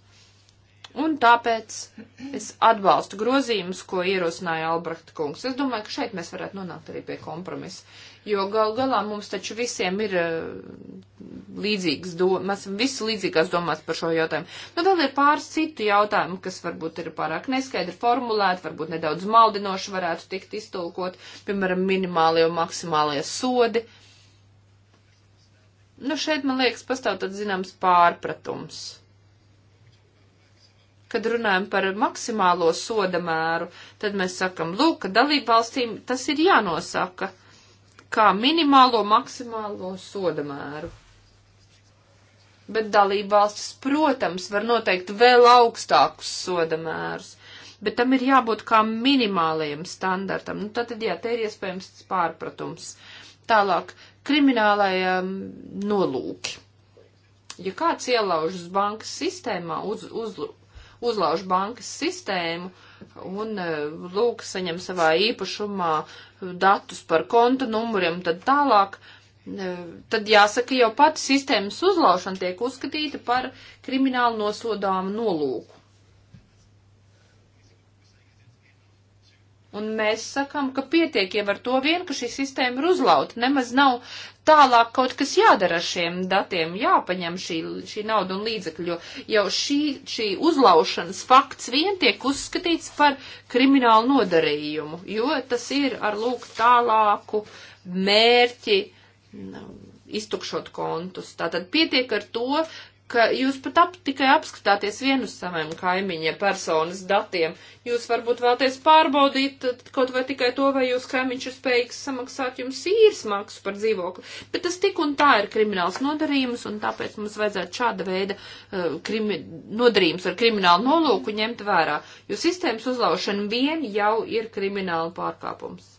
Un tāpēc es atbalstu grozījumus, ko ierosināja Albrehta kungs. Es domāju, ka šeit mēs varētu nonākt arī pie kompromisa jo gal galā mums taču visiem ir eh, līdzīgas domas, visi līdzīgās domās par šo jautājumu. Nu, vēl ir pāris citu jautājumu, kas varbūt ir pārāk neskaidri formulēti, varbūt nedaudz maldinoši varētu tikt iztulkot, piemēram, minimālie un maksimālie sodi. Nu, šeit, man liekas, pastāv tad zināms pārpratums kad runājam par maksimālo soda mēru, tad mēs sakam, lūk, ka dalībvalstīm tas ir jānosaka kā minimālo maksimālo soda mēru. Bet dalībvalstis, protams, var noteikt vēl augstākus soda mērus, bet tam ir jābūt kā minimālajiem standartam. Nu, tad, jā, te ir iespējams pārpratums. Tālāk, kriminālajiem nolūki. Ja kāds ielaužas bankas sistēmā, uz, uz, uzlauž bankas sistēmu, uh, un, e, lūk, saņem savā īpašumā datus par konta numuriem, tad tālāk, e, tad jāsaka, jau pati sistēmas uzlaušana tiek uzskatīta par kriminālu nosodāmu nolūku. Un mēs sakām, ka pietiek jau ar to vien, ka šī sistēma ir uzlauta. Nemaz nav tālāk kaut kas jādara ar šiem datiem, jāpaņem šī, šī nauda un līdzekļu, jo jau šī, šī uzlaušanas fakts vien tiek uzskatīts par kriminālu nodarījumu, jo tas ir ar lūk tālāku mērķi. Nu, iztukšot kontus. Tātad pietiek ar to, ka jūs pat ap, tikai apskatāties vienu saviem kaimiņiem personas datiem. Jūs varbūt vēlaties pārbaudīt kaut vai tikai to, vai jūs kaimiņš ir spējīgs samaksāt jums īres maksu par dzīvokli. Bet tas tik un tā ir krimināls nodarījums, un tāpēc mums vajadzētu šāda veida uh, krimi, nodarījums ar kriminālu nolūku ņemt vērā, jo sistēmas uzlaušana vien jau ir krimināla pārkāpums.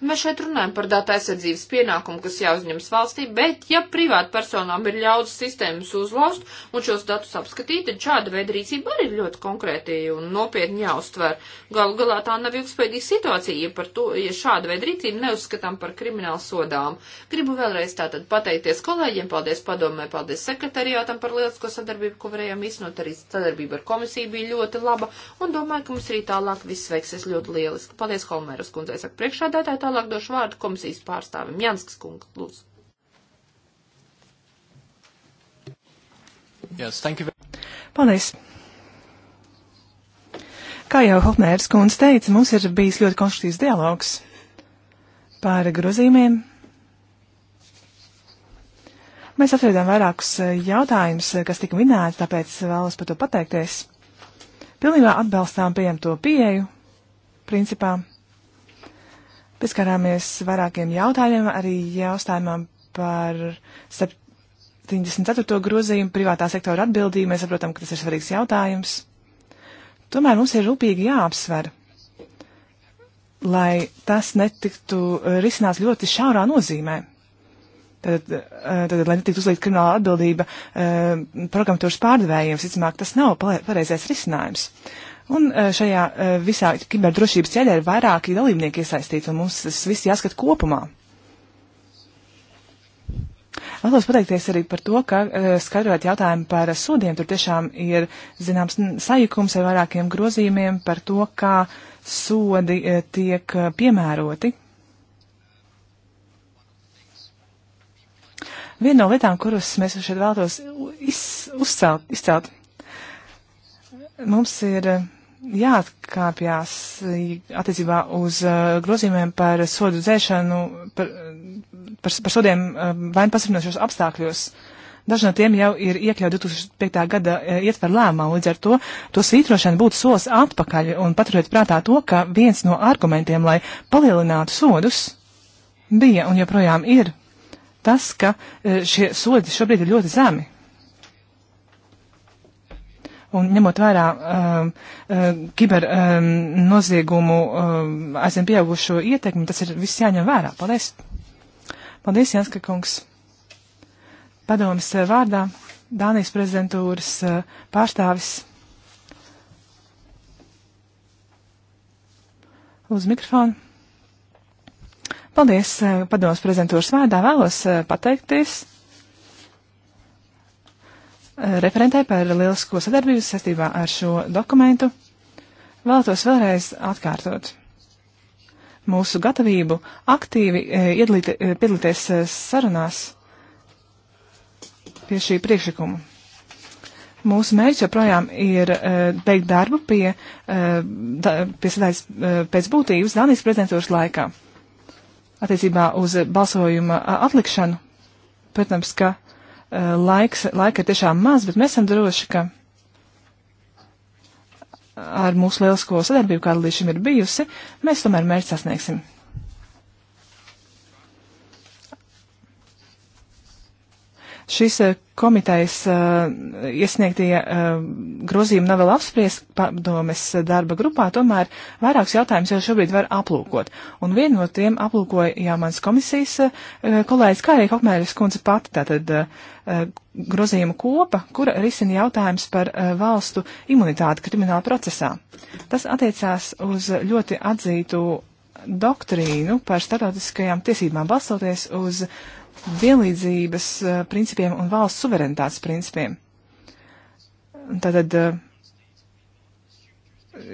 Mēs šeit runājam par datu aizsardzības pienākumu, kas jāuzņems valstī, bet ja privātpersonām ir ļauts sistēmas uzlauzt un šos datus apskatīt, tad šāda veida rīcība arī ir ļoti konkrēti un nopietni jāuztver. Galu galā tā nav ilgspējīga situācija, ja, to, ja šāda veida rīcība neuzskatām par kriminālu sodām. Gribu vēlreiz tātad pateikties kolēģiem, paldies padomē, paldies sekretariātam par lielisko sadarbību, ko varējām iznot, arī sadarbība ar komisiju bija ļoti laba un domāju, ka mums arī tālāk viss veiksies ļoti lieliski. Paldies Holmēras kundzei, saka priekšādātātā tālāk došu vārdu komisijas pārstāvim. Janskas kungs, lūdzu. Yes, thank you. Paldies. Kā jau Hopmērs kundze teica, mums ir bijis ļoti konstruktīvs dialogs par grozījumiem. Mēs atradām vairākus eh, jautājumus, eh, kas tika minēti, tāpēc vēlos par to pateikties. Pilnībā atbalstām pieņemto pieeju, principā Pieskarāmies vairākiem jautājumiem, arī jautājumam par 74. grozījumu privātā sektora atbildību. Mēs saprotam, ka tas ir svarīgs jautājums. Tomēr mums ir rūpīgi jāapsver, lai tas netiktu risināts ļoti šaurā nozīmē. Tad, eh, tad, lai netiktu uzlikt krimināla atbildība eh, programmatūras pārdevējiem, sicamāk, tas nav pareizais risinājums. Un eh, šajā visā kiberdrošības ceļā ir vairāki dalībnieki iesaistīti, un mums tas viss jāskat kopumā. Vēlos pateikties arī par to, ka skatot jautājumu par sodiem, tur tiešām ir zināms sajukums ar vairākiem grozījumiem par to, kā sodi tiek piemēroti Viena no lietām, kuras mēs šeit vēlētos iz, uzcelt, izcelt, mums ir eh, jāatkāpjās eh, attiecībā uz uh, grozījumiem par sodu dzēšanu, par, par, par sodiem uh, vainu pasarinošos apstākļos. Daži no tiem jau ir iekļauti 2005. gada uh, ietver lēmā, līdz ar to to svītrošana būtu solis atpakaļ un paturiet prātā to, ka viens no argumentiem, lai palielinātu sodus, bija un joprojām ir tas, ka e, šie sodi šobrīd ir ļoti zemi. Un ņemot vērā um, uh, kiber um, noziegumu um, aizvien pieaugušo ietekmi, tas ir viss jāņem vērā. Paldies! Paldies, Janska kungs! Padomas vārdā Dānijas prezidentūras uh, pārstāvis. Uz mikrofonu. Paldies eh, padomas prezidentūras vārdā. Vēlos eh, pateikties eh, referentē par lielisko sadarbību saistībā ar šo dokumentu. Vēlētos vēlreiz atkārtot mūsu gatavību aktīvi iedalīt, piedalīties sarunās pie šī priekšlikuma. Mūsu mērķis joprojām ir beigt darbu pie, da, pie sadaļas pēc būtības Danijas prezidentūras laikā attiecībā uz balsojuma atlikšanu. Protams, ka laiks, laika ir tiešām maz, bet mēs esam droši, ka ar mūsu lielisko sadarbību, kāda līdz šim ir bijusi, mēs tomēr mērķi sasniegsim. Šis eh, komitejas eh, iesniegtie eh, grozījumi nav vēl apspriest padomes darba grupā, tomēr vairākus jautājumus jau šobrīd var aplūkot. Un vienu no tiem aplūkoja jau mans komisijas kolēģis, kā arī Hokmēris kundze pati, tātad grozījuma kopa, kura risina jautājums par valstu imunitāti krimināla procesā. Tas attiecās uz ļoti atzītu doktrīnu par starptautiskajām tiesībām balstoties uz uh, vienlīdzības uh, principiem un valsts suverenitātes principiem. Tātad uh,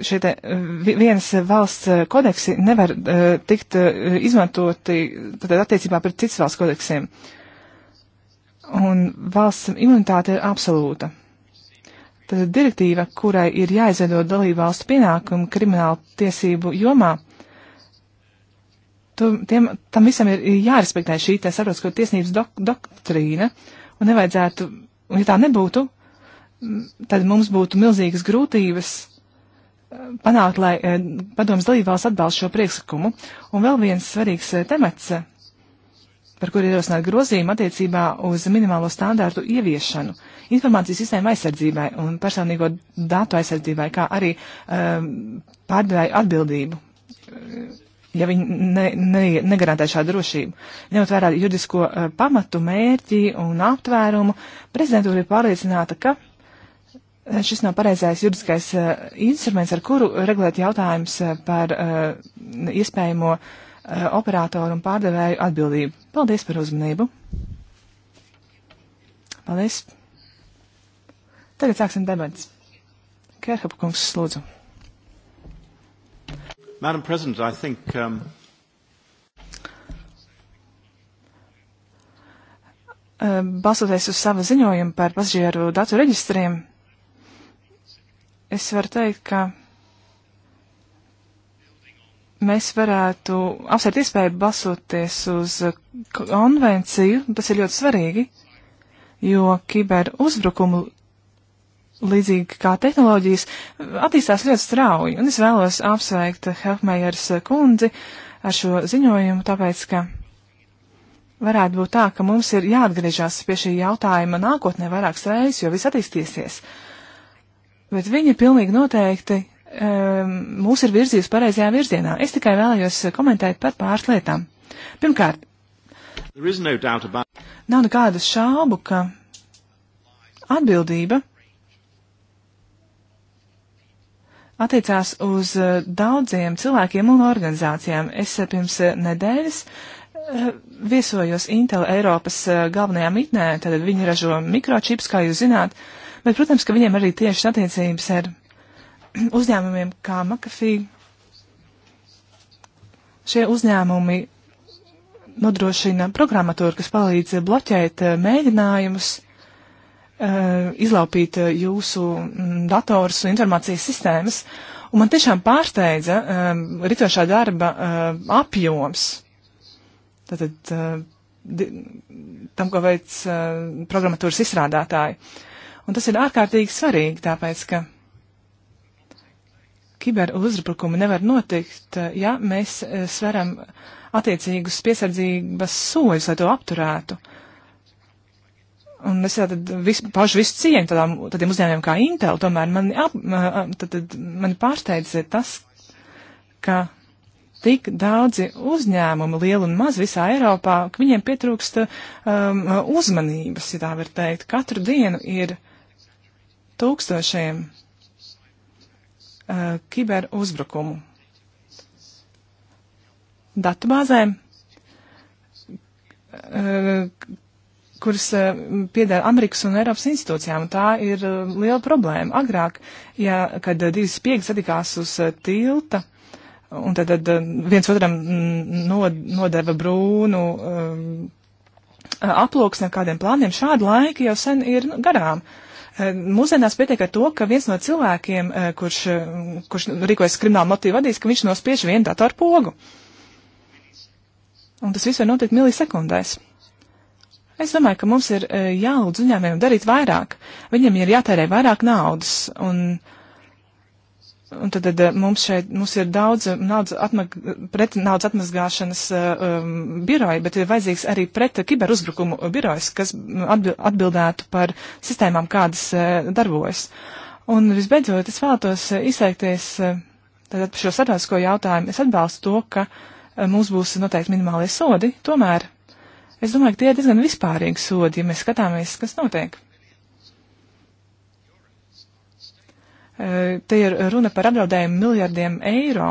šie te, eh, vienas valsts kodeksi nevar uh, tikt uh, izmantoti tātad attiecībā pret citas valsts kodeksiem. Un valsts imunitāte ir absolūta. Tātad direktīva, kurai ir jāizveido dalību valstu pienākumu kriminālu tiesību jomā, uh, tu, tiem, tam visam ir jārespektē šī tā starptautiskā tiesības dok doktrīna, un nevajadzētu, un ja tā nebūtu, tad mums būtu milzīgas grūtības eh, panākt, lai eh, padomas dalībvalsts atbalst šo priekšlikumu. Un vēl viens svarīgs eh, temats, par kuru ierosināt grozījumu attiecībā uz minimālo standārtu ieviešanu, informācijas sistēma aizsardzībai un personīgo datu aizsardzībai, kā arī um, pārdevēju atbildību ja viņi ne, ne, negarantē šādu drošību. Ņemot vērā juridisko uh, pamatu, mērķi un aptvērumu, prezidentūra ir pārliecināta, ka eh, šis nav pareizais juridiskais uh, instruments, ar kuru regulēt jautājums uh, par iespējamo operātoru un pārdevēju atbildību. Paldies par uzmanību! Paldies! Tagad sāksim debats. Kērhapkungs, lūdzu. Madam President, I think. Um... Uh, balstoties uz savu ziņojumu par pasažieru datu reģistriem, es varu teikt, ka mēs varētu apsvērt iespēju balsoties uz konvenciju, tas ir ļoti svarīgi, jo kiber uzbrukumu līdzīgi kā tehnoloģijas, attīstās ļoti strauji, un es vēlos apsveikt Helfmejers kundzi ar šo ziņojumu, tāpēc, ka varētu būt tā, ka mums ir jāatgriežas pie šī jautājuma nākotnē vairākas reizes, jo viss attīstīsies. Bet viņa pilnīgi noteikti um, mūs ir virzījusi pareizajā virzienā. Es tikai vēlējos komentēt par pāris lietām. Pirmkārt, no about... nav nekādu šaubu, ka atbildība attiecās uz eh, daudziem cilvēkiem un organizācijām. Es eh, pirms eh, nedēļas viesojos Intel Eiropas galvenajā mitnē, tad viņi ražo mikročips, kā jūs zināt, bet, protams, ka viņiem arī tieši attiecības ar uzņēmumiem kā McAfee. Šie uzņēmumi nodrošina programmatūru, kas palīdz bloķēt mēģinājumus Eh, izlaupīt eh, jūsu mm, dators un informācijas sistēmas. Un man tiešām pārsteidza um, eh, ritošā darba uh, apjoms. Tātad uh, di, tam, ko veic uh, programmatūras izstrādātāji. Un tas ir ārkārtīgi svarīgi, tāpēc, ka kiberuzbrukumi nevar notikt, uh, ja mēs uh, sveram attiecīgus piesardzības soļus, lai to apturētu. Uh, Un es jau tad visu, paužu visu cieņu tādām, tādiem uzņēmumiem kā Intel, tomēr mani, ap, tad, tad mani pārsteidz tas, ka tik daudzi uzņēmumi, lieli un maz visā Eiropā, ka viņiem pietrūkst um, uzmanības, ja tā var teikt. Katru dienu ir tūkstošiem uh, kiberuzbrukumu datubāzēm, uh, kuras eh, piedara Amerikas un Eiropas institūcijām, un tā ir eh, liela problēma. Agrāk, ja, kad eh, divas spiegas atikās uz tilta, un tad, tad viens otram mm, nod, nodeva brūnu um, aploksni ar kādiem plāniem, šādi laiki jau sen ir nu, garām. Mūsdienās pietiek ar to, ka viens no cilvēkiem, kurš, kurš rīkojas kriminālu motīvu vadīs, ka viņš nospiež vienu datoru pogu. Un tas viss var notikt milisekundēs. Es domāju, ka mums ir e, jālūdz uzņēmējiem darīt vairāk. Viņiem ir jātērē vairāk naudas. Un, un tad, tad e, mums šeit mums ir daudz naudas atmag, pret naudas atmazgāšanas um, e, biroja, bet ir vajadzīgs arī pret kiberuzbrukumu birojas, kas atbildētu par sistēmām, kādas uh, darbojas. Un visbeidzot, es vēlētos izteikties tātad par šo starptautisko jautājumu. Es atbalstu to, ka mums būs noteikti minimālie sodi, tomēr Es domāju, ka tie ir diezgan vispārīgi sodi, ja mēs skatāmies, kas notiek. E, te ir runa par apdraudējumu miljardiem eiro,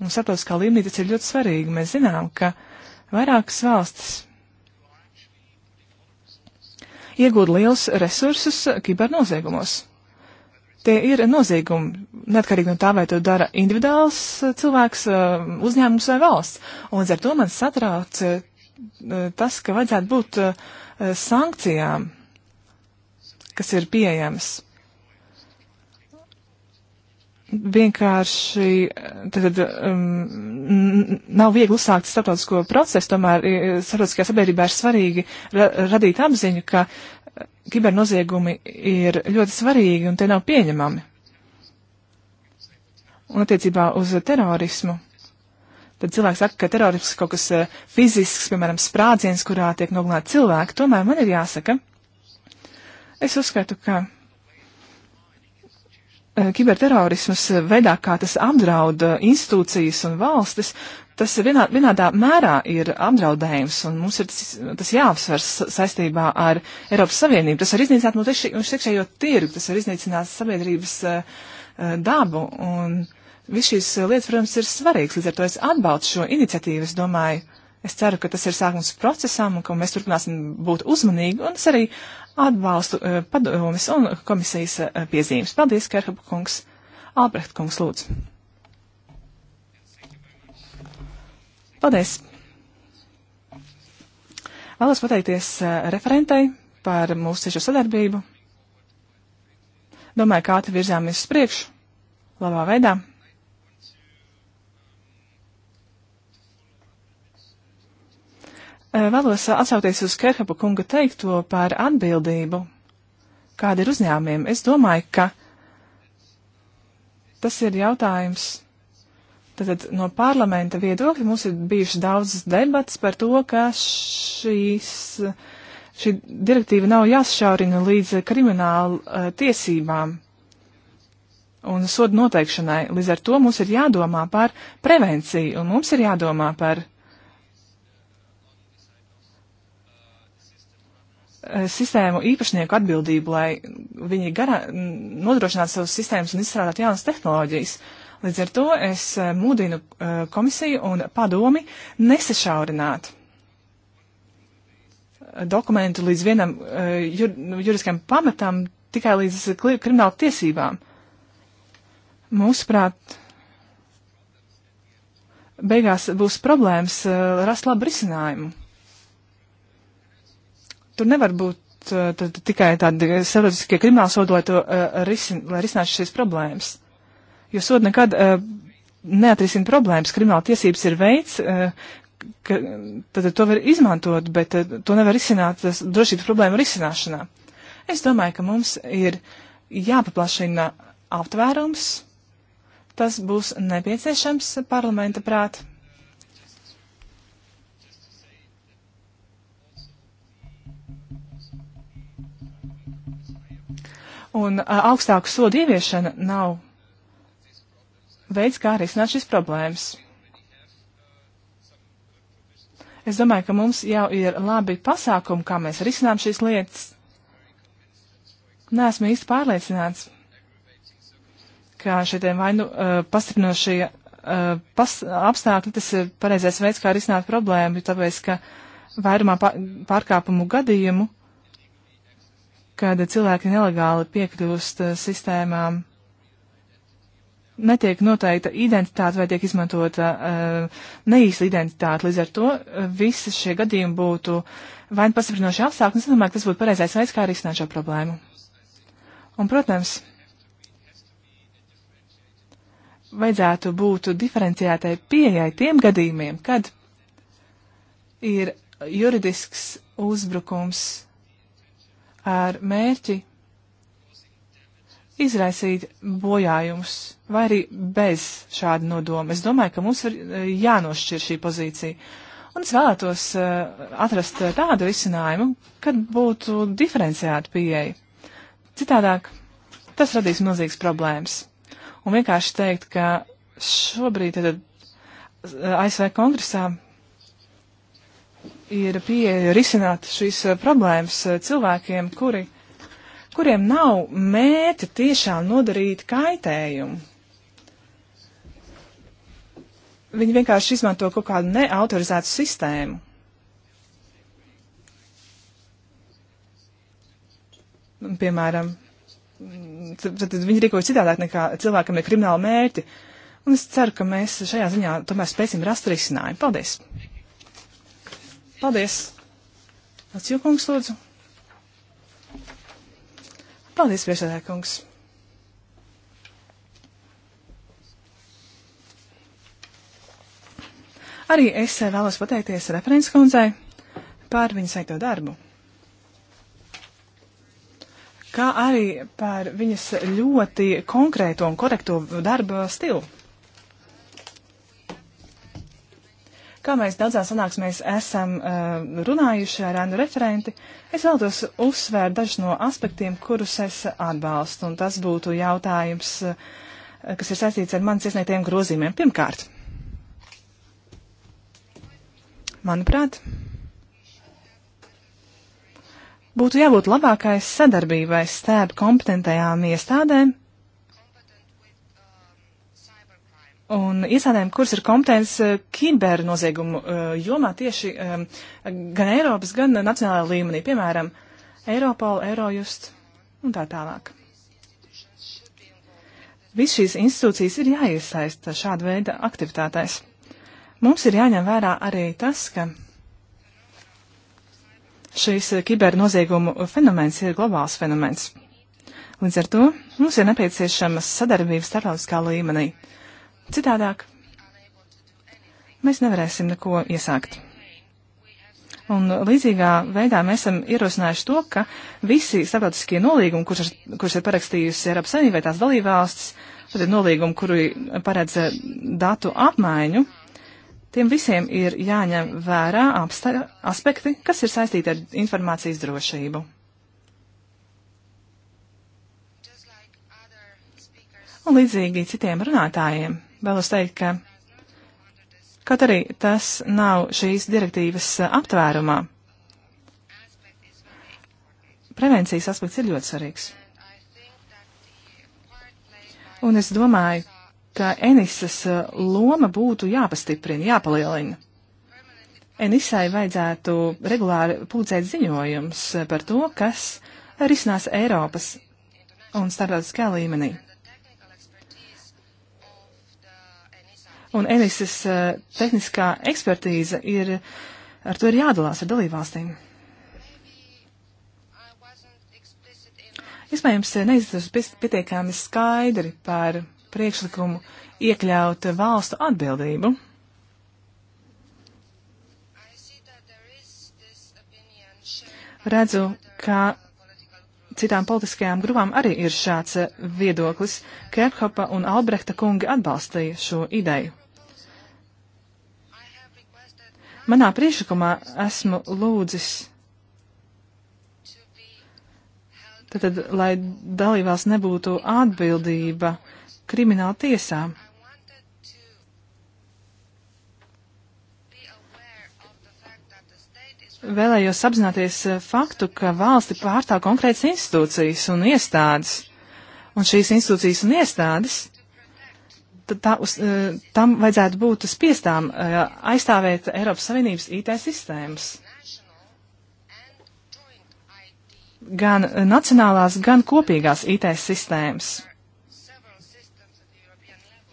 un starptautiskā līmenī tas ir ļoti svarīgi. Mēs zinām, ka vairākas valstis iegūda liels resursus kibernoziegumos. Tie ir noziegumi, neatkarīgi no tā, vai to dara individuāls cilvēks, e, uzņēmums vai valsts. Un līdz ar to man satrauc e, tas, ka vajadzētu būt eh, sankcijām, kas ir pieejamas. Vienkārši eh, tad, um, nav viegli uzsākt starptautisko procesu, tomēr eh, starptautiskajā sabiedrībā ir svarīgi ra radīt apziņu, ka kibernoziegumi ir ļoti svarīgi un tie nav pieņemami. Un attiecībā uz terorismu tad cilvēks saka, ka terorisms ir kaut kas eh, fizisks, piemēram, sprādziens, kurā tiek nogalināti cilvēki. Tomēr man ir jāsaka, es uzskatu, ka eh, kiberterorismas veidā, kā tas apdraud eh, institūcijas un valstis, tas vienā, vienādā mērā ir apdraudējums, un mums ir tas, tas jāapsver saistībā ar Eiropas Savienību. Tas var iznīcināt mūsu iekšējo tirgu, tas var iznīcināt sabiedrības uh, dabu, un Viss šīs eh, lietas, protams, ir svarīgs, līdz ar to es atbalstu šo iniciatīvu. Es domāju, es ceru, ka tas ir sākums procesam un ka mēs turpināsim būt uzmanīgi, un es arī atbalstu uh, eh, padomis un komisijas uh, piezīmes. Paldies, Kerhaba kungs. Albrecht kungs, lūdzu. Paldies. Vēlos pateikties uh, referentei par mūsu ciešo sadarbību. Domāju, kā ātri virzāmies uz priekšu, labā veidā. Eh, vēlos atsauties uz Kerhapa kunga teikto par atbildību, kāda ir uzņēmumiem. Es domāju, ka tas ir jautājums. Tātad no parlamenta viedokļa mums ir bijušas daudzas debatas par to, ka šīs, šī direktīva nav jāsašaurina līdz kriminālu uh, eh, tiesībām un sodu noteikšanai. Līdz ar to mums ir jādomā par prevenciju un mums ir jādomā par Eh, sistēmu īpašnieku atbildību, lai viņi garā, nodrošinātu savas sistēmas un izstrādātu jaunas tehnoloģijas. Līdz ar to es eh, mūdinu eh, komisiju un padomi nesašaurināt dokumentu līdz vienam jur, nu, juridiskam pamatam tikai līdz krimināla tiesībām. Mūsuprāt, beigās būs problēmas rast labu risinājumu. Tur nevar būt uh, tad, tikai tādi starptautiskie krimināli sodi, lai, to, uh, risin, lai risinātu šīs problēmas. Jo sodi nekad uh, neatrisina problēmas. Krimināla tiesības ir veids, uh, ka tad, to var izmantot, bet uh, to nevar risināt uh, drošības problēmu risināšanā. Es domāju, ka mums ir jāpaplašina aptvērums. Tas būs nepieciešams parlamenta prāt. Un augstāku sodu ieviešana nav veids, kā risināt šis problēmas. Es domāju, ka mums jau ir labi pasākumi, kā mēs risinām šīs lietas. Nesmu īsti pārliecināts, ka šitiem vainu uh, pastiprinošie uh, pas, apstākļi tas ir pareizais veids, kā risināt problēmu, tāpēc, ka vairumā pārkāpumu gadījumu kad cilvēki nelegāli piekļūst eh, sistēmām. Netiek noteikta identitāte vai tiek izmantota uh, neīsta identitāte. Līdz ar to eh, visi šie gadījumi būtu vai nu pastiprinoši apstākļi, un es domāju, ka tas būtu pareizais veids, kā risināt šo problēmu. Un, protams, vajadzētu būt diferenciētai pieejai tiem gadījumiem, kad ir juridisks uzbrukums ar mērķi izraisīt bojājumus, vai arī bez šāda nodoma. Es domāju, ka mums ir e, jānošķir šī pozīcija. Un es vēlētos uh, atrast tādu risinājumu, kad būtu diferenciēta pieeja. Citādāk, tas radīs milzīgas problēmas. Un vienkārši teikt, ka šobrīd tad, e, ASV kongresā ir pieeja risināt šīs eh, problēmas eh, cilvēkiem, kuri, kuriem nav mēķa tiešām nodarīt kaitējumu. Viņi vienkārši izmanto kaut kādu neautorizētu sistēmu. Piemēram, tad, tad viņi rīkojas citādāk nekā cilvēkam ir krimināla mērķi. Un es ceru, ka mēs šajā ziņā tomēr spēsim rast risinājumu. Paldies! Paldies! Atsjūkungs, lūdzu. Paldies, priekšsēdētājkungs. Arī es vēlos pateikties referents kundzei par viņas veikto darbu, kā arī par viņas ļoti konkrēto un korekto darba stilu. Kā mēs daudzās sanāksmēs esam uh, runājuši ar ēnu referenti, es vēlos uzsvērt dažus no aspektiem, kurus es atbalstu, un tas būtu jautājums, uh, kas ir saistīts ar manas iesniegtiem grozījumiem. Pirmkārt, manuprāt, būtu jābūt labākai sadarbībai starp kompetentajām iestādēm un iestādēm, kuras ir kompetences eh, kibernoziegumu eh, jomā tieši eh, gan Eiropas, gan nacionālajā līmenī, piemēram, Eiropola, Eurojust un tā tālāk. Viss šīs institūcijas ir jāiesaista šāda veida aktivitātēs. Mums ir jāņem vērā arī tas, ka šīs kibernoziegumu fenomens ir globāls fenomens. Līdz ar to mums ir nepieciešama sadarbība starptautiskā līmenī. Uh, Citādāk mēs nevarēsim neko iesākt. Un līdzīgā veidā mēs esam ierosinājuši to, ka visi starptautiskie nolīgumi, kurus, kurus ir parakstījusi Eiropas Savienība vai tās dalībvalstis, tad ir nolīgumi, kuri paredz datu apmaiņu, tiem visiem ir jāņem vērā aspekti, kas ir saistīti ar informācijas drošību. Un līdzīgi citiem runātājiem vēlos teikt, ka kaut arī tas nav šīs direktīvas eh, aptvērumā, prevencijas aspekts ir ļoti svarīgs. Un es domāju, ka Enisas eh, loma būtu jāpastiprina, jāpalielina. Enisai vajadzētu regulāri pūcēt ziņojums eh, par to, kas risinās Eiropas un starptautiskajā līmenī. Un Enises eh, tehniskā ekspertīze ir, ar to ir jādalās ar dalībvalstīm. Iespējams, eh, neizturos pietiekami skaidri par priekšlikumu iekļaut valstu atbildību. Redzu, ka citām politiskajām grupām arī ir šāds eh, viedoklis. Kerkhopa un Albrehta kungi atbalstīja šo ideju. Manā priekšlikumā esmu lūdzis, tad, lai dalībās nebūtu atbildība krimināla tiesām. Vēlējos apzināties faktu, ka valsti pārstāv konkrētas institūcijas un iestādes, un šīs institūcijas un iestādes tā, uz, eh, tam vajadzētu būt spiestām eh, aizstāvēt Eiropas Savienības IT sistēmas. Gan nacionālās, gan kopīgās IT sistēmas.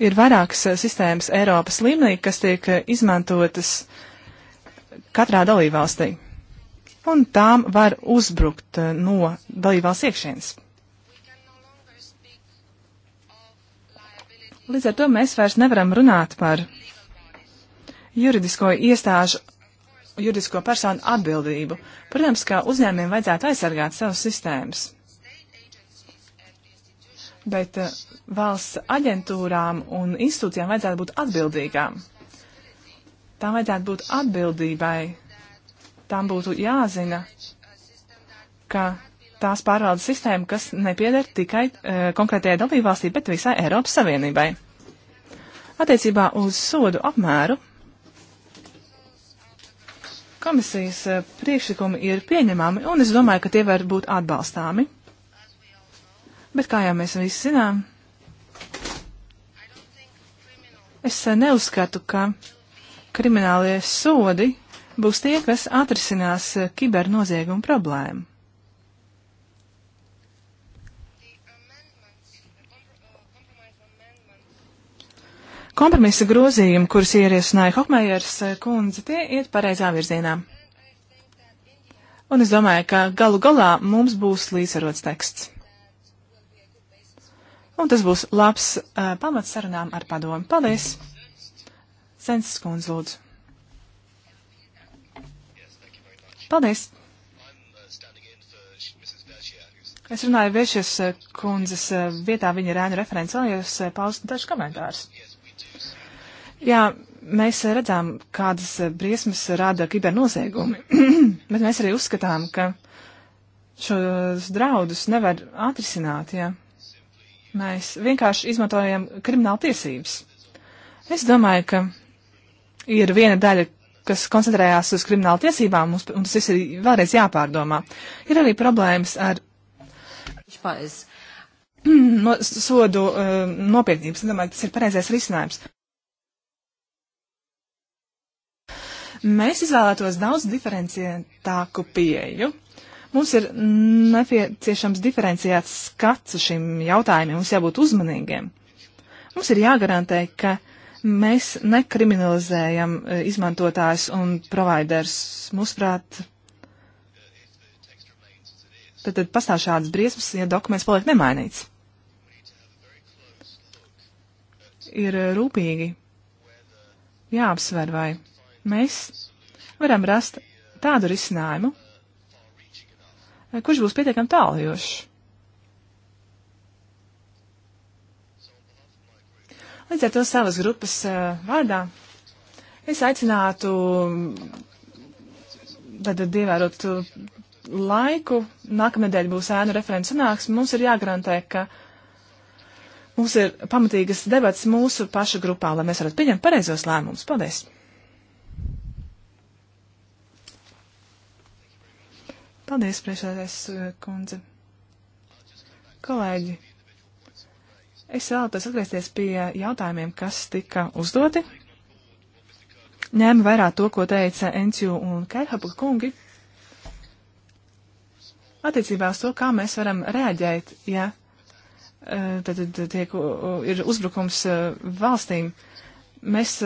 Ir vairākas eh, sistēmas Eiropas līmenī, kas tiek izmantotas katrā dalībvalstī. Un tām var uzbrukt no dalībvalsts iekšienes. Līdz ar to mēs vairs nevaram runāt par juridisko iestāžu, juridisko personu atbildību. Protams, ka uzņēmiem vajadzētu aizsargāt savas sistēmas. Bet eh, valsts aģentūrām un institūcijām vajadzētu būt atbildīgām. Tām vajadzētu būt atbildībai. Tām būtu jāzina, ka tās pārvaldes sistēmu, kas nepieder tikai uh, konkrētajai dalībvalstī, bet visai Eiropas Savienībai. Attiecībā uz sodu apmēru komisijas uh, priekšlikumi ir pieņemami, un es domāju, ka tie var būt atbalstāmi. Bet kā jau mēs visi zinām, es uh, neuzskatu, ka kriminālie sodi būs tie, kas atrisinās kibernoziegumu problēmu. Kompromisa grozījumi, kurus ierosināja Hokmējers eh, kundze, tie iet pareizā virzienā. Un es domāju, ka galu galā mums būs līdzsvarots teksts. Un tas būs labs uh, pamats sarunām ar padomu. Paldies! Sensis kundze, lūdzu. Paldies! Es runāju Viešies eh, kundzes vietā, viņa rēnu referents, vēlējos paust dažus komentārus. Jā, mēs redzam, kādas briesmas rada kibernoziegumi, bet mēs arī uzskatām, ka šos draudus nevar atrisināt, ja mēs vienkārši izmantojam kriminālu tiesības. Es domāju, ka ir viena daļa, kas koncentrējās uz kriminālu tiesībām, mums, un tas viss ir vēlreiz jāpārdomā. Ir arī problēmas ar no, sodu uh, nopietnības. Es domāju, tas ir pareizais risinājums. Mēs izvēlētos daudz diferenciētāku pieju. Mums ir nepieciešams diferenciēts skats šim jautājumam, mums jābūt uzmanīgiem. Mums ir jāgarantē, ka mēs nekriminalizējam e, izmantotājs un providers. Mūsuprāt, tad, tad pastāv šādas briesmas, ja dokuments paliek nemainīts. Ir rūpīgi jāapsver, vai mēs varam rast tādu risinājumu, eh, kurš būs pietiekami tāljošs. Līdz ar to savas grupas uh, vārdā es aicinātu tad ievērot laiku. Nākamnedēļ būs ēnu referents sanāks. Mums ir jāgarantē, ka mums ir pamatīgas debats mūsu pašu grupā, lai mēs varētu pieņemt pareizos lēmumus. Paldies! Paldies, priekšsēdētājs eh, kundze. Kolēģi, es vēlētos atgriezties pie jautājumiem, kas tika uzdoti. Ņēmu vērā to, ko teica Enciju un Kerhabu kungi attiecībā uz to, kā mēs varam reaģēt, ja eh, tad, tad tiek, ir uzbrukums eh, valstīm. Mēs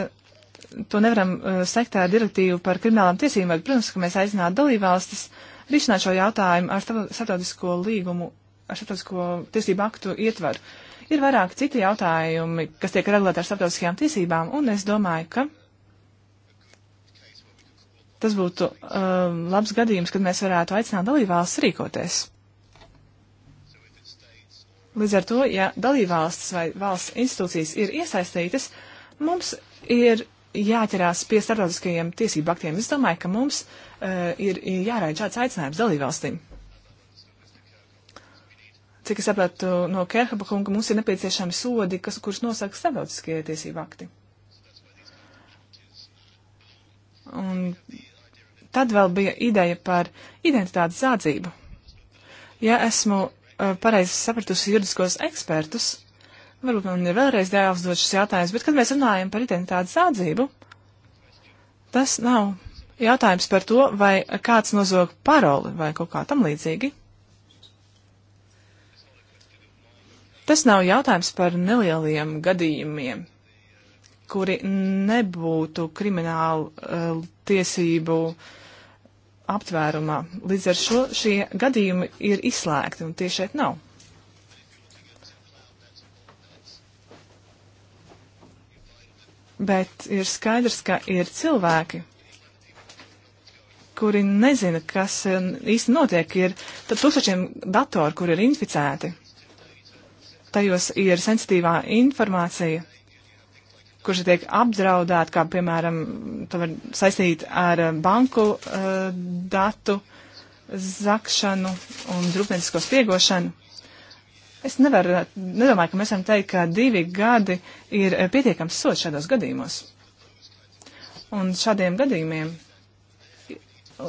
to nevaram sekt ar direktīvu par kriminālām tiesībām, bet, protams, ka mēs aicinātu dalībvalstis risināt šo jautājumu ar starptautisko līgumu, ar starptautisko tiesību aktu ietvaru. Ir vairāk citi jautājumi, kas tiek regulēti ar starptautiskajām tiesībām, un es domāju, ka tas būtu um, labs gadījums, kad mēs varētu aicināt dalībvalstis rīkoties. Līdz ar to, ja dalībvalstis vai valsts institūcijas ir iesaistītas, mums ir jāķerās pie starptautiskajiem tiesību aktiem. Es domāju, ka mums uh, ir jāraida šāds aicinājums dalībvalstīm. Cik es sapratu no Kerhaba kunga, mums ir nepieciešami sodi, kas, kurus nosaka starptautiskie tiesību akti. Un tad vēl bija ideja par identitātes zādzību. Ja esmu uh, pareizi sapratusi juridiskos ekspertus, Varbūt man ir vēlreiz jāuzdod šis jautājums, bet kad mēs runājam par identitātes sādzību, tas nav jautājums par to, vai kāds nozog paroli vai kaut kā tam līdzīgi. Tas nav jautājums par nelieliem gadījumiem, kuri nebūtu kriminālu uh, tiesību aptvērumā. Līdz ar šo šie gadījumi ir izslēgti un tie šeit nav. bet ir skaidrs, ka ir cilvēki, kuri nezina, kas eh, īsti notiek. Ir tūkstošiem datoru, kur ir inficēti. Tajos ir sensitīvā informācija, kurš tiek apdraudēta, kā piemēram, to var saistīt ar eh, banku uh, datu zakšanu un rūpniecisko spiegošanu. Es nevaru, nedomāju, ka mēs varam teikt, ka divi gadi ir eh, pietiekams sots šādos gadījumos. Un šādiem gadījumiem,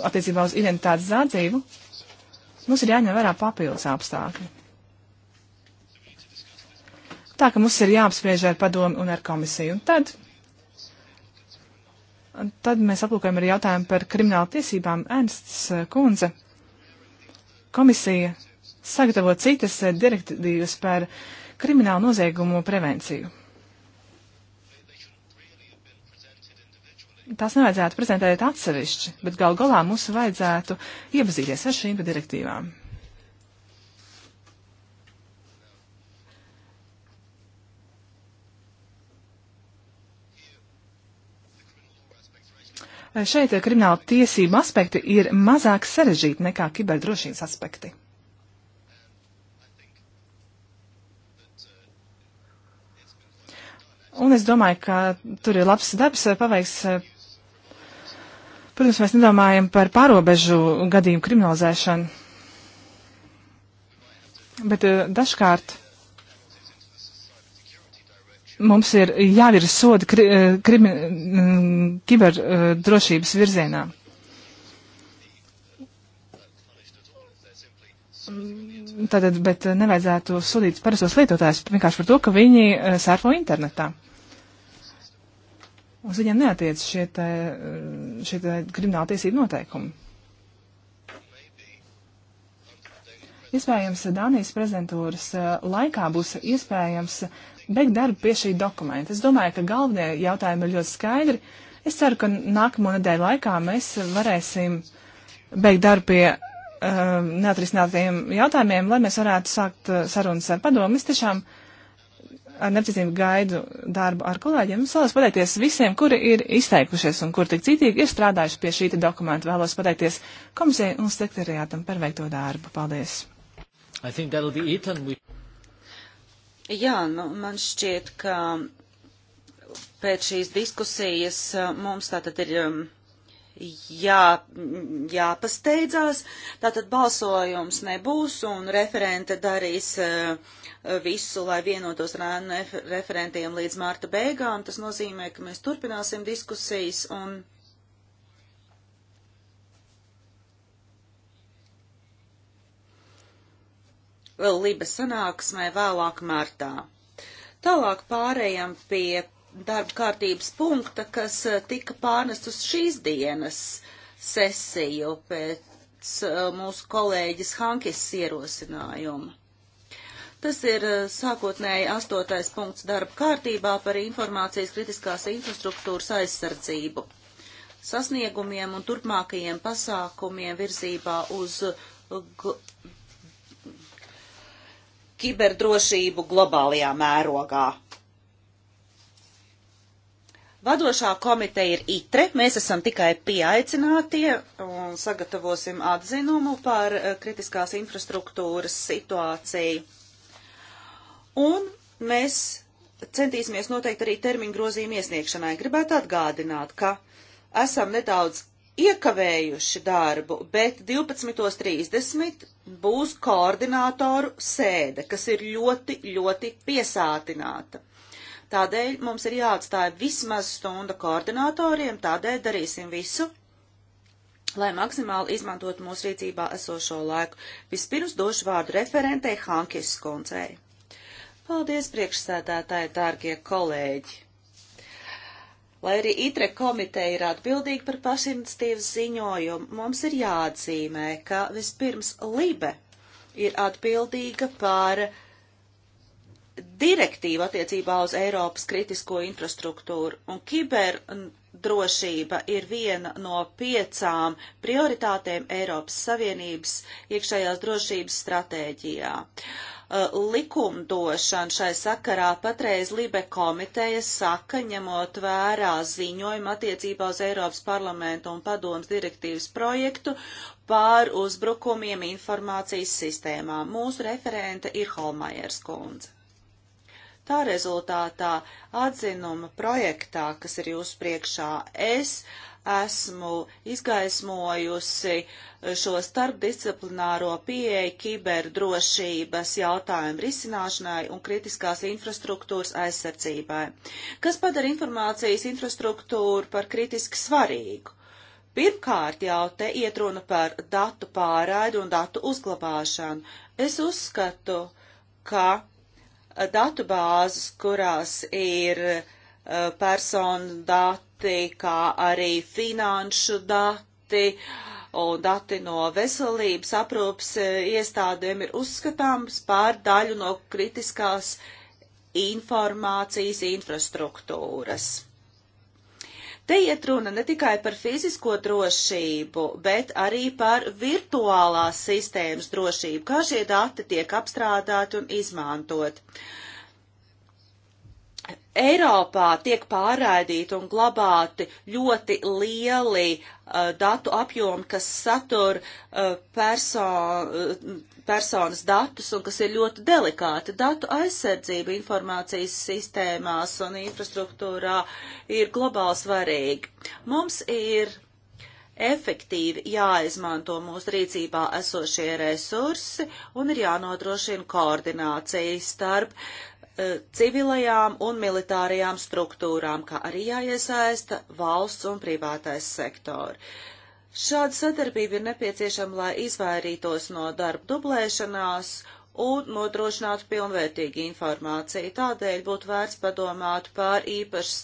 attiecībā uz identitātes zādzību, mums ir jāņem vērā papildus apstākļi. Tā ka mums ir jāapspriež ar padomu un ar komisiju. Un tad, un tad mēs aplūkojam arī jautājumu par kriminālu tiesībām. Ernsts eh, Kunze, komisija sagatavo citas eh, direktīvas par kriminālu noziegumu prevenciju. Tās nevajadzētu prezentēt atsevišķi, bet gal galā mums vajadzētu iepazīties ar šīm direktīvām. Šeit krimināla tiesība aspekti ir mazāk sarežģīti nekā kiberdrošības aspekti. Un es domāju, ka tur ir labs darbs eh, paveiks. Eh, protams, mēs nedomājam par pārobežu gadījumu kriminalizēšanu. Bet eh, dažkārt mums ir jāvirza sodi kri, krimi, mm, kiberdrošības virzienā. Tātad, bet nevajadzētu sodīt parastos lietotājus vienkārši par to, ka viņi sērfo internetā uz viņiem neatiec šie, te, šie te krimināla tiesību noteikumi. Iespējams, Dānijas prezidentūras eh, laikā būs iespējams beigt darbu pie šī dokumenta. Es domāju, ka galvenie jautājumi ir ļoti skaidri. Es ceru, ka nākamo nedēļu laikā mēs varēsim beigt darbu pie uh, eh, neatrisinātiem jautājumiem, lai mēs varētu sākt eh, sarunas ar padomu. Es tiešām uh, ar nepacietību gaidu darbu ar kolēģiem. Es vēlos pateikties visiem, kuri ir izteikušies un kur tik citīgi ir strādājuši pie šīta dokumenta. Vēlos pateikties komisijai un sekretariātam par veikto darbu. Paldies! We... Jā, nu, man šķiet, ka pēc šīs diskusijas uh, mums tātad ir um, jā, jāpasteidzās. Tātad balsojums nebūs un referente darīs uh, visu, lai vienotos ar ēnu referentiem līdz mārta beigām. Tas nozīmē, ka mēs turpināsim diskusijas un. Vēl Liba sanāksmē vēlāk martā. Tālāk pārējām pie darba kārtības punkta, kas e, tika pārnest uz šīs dienas sesiju pēc e, mūsu kolēģis Hankis ierosinājuma. Tas ir eh, sākotnēji astotais punkts darba kārtībā par informācijas kritiskās infrastruktūras aizsardzību, sasniegumiem un turpmākajiem pasākumiem virzībā uz eh, kiberdrošību globālajā mērogā. Vadošā komiteja ir ITRE, mēs esam tikai pieaicinātie un sagatavosim atzinumu par eh, kritiskās infrastruktūras situāciju un mēs centīsimies noteikt arī termiņu grozījumu iesniegšanai. Gribētu atgādināt, ka esam nedaudz iekavējuši darbu, bet 12.30 būs koordinātoru sēde, kas ir ļoti, ļoti piesātināta. Tādēļ mums ir jāatstāja vismaz stunda koordinātoriem, tādēļ darīsim visu, lai maksimāli izmantotu mūsu rīcībā esošo laiku. Vispirms došu vārdu referentei Hankis Skoncei. Paldies, priekšsēdētāji, dārgie kolēģi! Lai arī ITRE komiteja ir atbildīga par pašinstīvas ziņojumu, mums ir jāatzīmē, ka vispirms LIBE ir atbildīga par direktīvu attiecībā uz Eiropas kritisko infrastruktūru un kiber drošība ir viena no piecām prioritātēm Eiropas Savienības iekšējās drošības stratēģijā. Uh, likumdošana šai sakarā patreiz Libe komiteja saka, ņemot vērā ziņojumu attiecībā uz Eiropas parlamentu un padomas direktīvas projektu pār uzbrukumiem informācijas sistēmām. Mūsu referente ir Holmajers kundze. Tā rezultātā atzinuma projektā, kas ir jūsu priekšā, es esmu izgaismojusi šo starpdisciplināro pieeju kiberdrošības jautājumu risināšanai un kritiskās infrastruktūras aizsardzībai, kas padara informācijas infrastruktūru par kritiski svarīgu. Pirmkārt jau te iet runa par datu pārraidu un datu uzglabāšanu. Es uzskatu, ka datu bāzes, kurās ir eh, personu dati, kā arī finanšu dati un dati no veselības aprūpas eh, iestādēm ir uzskatāms par daļu no kritiskās informācijas infrastruktūras. Te iet runa ne tikai par fizisko drošību, bet arī par virtuālās sistēmas drošību, kā šie dati tiek apstrādāti un izmantot. Eiropā tiek pārraidīti un glabāti ļoti lieli uh, datu apjomi, kas satur uh, person, uh, personas datus un kas ir ļoti delikāti. Datu aizsardzība informācijas sistēmās un infrastruktūrā ir globāli svarīga. Mums ir efektīvi jāizmanto mūsu rīcībā esošie resursi un ir jānodrošina koordinācija starp uh, civilajām un militārajām struktūrām, kā arī jāiesaista valsts un privātais sektori. Uh, Šāda sadarbība ir nepieciešama, lai izvairītos no darba dublēšanās un nodrošinātu pilnvērtīgu informāciju. Tādēļ būtu vērts padomāt par īpašas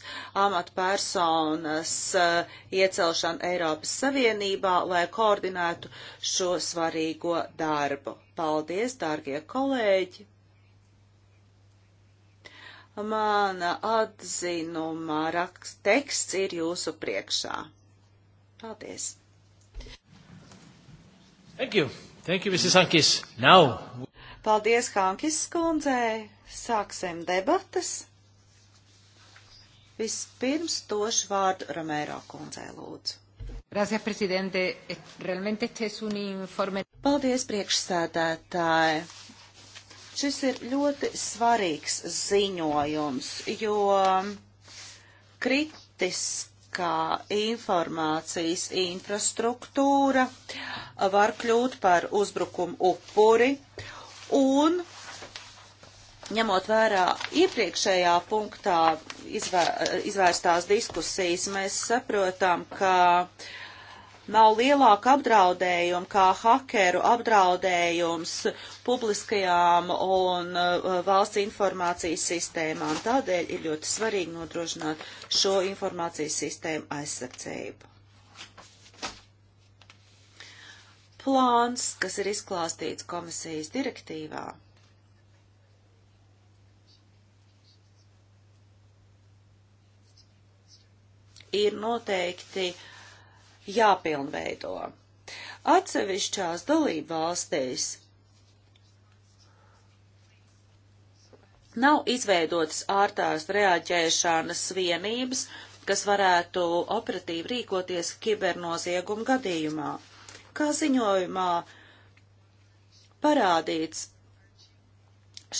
amatpersonas eh, iecelšanu Eiropas Savienībā, lai koordinētu šo svarīgo darbu. Paldies, dārgie kolēģi! Mana atzinuma raksts teksts ir jūsu priekšā. Paldies! Thank you. Thank you, Mrs. Hankis. Now. Paldies, Hankis skundzei. Sāksim debatas. Vispirms došu vārdu Romēro kundzei lūdzu. Gracias, presidente. Realmente este es un informe. Paldies, priekšsēdētāji. Šis ir ļoti svarīgs ziņojums, jo kritiski kā informācijas infrastruktūra var kļūt par uzbrukumu upuri un ņemot vērā iepriekšējā punktā izvērstās diskusijas, mēs saprotam, ka uh, nav lielāka apdraudējuma kā hakeru apdraudējums publiskajām un uh, valsts informācijas sistēmām. Tādēļ ir ļoti svarīgi nodrošināt šo informācijas sistēmu aizsardzību. Plāns, kas ir izklāstīts komisijas direktīvā, ir noteikti uh, jāpilnveido. Atsevišķās dalību valstīs nav izveidotas ārtās reaģēšanas vienības, kas varētu operatīvi rīkoties kibernozieguma gadījumā. Kā ziņojumā parādīts,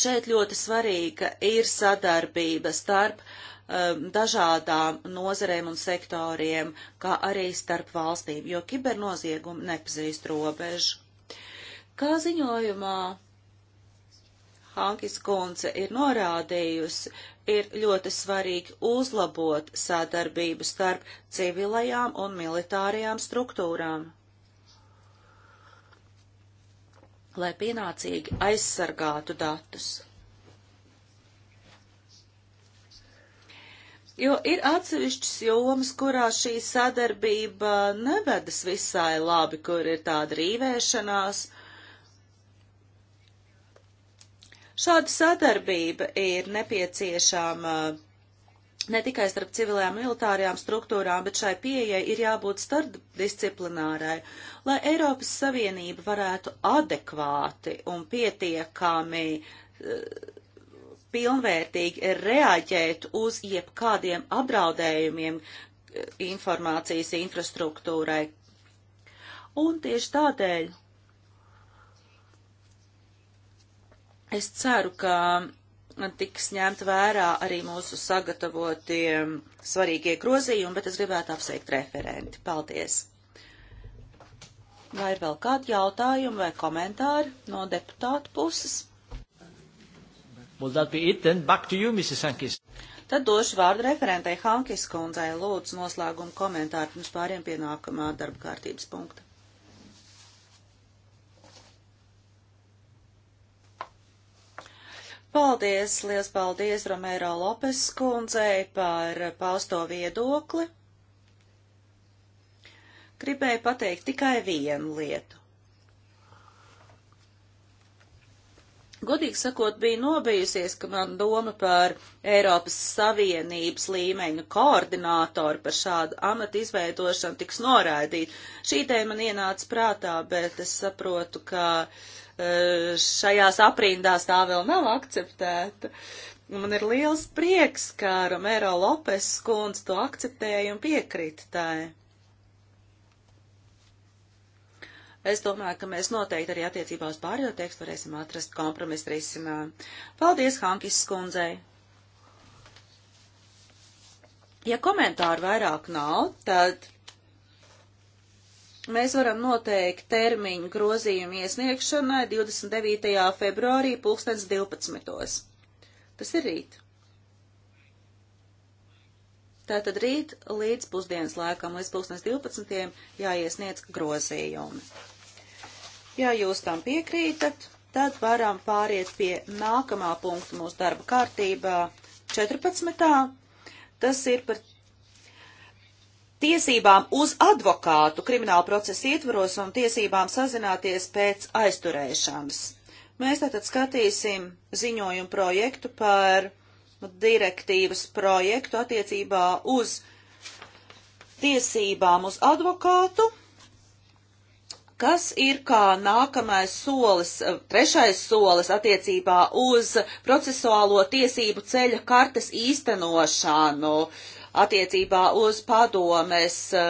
šeit ļoti svarīga ir sadarbība starp uh, Um, dažādām nozarēm un sektoriem, kā arī starp valstīm, jo kibernoziegumi nepazīst robežu. Kā ziņojumā Hankis Kunce ir norādījusi, ir ļoti svarīgi uzlabot sadarbību starp civilajām un militārajām struktūrām, lai pienācīgi aizsargātu datus. Jo ir atsevišķas jomas, kurā šī sadarbība nevedas visai labi, kur ir tāda rīvēšanās. Šāda sadarbība ir nepieciešama uh, ne tikai starp civilajām militārajām struktūrām, bet šai pieejai ir jābūt starpdisciplinārai, lai Eiropas Savienība varētu adekvāti un pietiekami uh, pilnvērtīgi reaģēt uz jebkādiem apdraudējumiem eh, informācijas infrastruktūrai. Un tieši tādēļ es ceru, ka tiks ņemt vērā arī mūsu sagatavotie svarīgie grozījumi, bet es gribētu apsveikt referenti. Paldies! Vai ir vēl kādi jautājumi vai komentāri no deputātu puses? Will that be it then? Back to you, Mrs. Sankis. Tad došu vārdu referentei Hankis kundzei. Lūdzu, noslēgumu komentāru pirms pāriem pie nākamā darba kārtības punkta. Paldies, liels paldies Romero Lopes kundzei par pausto viedokli. Gribēju pateikt tikai vienu lietu. Godīgi sakot, bija nobijusies, ka man doma par Eiropas Savienības līmeņu koordinātoru par šādu amatu izveidošanu tiks noraidīta. Šī ideja man ienāca prātā, bet es saprotu, ka e, šajās aprindās tā vēl nav akceptēta. Man ir liels prieks, ka Romero Lopes kundze to akceptēja un piekrita tai. Es domāju, ka mēs noteikti arī attiecībā uz pārējo tekstu varēsim atrast kompromisu risinājumu. Paldies Hankis skundzei! Ja komentāru vairāk nav, tad mēs varam noteikt termiņu grozījumu iesniegšanai 29. februārī 2012. Tas ir rīt. Tātad rīt līdz pusdienas laikam, līdz 2012. jāiesniedz grozījumi. Ja jūs tam piekrītat, tad varam pāriet pie nākamā punkta mūsu darba kārtībā 14. Tas ir par tiesībām uz advokātu krimināla procesa ietvaros un tiesībām sazināties pēc aizturēšanas. Mēs tātad skatīsim ziņojumu projektu par direktīvas projektu attiecībā uz tiesībām uz advokātu Kas ir kā nākamais solis, eh, trešais solis attiecībā uz procesuālo tiesību ceļa kartes īstenošanu, attiecībā uz padomes eh,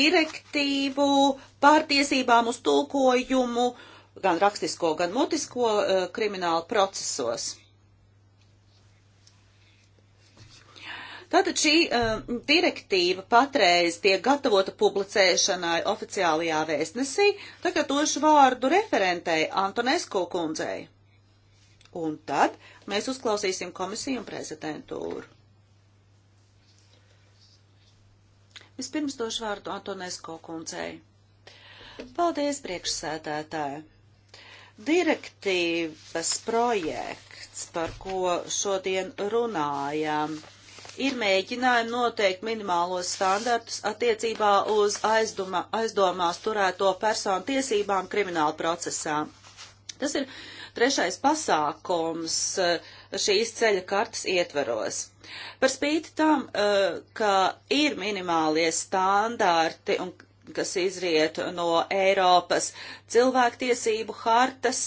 direktīvu par tiesībām uz tulkojumu, gan rakstisko, gan mutisko eh, kriminālu procesos? Tātad šī uh, direktīva patreiz tiek gatavota publicēšanai oficiālajā vēstnesī, tagad došu vārdu referentei Antonesko kundzei. Un tad mēs uzklausīsim komisiju un prezidentūru. Vispirms došu vārdu Antonesko kundzei. Paldies, priekšsēdētāji! Direktīvas projekts, par ko šodien runājam, ir mēģinājumi noteikt minimālos standartus attiecībā uz aizduma, aizdomās turēto personu tiesībām krimināla procesā. Tas ir trešais pasākums eh, šīs ceļa kartas ietveros. Par spīti tam, eh, ka ir minimālie standarti, un, kas izriet no Eiropas cilvēktiesību hartas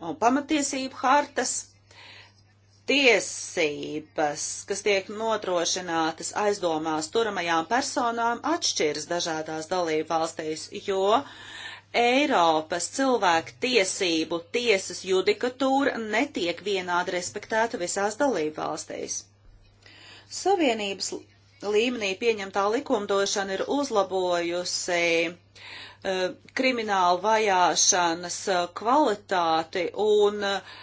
un pamatiesību hartas, tiesības, kas tiek notrošinātas aizdomās turamajām personām, atšķiras dažādās dalību valstīs, jo Eiropas cilvēku tiesību tiesas judikatūra netiek vienādi respektēta visās dalību valstīs. Savienības līmenī pieņemtā likumdošana ir uzlabojusi uh, kriminālu vajāšanas eh, kvalitāti un uh,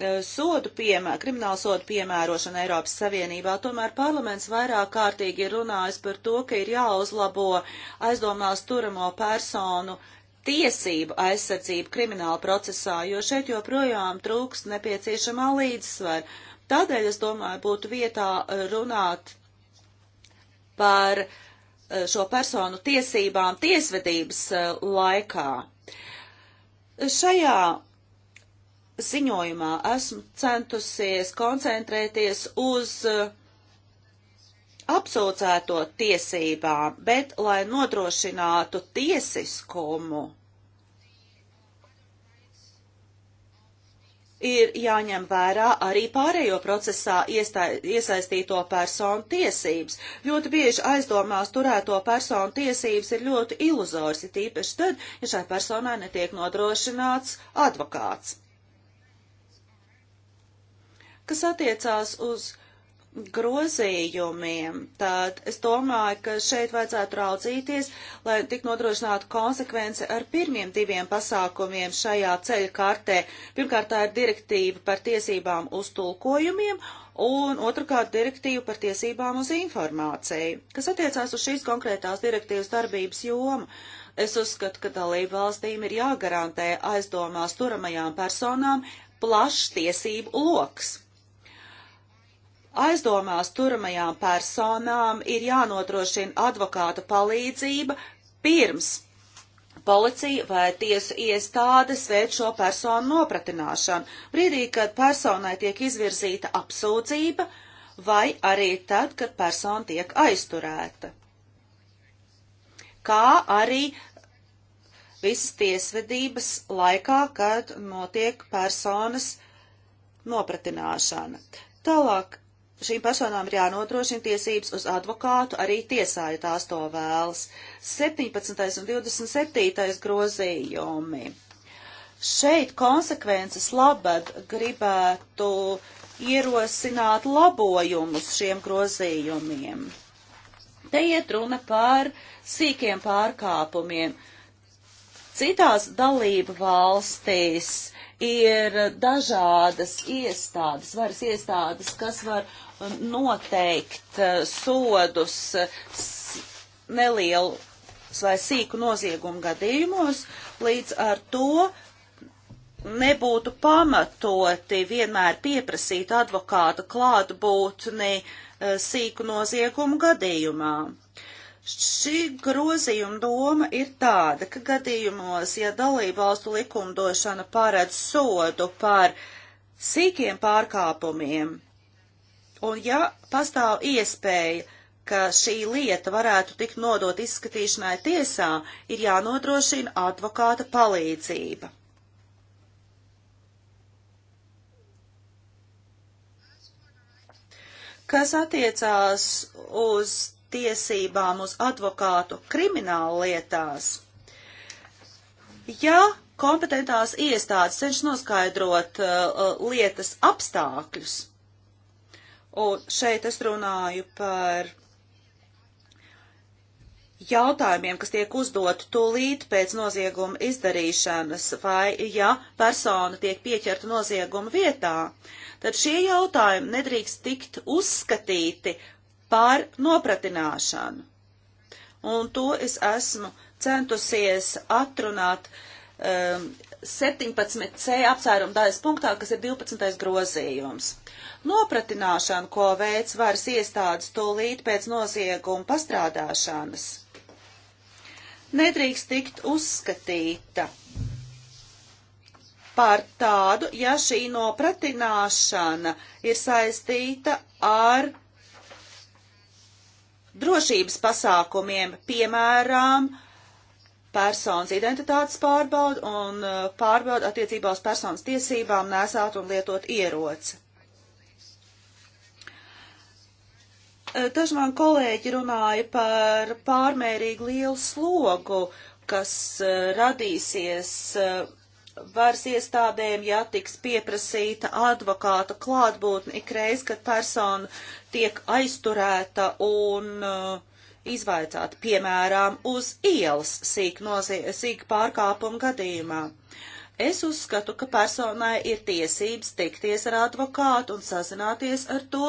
Eh, sodu piemē, kriminālu sodu piemērošana Eiropas Savienībā. Tomēr parlaments vairāk kārtīgi ir runājis par to, ka ir jāuzlabo aizdomās turamo personu tiesību aizsardzību krimināla procesā, jo šeit joprojām trūks nepieciešamā līdzsvara. Tādēļ, es domāju, būtu vietā eh, runāt par eh, šo personu tiesībām tiesvedības laikā. Šajā ziņojumā esmu centusies koncentrēties uz eh, apsūdzēto tiesībām, bet, lai nodrošinātu tiesiskumu, ir jāņem vērā arī pārējo procesā iesaistīto personu tiesības. Ļoti bieži aizdomās turēto personu tiesības ir ļoti iluzors, ir tīpaši tad, ja šai personai netiek nodrošināts advokāts. Kas attiecās uz grozījumiem, tad es domāju, ka šeit vajadzētu raudzīties, lai tik nodrošinātu konsekvence ar pirmiem diviem pasākumiem šajā ceļa kartē. Pirmkārt, tā ir direktīva par tiesībām uz tulkojumiem, un otrkārt direktīva par tiesībām uz informāciju, kas attiecās uz šīs konkrētās direktīvas darbības jomu. Es uzskatu, ka dalību valstīm ir jāgarantē aizdomās turamajām personām plašs tiesību loks Aizdomās turamajām personām ir jānodrošina advokāta palīdzība pirms policija vai tiesu iestādes veic šo personu nopratināšanu, brīdī, kad personai tiek izvirzīta apsūdzība vai arī tad, kad persona tiek aizturēta. Kā arī visas tiesvedības laikā, kad notiek personas nopratināšana. Tālāk šīm personām ir jānodrošina tiesības uz advokātu arī tiesā, ja tās to vēlas. 17. un 27. grozījumi. Šeit konsekvences labad gribētu ierosināt labojumus šiem grozījumiem. Te iet runa par sīkiem pārkāpumiem. Citās dalību valstīs ir dažādas iestādes, varas iestādes, kas var um, noteikt uh, sodus nelielu vai sīku noziegumu gadījumos, līdz ar to nebūtu pamatoti vienmēr pieprasīt advokāta klātbūtni uh, sīku noziegumu gadījumā. Šī grozījuma doma ir tāda, ka gadījumos, ja dalībvalstu likumdošana paredz sodu par sīkiem pārkāpumiem, un ja pastāv iespēja, ka šī lieta varētu tikt nodot izskatīšanai tiesā, ir jānodrošina advokāta palīdzība. Kas attiecās uz tiesībām uz advokātu krimināla lietās, ja kompetentās iestādes cenšas noskaidrot uh, lietas apstākļus, un šeit es runāju par jautājumiem, kas tiek uzdot tūlīt pēc nozieguma izdarīšanas, vai ja persona tiek pieķerta nozieguma vietā, tad šie jautājumi nedrīkst tikt uzskatīti par nopratināšanu. Un to es esmu centusies atrunāt um, 17c apsvērumu daļas punktā, kas ir 12. grozījums. Nopratināšana, ko veids varas iestādes tūlīt pēc nozieguma pastrādāšanas, nedrīkst tikt uzskatīta par tādu, ja šī nopratināšana ir saistīta ar drošības pasākumiem, piemēram, personas identitātes pārbaudu un uh, pārbaudu attiecībā uz personas tiesībām nesāt un lietot ieroci. Uh, daži man kolēģi runāja par pārmērīgi lielu slogu, kas uh, radīsies varas iestādēm, ja tiks pieprasīta advokāta klātbūtne ikreiz, kad persona tiek aizturēta un uh, izvaicāta, piemēram, uz ielas sīk, nozie, sīk pārkāpuma gadījumā. Es uzskatu, ka personai ir tiesības tikties ar advokātu un sazināties ar to,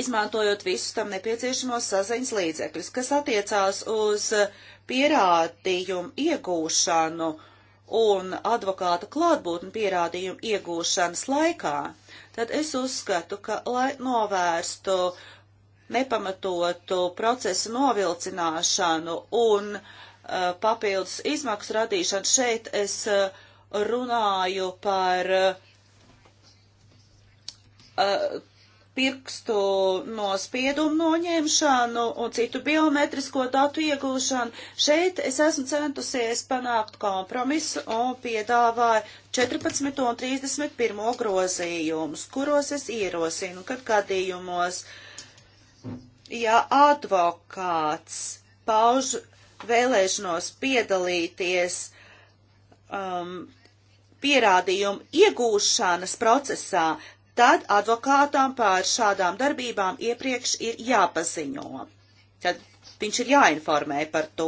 izmantojot visus tam nepieciešamos saziņas līdzekļus, kas attiecās uz uh, pierādījumu iegūšanu un advokāta klātbūtni pierādījumu iegūšanas laikā, tad es uzskatu, ka, lai novērstu nepamatotu procesu novilcināšanu un uh, papildus izmaksu radīšanu, šeit es uh, runāju par uh, pirkstu nospiedumu noņemšanu un citu biometrisko datu iegūšanu. Šeit es esmu centusies panākt kompromisu un piedāvāju 14 un 31 grozījumus, kuros es ierosinu, kad gadījumos, ja advokāts pauž vēlēšanos piedalīties um, pierādījumu iegūšanas procesā, tad advokātām pār šādām darbībām iepriekš ir jāpaziņo. Tad viņš ir jāinformē par to.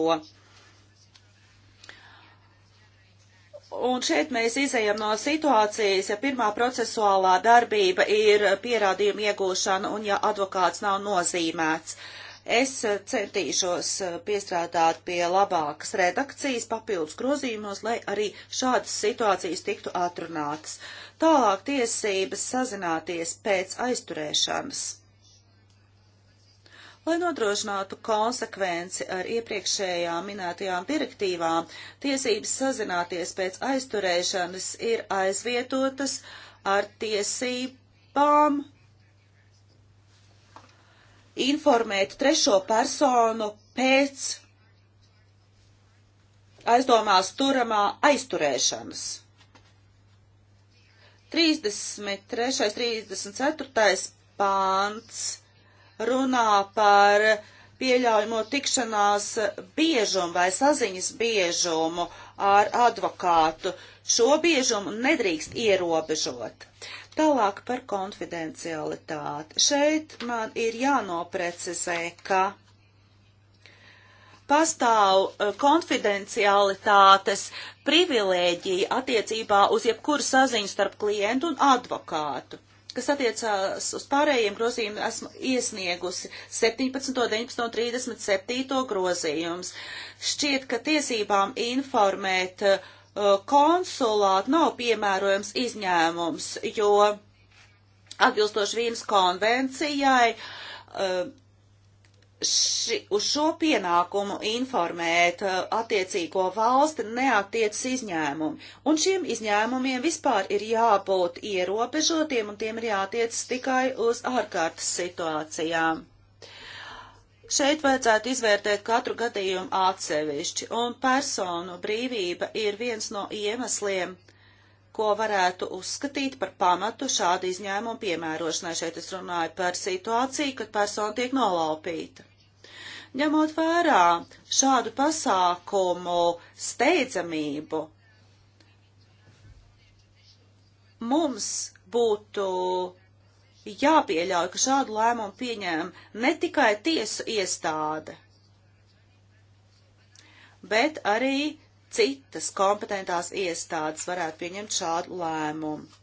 Un šeit mēs izējam no situācijas, ja pirmā procesuālā darbība ir pierādījuma iegūšana un ja advokāts nav nozīmēts. Es centīšos piestrādāt pie labākas redakcijas papildus grozījumos, lai arī šādas situācijas tiktu atrunātas. Uh, Tālāk tiesības sazināties pēc aizturēšanas. Lai nodrošinātu konsekvenci ar iepriekšējām minētajām direktīvām, tiesības sazināties pēc aizturēšanas ir aizvietotas ar tiesībām informēt trešo personu pēc aizdomās turamā aizturēšanas. 33. 34. pāns runā par pieļaujamo tikšanās biežumu vai saziņas biežumu ar advokātu. Šo biežumu nedrīkst ierobežot. Tālāk par konfidencialitāti. Šeit man ir jānoprecizē, ka pastāv eh, konfidencialitātes privilēģija attiecībā uz jebkuru saziņu starp klientu un advokātu. Kas attiecās uz pārējiem grozījumiem, esmu iesniegusi 17, 19 un 37 grozījums. Šķiet, ka tiesībām informēt eh, konsulātu nav piemērojams izņēmums, jo atbilstoši Vīnas konvencijai uh, ši, uz šo pienākumu informēt uh, attiecīgo valsti neatiecas izņēmumi. Un šiem izņēmumiem vispār ir jābūt ierobežotiem un tiem ir jātiecas tikai uz ārkārtas situācijām. Šeit vajadzētu izvērtēt katru gadījumu atsevišķi, un personu brīvība ir viens no iemesliem, ko varētu uzskatīt par pamatu šādu izņēmumu piemērošanai. Šeit es runāju par situāciju, kad persona tiek nolaupīta. Ņemot vērā šādu pasākumu steidzamību, mums būtu jāpieļauj, ka šādu lēmumu pieņēma ne tikai tiesu iestāde, bet arī citas kompetentās iestādes varētu pieņemt šādu lēmumu.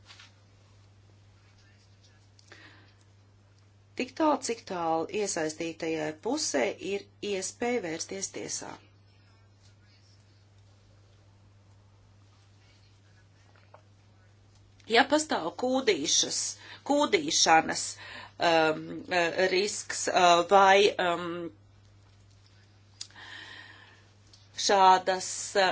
Tik tālu, cik tālu iesaistītajai pusē ir iespēja vērsties tiesā. Ja pastāv kūdīšas, kūdīšanas um, uh, risks uh, vai um, šādas uh,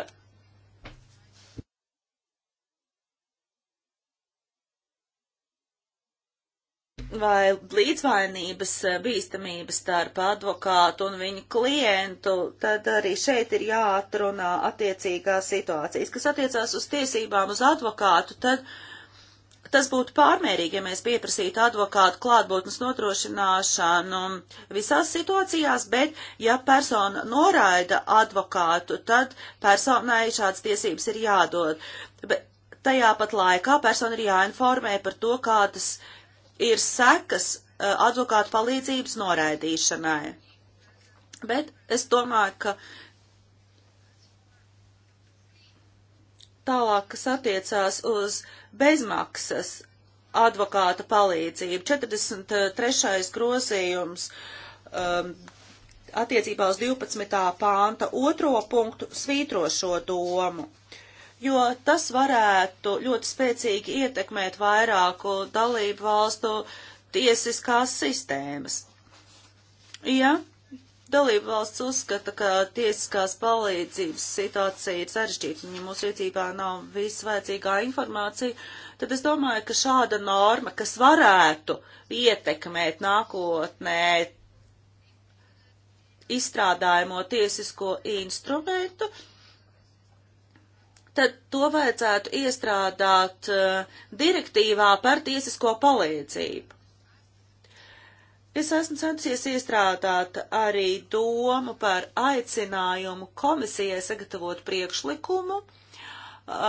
vai līdzvainības eh, bīstamības starp advokātu un viņu klientu, tad arī šeit ir jāatrunā attiecīgās situācijas. Kas attiecās uz tiesībām uz advokātu, tad tas būtu pārmērīgi, ja mēs pieprasītu advokātu klātbūtnes nodrošināšanu visās situācijās, bet ja persona noraida advokātu, tad personai šāds tiesības ir jādod. Bet tajā pat laikā persona ir jāinformē par to, kādas ir sekas eh, advokātu palīdzības noraidīšanai. Bet es domāju, ka tālāk, kas attiecās uz bezmaksas advokāta palīdzību, 43. grozījums um, attiecībā uz 12. pānta otro punktu svītro šo domu jo tas varētu ļoti spēcīgi ietekmēt vairāku dalību valstu tiesiskās sistēmas. Ja dalību valsts uzskata, ka tiesiskās palīdzības situācija ir sarežģīta, ja mūsu rīcībā nav viss vajadzīgā informācija, tad es domāju, ka šāda norma, kas varētu ietekmēt nākotnē izstrādājumu tiesisko instrumentu, uh, tad to vajadzētu iestrādāt eh, direktīvā par tiesisko palīdzību. Es esmu censies iestrādāt arī domu par aicinājumu komisijai sagatavot priekšlikumu uh,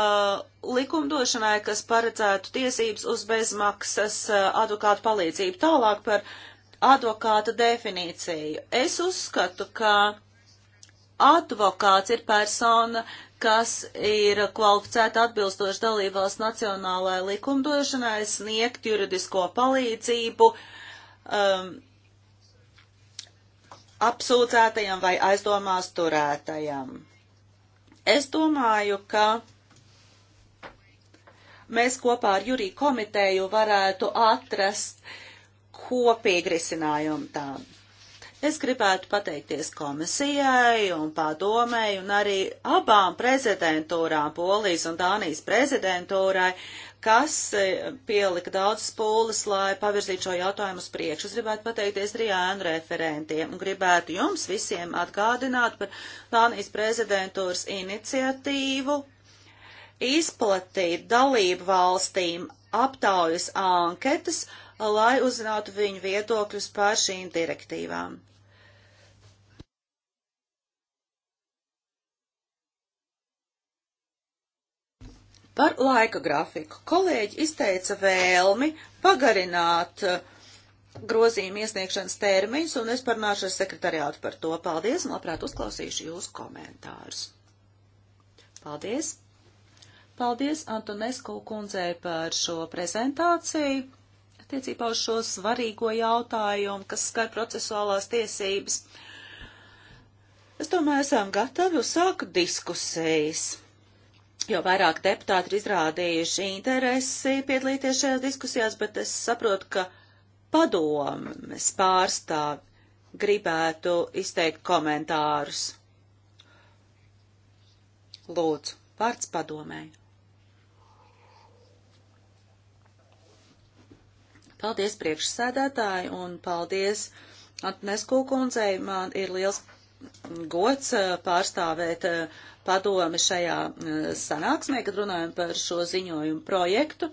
likumdošanai, kas paredzētu tiesības uz bezmaksas eh, advokātu palīdzību. Tālāk par advokāta definīciju. Es uzskatu, ka advokāts ir persona, kas ir kvalificēti atbilstoši dalībās nacionālajai likumdošanai, sniegt juridisko palīdzību um, apsūdzētajam vai aizdomās turētajam. Es domāju, ka mēs kopā ar juriju komiteju varētu atrast kopīgi risinājumu tām. Es gribētu pateikties komisijai un padomēji un arī abām prezidentūrām, Polijas un Dānijas prezidentūrai, kas e, pielika daudz spūles, lai pavirzītu šo jautājumu uz priekšu. Es gribētu pateikties Rijānu referentiem un gribētu jums visiem atgādināt par Dānijas prezidentūras iniciatīvu izplatīt dalību valstīm aptaujas anketas, lai uzzinātu viņu viedokļus par šīm direktīvām. Par laika grafiku. Kolēģi izteica vēlmi pagarināt uh, grozījuma iesniegšanas termiņus, un es parunāšu ar sekretariātu par to. Paldies, un labprāt uzklausīšu jūsu komentārus. Paldies! Paldies Antonesku kundzei par šo prezentāciju attiecībā uz šo svarīgo jautājumu, kas skar procesuālās tiesības. Es domāju, esam gatavi uzsākt diskusijas jo vairāk deputāti ir izrādījuši interesi piedalīties šajās diskusijās, bet es saprotu, ka padomes pārstāvi gribētu izteikt komentārus. Lūdzu, vārds padomēji. Paldies priekšsēdētāji un paldies Atnesku kundzei. Man ir liels gods eh, pārstāvēt uh, padome šajā eh, sanāksmē, kad runājam par šo ziņojumu projektu.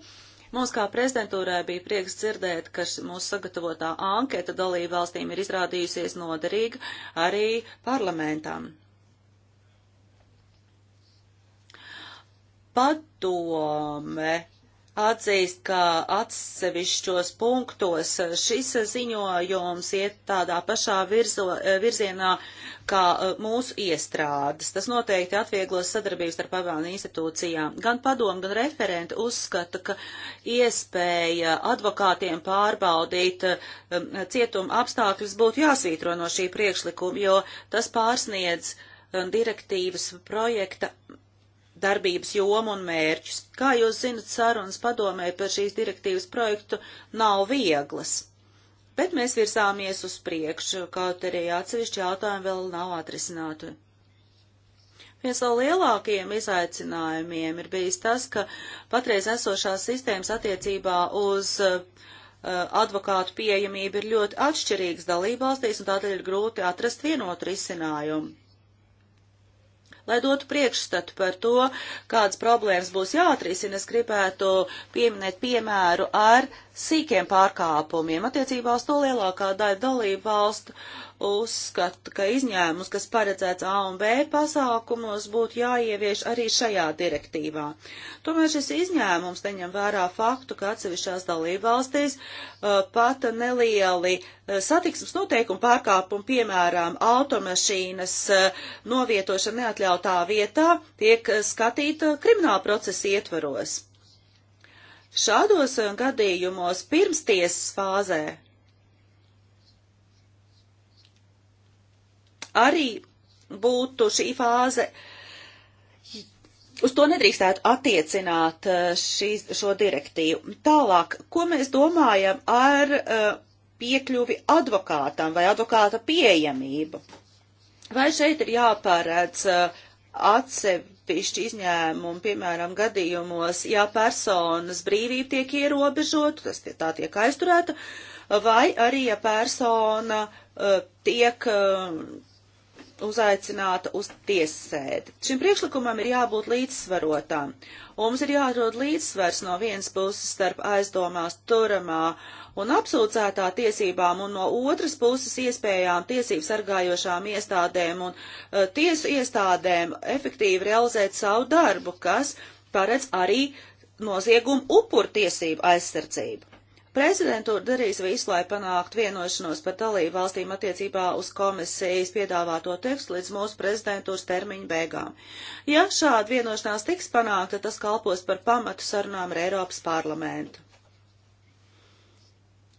Mums kā prezidentūrai bija prieks dzirdēt, ka mūsu sagatavotā anketa dalību valstīm ir izrādījusies noderīga arī parlamentām. Padome atzīst, ka atsevišķos punktos šis ziņojums iet tādā pašā virzo, eh, virzienā kā eh, mūsu iestrādes. Tas noteikti atvieglos sadarbības starp abām institūcijām. Gan padomu, gan referenti uzskata, ka iespēja advokātiem pārbaudīt eh, cietuma apstākļus būtu jāsvītro no šī priekšlikuma, jo tas pārsniedz direktīvas projekta darbības jomu un mērķus. Kā jūs zinat, sarunas padomē par šīs direktīvas projektu nav vieglas, bet mēs virsāmies uz priekšu, kaut arī atsevišķi jautājumi vēl nav atrisināti. Viens no lielākajiem izaicinājumiem ir bijis tas, ka patreiz esošās sistēmas attiecībā uz uh, advokātu pieejamība ir ļoti atšķirīgas dalībvalstīs, un tādēļ ir grūti atrast vienotu risinājumu. Lai dotu priekšstatu par to, kādas problēmas būs jāatrisina, es gribētu pieminēt piemēru ar sīkiem pārkāpumiem. Attiecībā uz to lielākā daļa dalību valstu uzskata, ka izņēmums, kas paredzēts A un B pasākumos, būtu jāievieš arī šajā direktīvā. Tomēr šis izņēmums neņem vērā faktu, ka atsevišķās dalību valstīs uh, pat nelieli uh, satiksmes noteikumu pārkāpumi, piemēram, automašīnas uh, novietošana neatļautā vietā, tiek uh, skatīta uh, krimināla procesa ietvaros. Šādos eh, gadījumos pirmstiesas fāzē arī būtu šī fāze, uz to nedrīkstētu attiecināt eh, šīs, šo direktīvu. Tālāk, ko mēs domājam ar eh, piekļuvi advokātam vai advokāta pieejamību? Vai šeit ir jāpārēdz atsevišķi? atsevišķi izņēmumi, piemēram, gadījumos, ja personas brīvība tiek ierobežota, tas tie, tā tiek aizturēta, vai arī, ja persona uh, tiek uh, uzaicināta uz tiesēdi. Šim priekšlikumam ir jābūt līdzsvarotām. Un mums ir jāatrod līdzsvars no vienas puses starp aizdomās turamā uh, un apsūdzētā tiesībām, un no otras puses iespējām tiesību sargājošām iestādēm un uh, tiesu iestādēm efektīvi realizēt savu darbu, kas paredz arī noziegumu upur tiesību aizsardzību. Prezidentūra darīs visu, lai panāktu vienošanos par dalību valstīm attiecībā uz komisijas piedāvāto tekstu līdz mūsu prezidentūras termiņa beigām. Ja šāda vienošanās tiks panākta, tas kalpos par pamatu sarunām ar Eiropas parlamentu.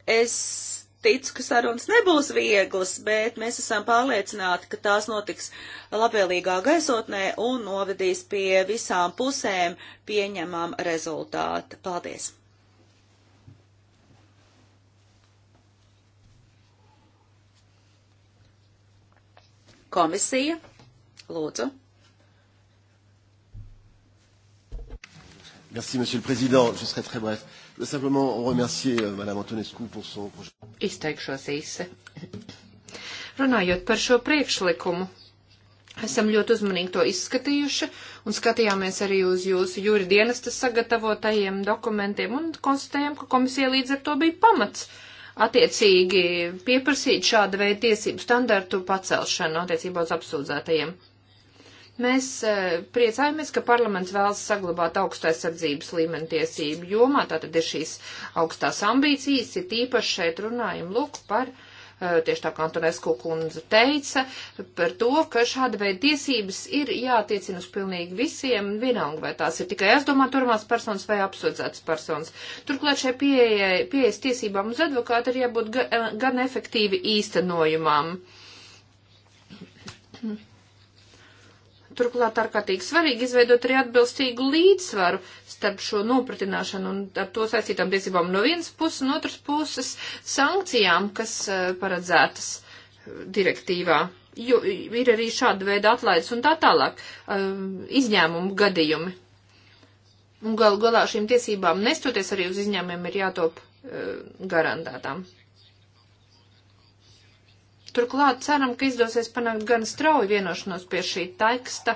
Es ticu, ka sarunas nebūs vieglas, bet mēs esam pārliecināti, ka tās notiks labvēlīgā gaisotnē un novedīs pie visām pusēm pieņemam rezultātu. Paldies! Komisija, lūdzu. Merci, monsieur le président. Je serai très bref. Euh, Simplement remercier euh, Madame Antonescu pour son projet. Izteikšos īsi. Runājot par šo priekšlikumu, esam ļoti uzmanīgi to izskatījuši un skatījāmies arī uz jūsu jūri dienesta sagatavotajiem dokumentiem un konstatējam, ka komisija līdz ar to bija pamats attiecīgi pieprasīt šāda veida tiesību standartu pacelšanu attiecībā uz apsūdzētajiem. Mēs eh, priecājamies, ka parlaments vēlas saglabāt augstais sardzības līmeni tiesību jomā, tātad ir šīs augstās ambīcijas, ir īpaši šeit runājam lūk par eh, tieši tā kā Antonesku kundze teica, par to, ka šāda veida tiesības ir jātiecina uz pilnīgi visiem, vienalga vai tās ir tikai aizdomāt turmās personas vai apsūdzētas personas. Turklāt šai pieejai, pieejas tiesībām uz advokātu ir jābūt eh, gan efektīvi īstenojumām. Turklāt ārkārtīgi svarīgi izveidot arī atbilstīgu līdzsvaru starp šo nopratināšanu un ar to saistītām tiesībām no vienas puses un otras puses sankcijām, kas eh, paredzētas eh, direktīvā. Jo ir arī šāda veida atlaides un tā tālāk eh, izņēmumu gadījumi. Un gal galā šīm tiesībām, nestoties arī uz izņēmumiem, ir jātop garantētām. Turklāt ceram, ka izdosies panākt gan strauju vienošanos pie šī teksta,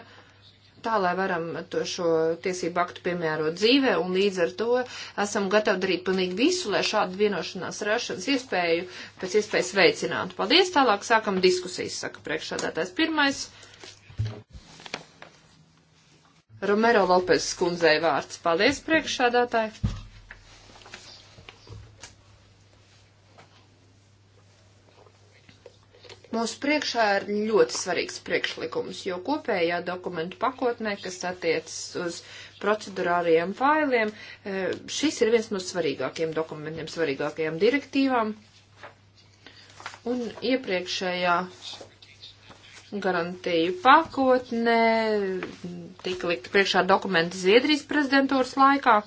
tā lai varam to šo tiesību aktu piemērot dzīvē, un līdz ar to esam gatavi darīt pilnīgi visu, lai šādu vienošanās rašanas iespēju pēc iespējas veicinātu. Paldies, tālāk sākam diskusijas, saka priekšādātais pirmais. Romero Lopes skundzei vārds. Paldies, priekšādātāji! Mūsu priekšā ir ļoti svarīgs priekšlikums, jo kopējā dokumentu pakotnē, kas attiecas uz procedurāriem failiem, e, šis ir viens no svarīgākiem dokumentiem, svarīgākajām direktīvām. Un iepriekšējā garantiju pakotnē tika likt priekšā dokumenti Zviedrijas prezidentūras laikā.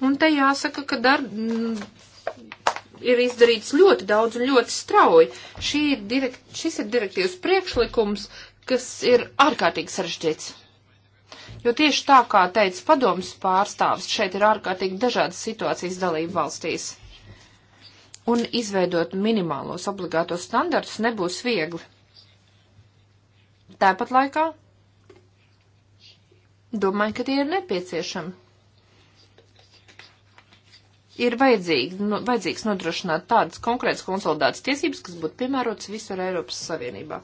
Un te jāsaka, ka darb, ir izdarīts ļoti daudz un ļoti strauji. Šī ir direkt, šis ir direktīvas priekšlikums, kas ir ārkārtīgi sarežģīts. Jo tieši tā, kā teica padomas pārstāvis, šeit ir ārkārtīgi dažādas situācijas dalību valstīs. Un izveidot minimālos obligātos standartus nebūs viegli. Tāpat laikā domāju, ka tie ir nepieciešami ir vajadzīgi, nu, vajadzīgs nodrošināt tādas konkrētas konsolidētas tiesības, kas būtu piemērotas visur Eiropas Savienībā.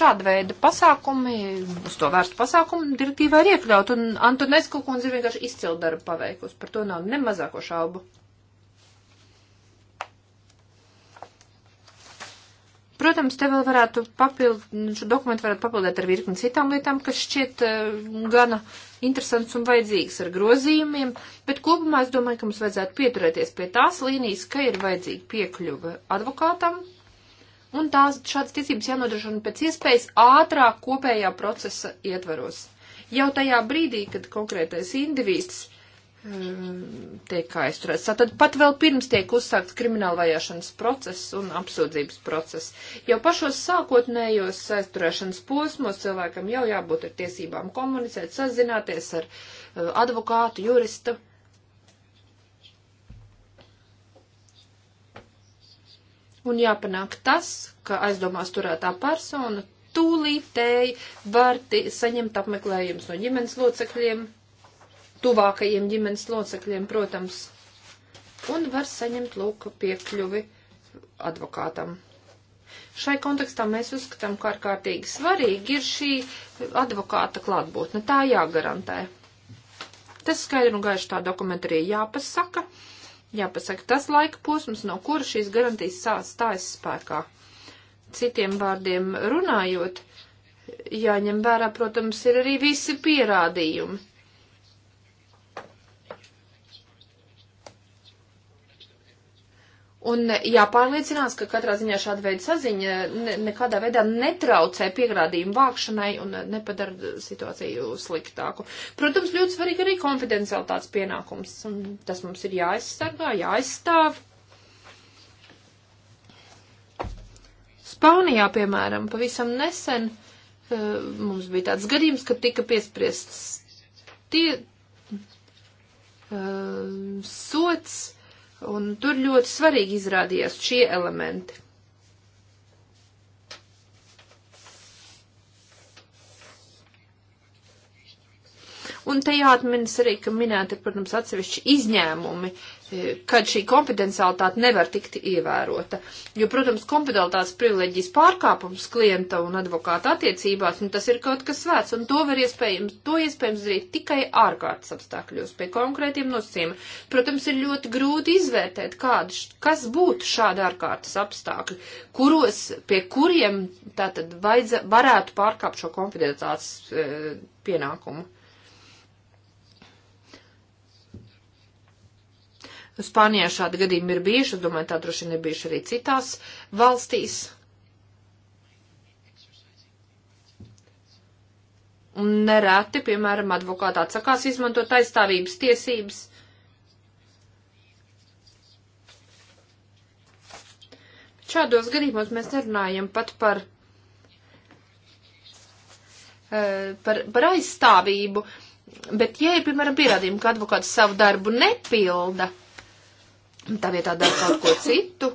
Šāda veida pasākumi, uz to vērstu pasākumu direktīvā ir iekļaut, un Antonesku kundze vienkārši izcilu darbu paveikusi, par to nav ne mazāko šaubu. Protams, te vēl varētu papildināt, šo dokumentu varētu papildināt ar virkni citām lietām, kas šķiet eh, gana interesants un vajadzīgs ar grozījumiem, bet kopumā es domāju, ka mums vajadzētu pieturēties pie tās līnijas, ka ir vajadzīga piekļuva advokātam, un tās šādas tiesības jānodrošina pēc iespējas ātrāk kopējā procesa ietvaros. Jau tajā brīdī, kad konkrētais individs Mm, tiek aizturēts. Tātad pat vēl pirms tiek uzsākts krimināla vajāšanas process un apsūdzības process. Jau pašos sākotnējos aizturēšanas posmos cilvēkam jau jābūt ar tiesībām komunicēt, sazināties ar uh, advokātu, juristu. Un jāpanāk tas, ka aizdomās turētā persona tūlītēji var saņemt apmeklējumus no ģimenes locekļiem tuvākajiem ģimenes locekļiem, protams, un var saņemt lūk piekļuvi advokātam. Šai kontekstā mēs uzskatām, ka ārkārtīgi svarīgi ir šī advokāta klātbūtne. Tā jāgarantē. Tas skaidri un gaiši tā dokumenta arī jāpasaka. Jāpasaka tas laika posms, no kura šīs garantijas stājas spēkā. Citiem vārdiem runājot, jāņem vērā, protams, ir arī visi pierādījumi Un jāpārliecinās, ka katrā ziņā šāda veida saziņa ne, nekādā veidā netraucē piegrādījumu vākšanai un nepadara situāciju sliktāku. Protams, ļoti svarīgi arī konfidencialitātes pienākums. Tas mums ir jāaizsargā, jāaizstāv. Spānijā, piemēram, pavisam nesen eh, mums bija tāds gadījums, ka tika piespriests tie, uh, sots Un tur ļoti svarīgi izrādījās šie elementi. Un te jāatminas arī, ka minēti, protams, atsevišķi izņēmumi, uh, kad šī kompetencialitāte nevar tikt ievērota. Jo, protams, kompetencialitātes privileģijas pārkāpums klienta un advokāta attiecībās, nu, tas ir kaut kas svēts, un to var iespējams, to iespējams darīt tikai ārkārtas apstākļos, pie konkrētiem nosacījumiem. Protams, ir ļoti grūti izvērtēt, kādi, kas būtu šādi ārkārtas apstākļi, kuros, pie kuriem tātad vajadza, varētu pārkāpt šo kompetencialitātes e, eh, pienākumu. Spānijā šādi gadījumi ir bijuši, es domāju, tā droši vien ir bijuši arī citās valstīs. Un nereti, piemēram, advokāti atsakās izmantot aizstāvības tiesības. Šādos gadījumos mēs nerunājam pat par, eh, par, par aizstāvību, bet, ja ir, piemēram, pierādījumi, ka advokāts savu darbu nepilda, tā vietā dara kaut ko citu,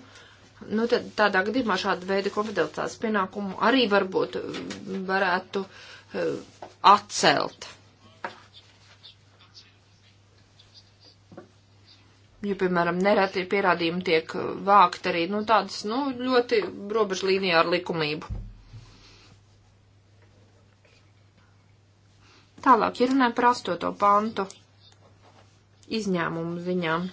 nu tad tādā gadījumā šāda veida konfidenciāls pienākumu arī varbūt mm, varētu uh, atcelt. Jo, piemēram, nereti pierādījumi tiek eh, vākt arī, nu, tādas, nu, ļoti robežlīnijā ar likumību. Tālāk, ja runājam par astoto pantu izņēmumu ziņām.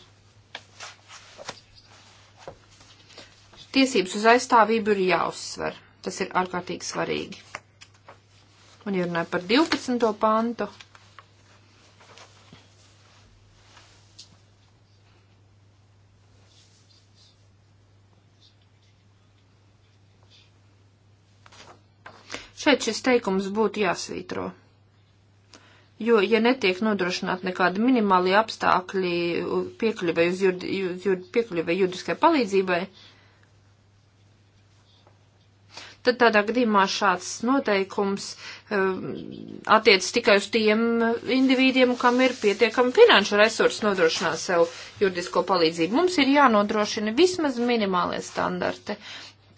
Tiesības uz aizstāvību ir jāuzsver. Tas ir ārkārtīgi svarīgi. Un, ja runāju par 12. pantu, Šeit šis teikums būtu jāsvītro. Jo, ja netiek nodrošināti nekādi minimāli apstākļi piekļuvai jurd, jurd, piekļuvai juridiskai palīdzībai, uh, tad tādā gadījumā šāds noteikums eh, attiec tikai uz tiem eh, individiem, kam ir pietiekami finanšu resursi nodrošināt sev juridisko palīdzību. Mums ir jānodrošina vismaz minimālie standarti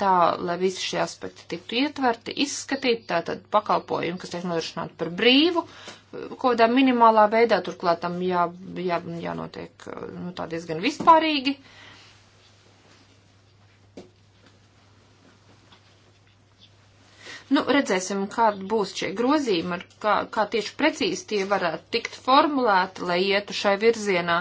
tā, lai visi šie aspekti tiktu ietverti, izskatīti, tātad pakalpojumi, kas tiek nodrošināti par brīvu, eh, kaut kādā minimālā veidā, turklāt tam jā, jā, jānotiek nu, tā diezgan vispārīgi. Uh, Nu, redzēsim, kāda būs šie grozījumi, kā, kā tieši precīzi tie varētu tikt formulēti, lai ietu šai virzienā.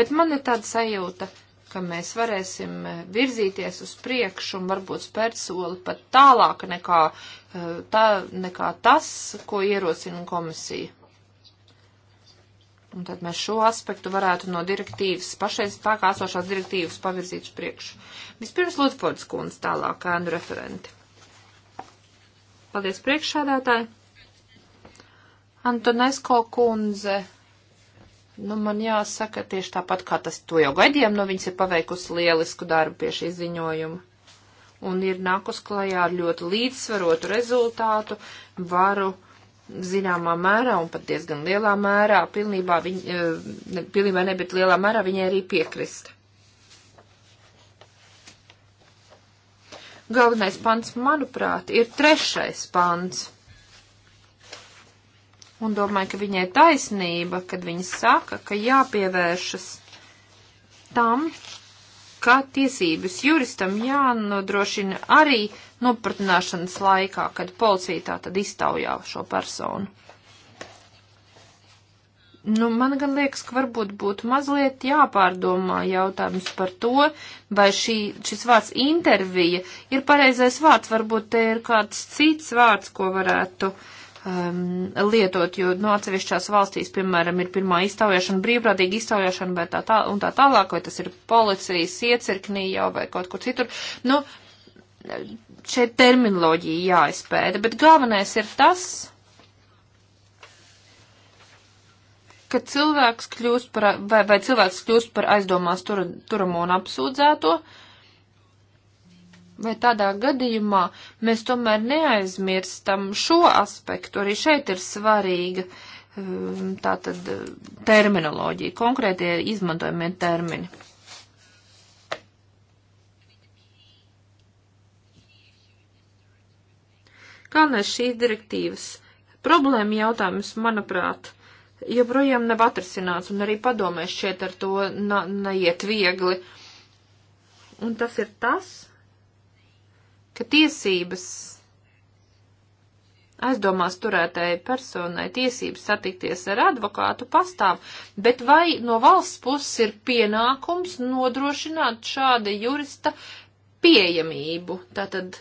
Bet man ir tāda sajūta, ka mēs varēsim e, virzīties uz priekšu un varbūt spērt soli pat tālāk nekā, e, tā, nekā tas, ko ierosina komisija. Un tad mēs šo aspektu varētu no direktīvas, pašreiz spēkā esošās direktīvas pavirzīt uz priekšu. Vispirms Lutfords kundze tālāk, ēnu referenti. Paldies priekšādātāji. Antonesko kundze. Nu, man jāsaka tieši tāpat, kā tas to jau gaidījām, nu viņas ir paveikusi lielisku darbu pie šī ziņojuma. Un ir nākus klajā ar ļoti līdzsvarotu rezultātu, varu zināmā mērā un pat diezgan lielā mērā, pilnībā, viņ, eh, ne, pilnībā ne, bet lielā mērā viņai arī piekrist. Galvenais pants, manuprāt, ir trešais pants. Un domāju, ka viņai taisnība, kad viņa saka, ka jāpievēršas tam, ka tiesības juristam jānodrošina arī nopratināšanas laikā, kad policija tā tad iztaujā šo personu. Nu, man gan liekas, ka varbūt būtu mazliet jāpārdomā jautājums par to, vai šī, šis vārds intervija ir pareizais vārds, varbūt te ir kāds cits vārds, ko varētu um, lietot, jo no nu, atsevišķās valstīs, piemēram, ir pirmā iztaujāšana, brīvprātīga iztaujāšana vai tā, tā un tā tālāk, vai tas ir policijas iecirknī jau vai kaut kur citur. Nu, šeit terminoloģija jāizpēta, bet galvenais ir tas, ka cilvēks kļūst par, vai, vai cilvēks kļūst par aizdomās tur, turamo un apsūdzēto, vai tādā gadījumā mēs tomēr neaizmirstam šo aspektu, arī šeit ir svarīga um, tātad uh, terminoloģija, konkrētie izmantojumie termini. Kā nes šīs direktīvas problēma jautājums, manuprāt, uh, joprojām nav atrasināts, un arī padomē šķiet ar to na, naiet viegli. Un tas ir tas, ka tiesības aizdomās turētāji personai tiesības satikties ar advokātu pastāv, bet vai no valsts puses ir pienākums nodrošināt šāda jurista pieejamību, tātad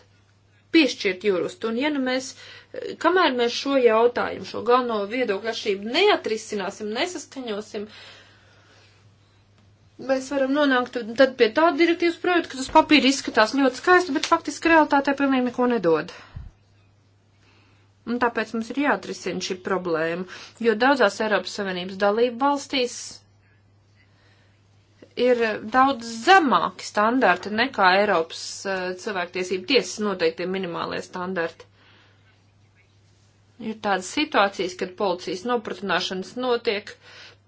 piešķirt juristu, un ja nu mēs kamēr mēs šo jautājumu, šo galveno viedokļu atšķirību neatrisināsim, nesaskaņosim, mēs varam nonākt tad pie tāda direktīvas projekta, kas uz papīra izskatās ļoti skaisti, bet faktiski realitātē pilnīgi neko nedod. Un tāpēc mums ir jāatrisina šī problēma, jo daudzās Eiropas Savienības dalību valstīs ir daudz zemāki standarti nekā Eiropas uh, cilvēktiesību tiesas noteiktie minimālie standarti. Ir tādas situācijas, kad policijas nopratināšanas notiek,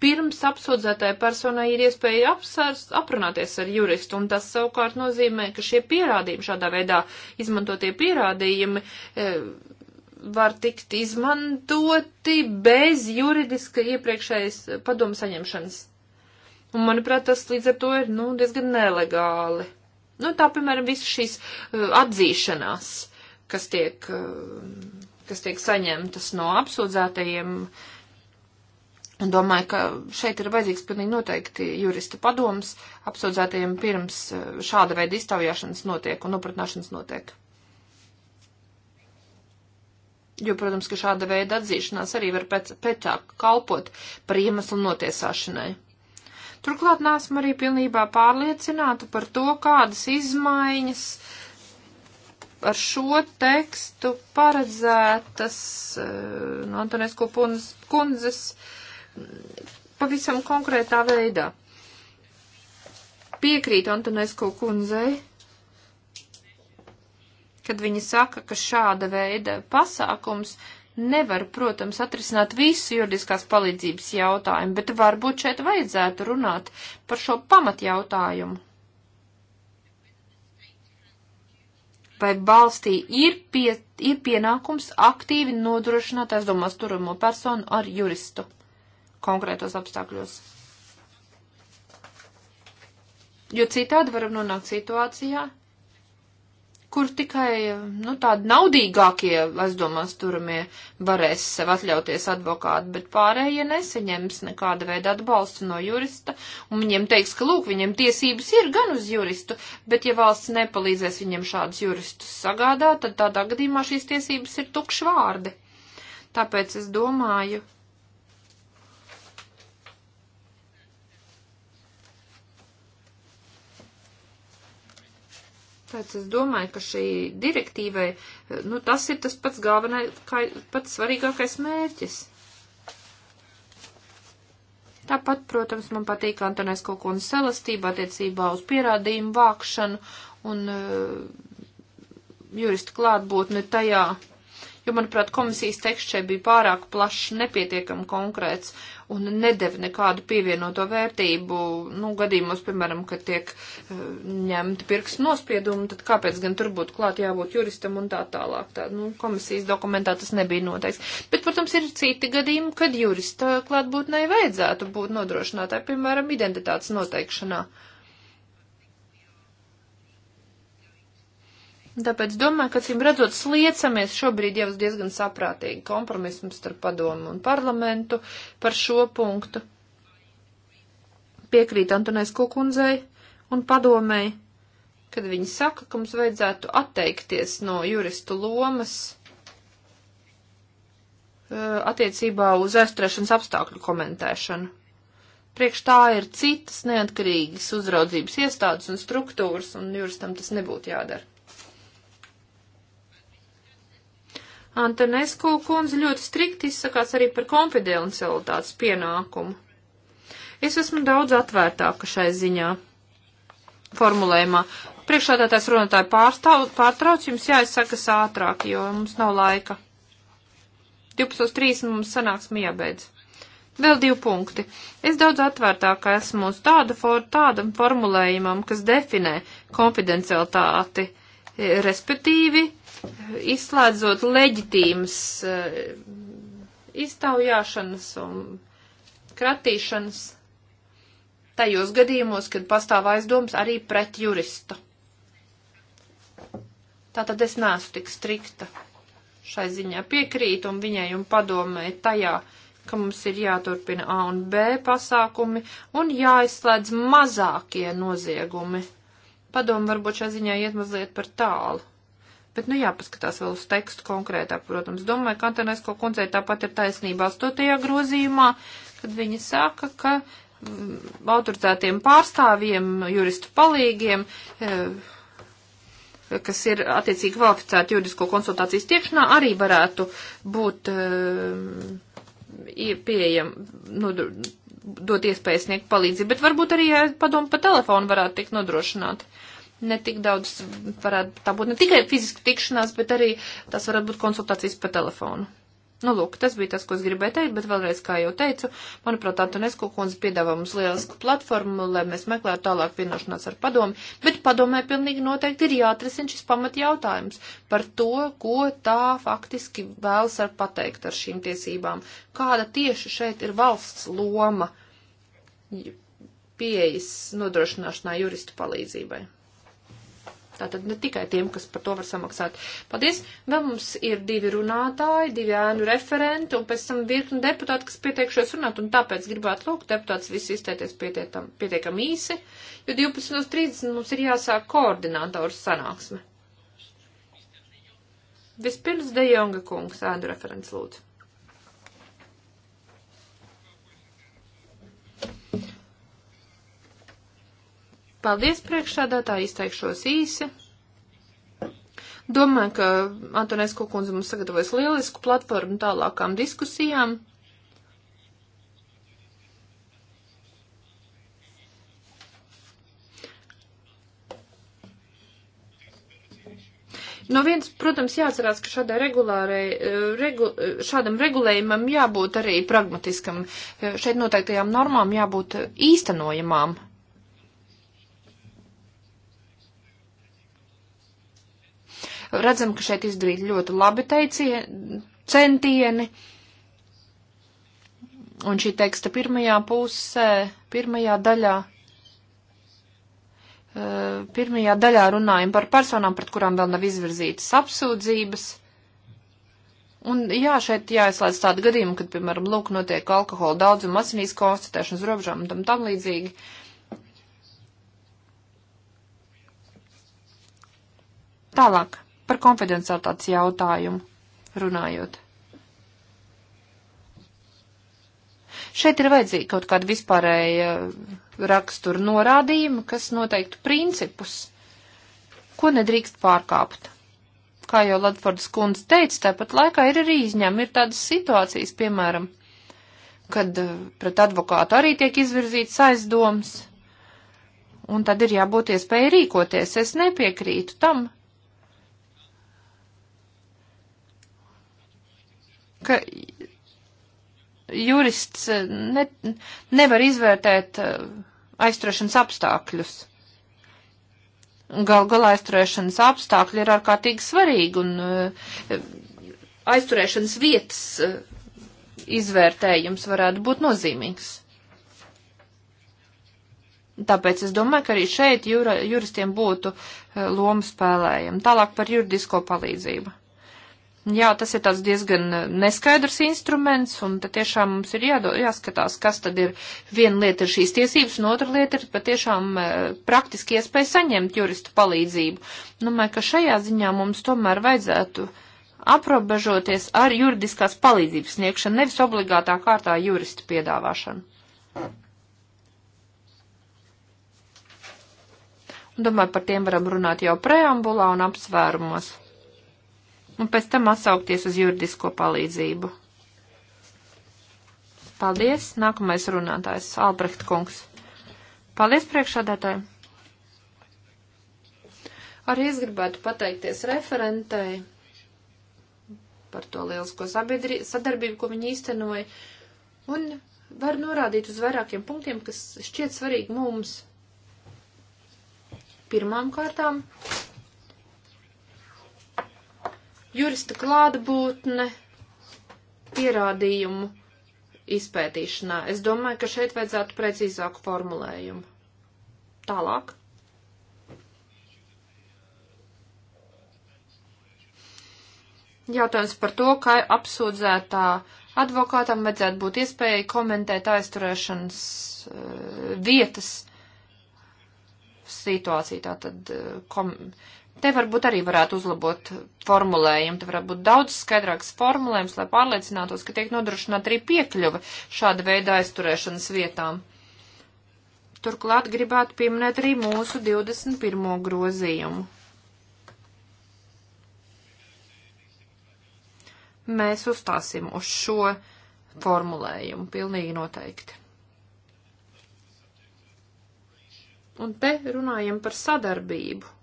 pirms apsūdzētāja personai ir iespēja apsars, aprunāties ar juristu, un tas savukārt nozīmē, ka šie pierādījumi, šādā veidā izmantotie pierādījumi, e, var tikt izmantoti bez juridiska iepriekšējas padomu saņemšanas. Un, manuprāt, tas līdz ar to ir, nu, diezgan nelegāli. Nu, tā, piemēram, visas šīs uh, atzīšanās, kas tiek uh, kas tiek saņemtas no apsūdzētajiem. Un domāju, ka šeit ir vajadzīgs pilnīgi noteikti jurista padoms apsūdzētajiem pirms eh, šāda veida iztaujāšanas notiek un nopratināšanas notiek. Jo, protams, ka šāda veida atzīšanās arī var pēc, pēcāk kalpot par iemeslu notiesāšanai. Turklāt nāsmu arī pilnībā pārliecināta par to, kādas izmaiņas uh, ar šo tekstu paredzētas eh, no Antonesko kundzes pavisam konkrētā veidā. Piekrīt Antonesko kundzei, kad viņa saka, ka šāda veida pasākums nevar, protams, atrisināt visu juridiskās palīdzības jautājumu, bet varbūt šeit vajadzētu runāt par šo pamatjautājumu vai valstī ir, pie, ir pienākums aktīvi nodrošināt aizdomās turamo personu ar juristu konkrētos apstākļos. Jo citādi varam nonākt situācijā, kur tikai, nu, tādi naudīgākie, aizdomās turamie, varēs sev atļauties advokātu, bet pārējie nesaņems nekāda veida atbalstu no jurista, un viņiem teiks, ka, lūk, viņiem tiesības ir gan uz juristu, bet ja valsts nepalīdzēs viņiem šādus juristus sagādāt, tad tādā gadījumā šīs tiesības ir tukši vārdi. Tāpēc es domāju, Tāpēc es domāju, ka šī direktīvai, nu, tas ir tas pats galvenais, kā, pats svarīgākais mērķis. Tāpat, protams, man patīk Antonēs kaut ko un selastība attiecībā uz pierādījumu vākšanu un uh, eh, jurista klātbūtne tajā, jo, manuprāt, komisijas teksts šeit bija pārāk plašs, nepietiekam konkrēts, un nedeva nekādu pievienoto vērtību, nu, gadījumos, piemēram, kad tiek eh, ņemti pirksts nospiedumi, tad kāpēc gan tur būtu klāt jābūt juristam un tā tālāk. Tā, nu, komisijas dokumentā tas nebija noteikts. Bet, protams, ir citi gadījumi, kad jurista klātbūtnei vajadzētu būt nodrošinātāji, piemēram, identitātes noteikšanā. Uh, Tāpēc domāju, ka, cīm redzot, sliecamies šobrīd jau uz diezgan saprātīgu kompromisu starp padomu un parlamentu par šo punktu. Piekrīt Antonēs Kukundzei un padomēji, kad viņi saka, ka mums vajadzētu atteikties no juristu lomas uh, attiecībā uz aizturēšanas apstākļu komentēšanu. Priekš tā ir citas neatkarīgas uzraudzības iestādes un struktūras, un juristam tas nebūtu jādara. Antonesku kundze ļoti strikti izsakās arī par konfidencialitātes pienākumu. Es esmu daudz atvērtāka šai ziņā formulējumā. Priekšādātais runātāji pārstāv, pārtrauc, jums jāizsakas ātrāk, jo mums nav laika. 12.30 mums sanāksmi jābeidz. Vēl divi punkti. Es daudz atvērtāk esmu uz tādu for, tādam formulējumam, kas definē konfidencialitāti, respektīvi izslēdzot leģitīmas eh, iztaujāšanas un kratīšanas tajos gadījumos, kad pastāv aizdomas arī pret juristu. Tātad es neesmu tik strikta šai ziņā piekrītu un viņai un padomēju tajā, ka mums ir jāturpina A un B pasākumi un jāizslēdz mazākie noziegumi. Padomu varbūt šai ziņā iet mazliet par tālu. Bet, nu, jāpaskatās vēl uz tekstu konkrētāk, protams. Domāju, ka Antonesko kundzei tāpat ir taisnība 8. grozījumā, kad viņa saka, ka mm, autorizētiem pārstāvjiem, juristu palīgiem, e, kas ir attiecīgi kvalificēti juridisko konsultācijas tiekšanā, arī varētu būt eh, e, pieejami, nu, dot iespēju sniegt palīdzību, bet varbūt arī padomu pa telefonu varētu tikt nodrošināti ne tik daudz, varētu tā būt ne tikai fiziska tikšanās, bet arī tas varētu būt konsultācijas pa telefonu. Nu, lūk, tas bija tas, ko es gribēju teikt, bet vēlreiz, kā jau teicu, manuprāt, Antonesko kundze piedāvā mums lielisku platformu, lai mēs meklētu tālāk vienošanās ar padomu, bet padomē pilnīgi noteikti ir jāatrisina šis pamat jautājums par to, ko tā faktiski vēlas ar pateikt ar šīm tiesībām, kāda tieši šeit ir valsts loma pieejas nodrošināšanā juristu palīdzībai. Tātad ne tikai tiem, kas par to var samaksāt. Paldies! Vēl mums ir divi runātāji, divi ēnu referenti un pēc tam virkni deputāti, kas pieteikšos runāt, un tāpēc gribētu lūgt deputātus visus izteikties pietiekam īsi, jo 12.30 mums ir jāsāk koordinātoru sanāksme. Vispirms De Jonga kungs, ēnu referents lūdzu. Paldies priekšsādātā, izteikšos īsi. Domāju, ka Antonēs Kukundze mums sagatavojas lielisku platformu tālākām diskusijām. No viens, protams, jāatcerās, ka šādai regulārai, regu, šādam regulējumam jābūt arī pragmatiskam. Šeit noteiktajām normām jābūt īstenojamām. Redzam, ka šeit izdarīt ļoti labi teicie, centieni. Un šī teksta pirmajā pusē, pirmajā daļā eh, pirmajā daļā runājam par personām, pret kurām vēl nav izvirzītas apsūdzības. Un jā, šeit jāizslēdz tādu gadījumu, kad, piemēram, lūk, notiek alkohola daudzuma asinīs konstatēšanas robežām un tam tam līdzīgi. Tālāk par konfidencialitātes jautājumu runājot. Šeit ir vajadzīga kaut kāda vispārēja rakstura norādījuma, kas noteiktu principus, ko nedrīkst pārkāpt. Kā jau Ledfordas kundze teica, tāpat laikā ir arī izņēmumi, ir tādas situācijas, piemēram, kad uh, pret advokātu arī tiek izvirzīts aizdoms, un tad ir jābūt iespēja rīkoties. Es nepiekrītu tam, ka jurists eh, ne, nevar izvērtēt eh, aizturēšanas apstākļus. Gal galā aizturēšanas apstākļi ir ārkārtīgi svarīgi un eh, aizturēšanas vietas izvērtējums varētu būt nozīmīgs. Tāpēc es domāju, ka arī šeit jura, juristiem būtu loma spēlējama. Tālāk par juridisko palīdzību. Jā, tas ir tāds diezgan eh, neskaidrs instruments, un tad tiešām mums ir jādo, jāskatās, kas tad ir viena lieta ir šīs tiesības, un otra lieta ir patiešām eh, praktiski iespēja saņemt juristu palīdzību. Domāju, ka šajā ziņā mums tomēr vajadzētu aprobežoties ar juridiskās palīdzības sniegšanu, nevis obligātā kārtā juristu piedāvāšanu. Un domāju, par tiem varam runāt jau preambulā un apsvērumos un pēc tam atsaukties uz juridisko palīdzību. Paldies, nākamais runātājs, Albrecht kungs. Paldies priekšādātājiem. Arī es gribētu pateikties referentei par to lielisko sadarbību, ko viņi īstenoja, un var norādīt uz vairākiem punktiem, kas šķiet svarīgi mums. Pirmām kārtām jurista klātbūtne pierādījumu izpētīšanā. Es domāju, ka šeit vajadzētu precīzāku formulējumu. Tālāk. Jautājums par to, kā apsūdzētā advokātam vajadzētu būt iespēja komentēt aizturēšanas uh, vietas situāciju, tātad eh, kom, Te varbūt arī varētu uzlabot formulējumu, te varētu būt daudz skaidrāks formulējums, lai pārliecinātos, ka tiek nodrošināta arī piekļuva šāda veida aizturēšanas vietām. Turklāt gribētu pieminēt arī mūsu 21. grozījumu. Mēs uzstāsim uz šo formulējumu pilnīgi noteikti. Un te runājam par sadarbību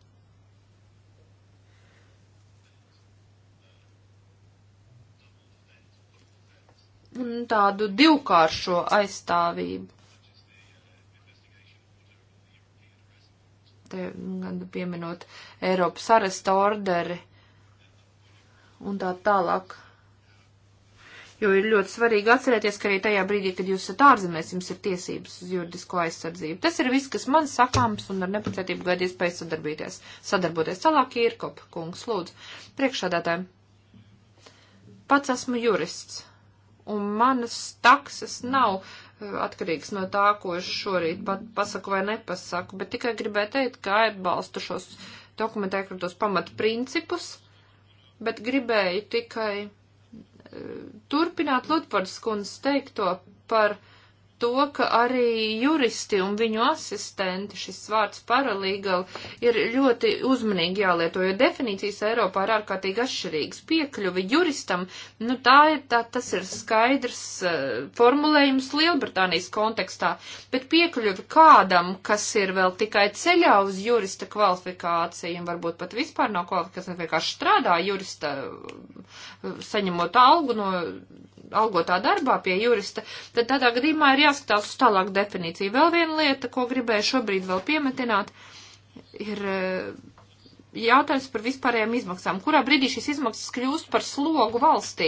tādu divkāršo aizstāvību. Te gan pieminot Eiropas aresta orderi un tā tālāk. Jo ir ļoti svarīgi atcerēties, ka arī tajā brīdī, kad jūs esat ārzemēs, jums ir tiesības uz juridisko aizsardzību. Tas ir viss, kas man sakāms un ar nepacietību gaidu iespēju sadarbīties. Sadarboties tālāk ir kop, kungs, lūdzu. Priekšādātājiem. Pats esmu jurists un manas taksas nav eh, atkarīgs no tā, ko es šorīt pat pasaku vai nepasaku, bet tikai gribēju teikt, ka atbalstu šos dokumentē, ka tos pamat principus, bet gribēju tikai eh, turpināt Lutvards kundzes teikto par uh, to, ka arī juristi un viņu asistenti šis vārds paralīgal ir ļoti uzmanīgi jālieto, jo definīcijas Eiropā ir ārkārtīgi atšķirīgas. Piekļuvi juristam, nu tā ir, tā, tas ir skaidrs uh, formulējums Lielbritānijas kontekstā, bet piekļuvi kādam, kas ir vēl tikai ceļā uz jurista kvalifikāciju, un varbūt pat vispār nav kvalifikācija, vienkārši strādā jurista, uh, saņemot algu no algotā darbā pie jurista, tad tādā gadījumā ir jāskatās uz tālāku definīciju. Vēl viena lieta, ko gribēju šobrīd vēl piemetināt, ir eh, jautājums par vispārējām izmaksām. Kurā brīdī šīs izmaksas kļūst par slogu valstī?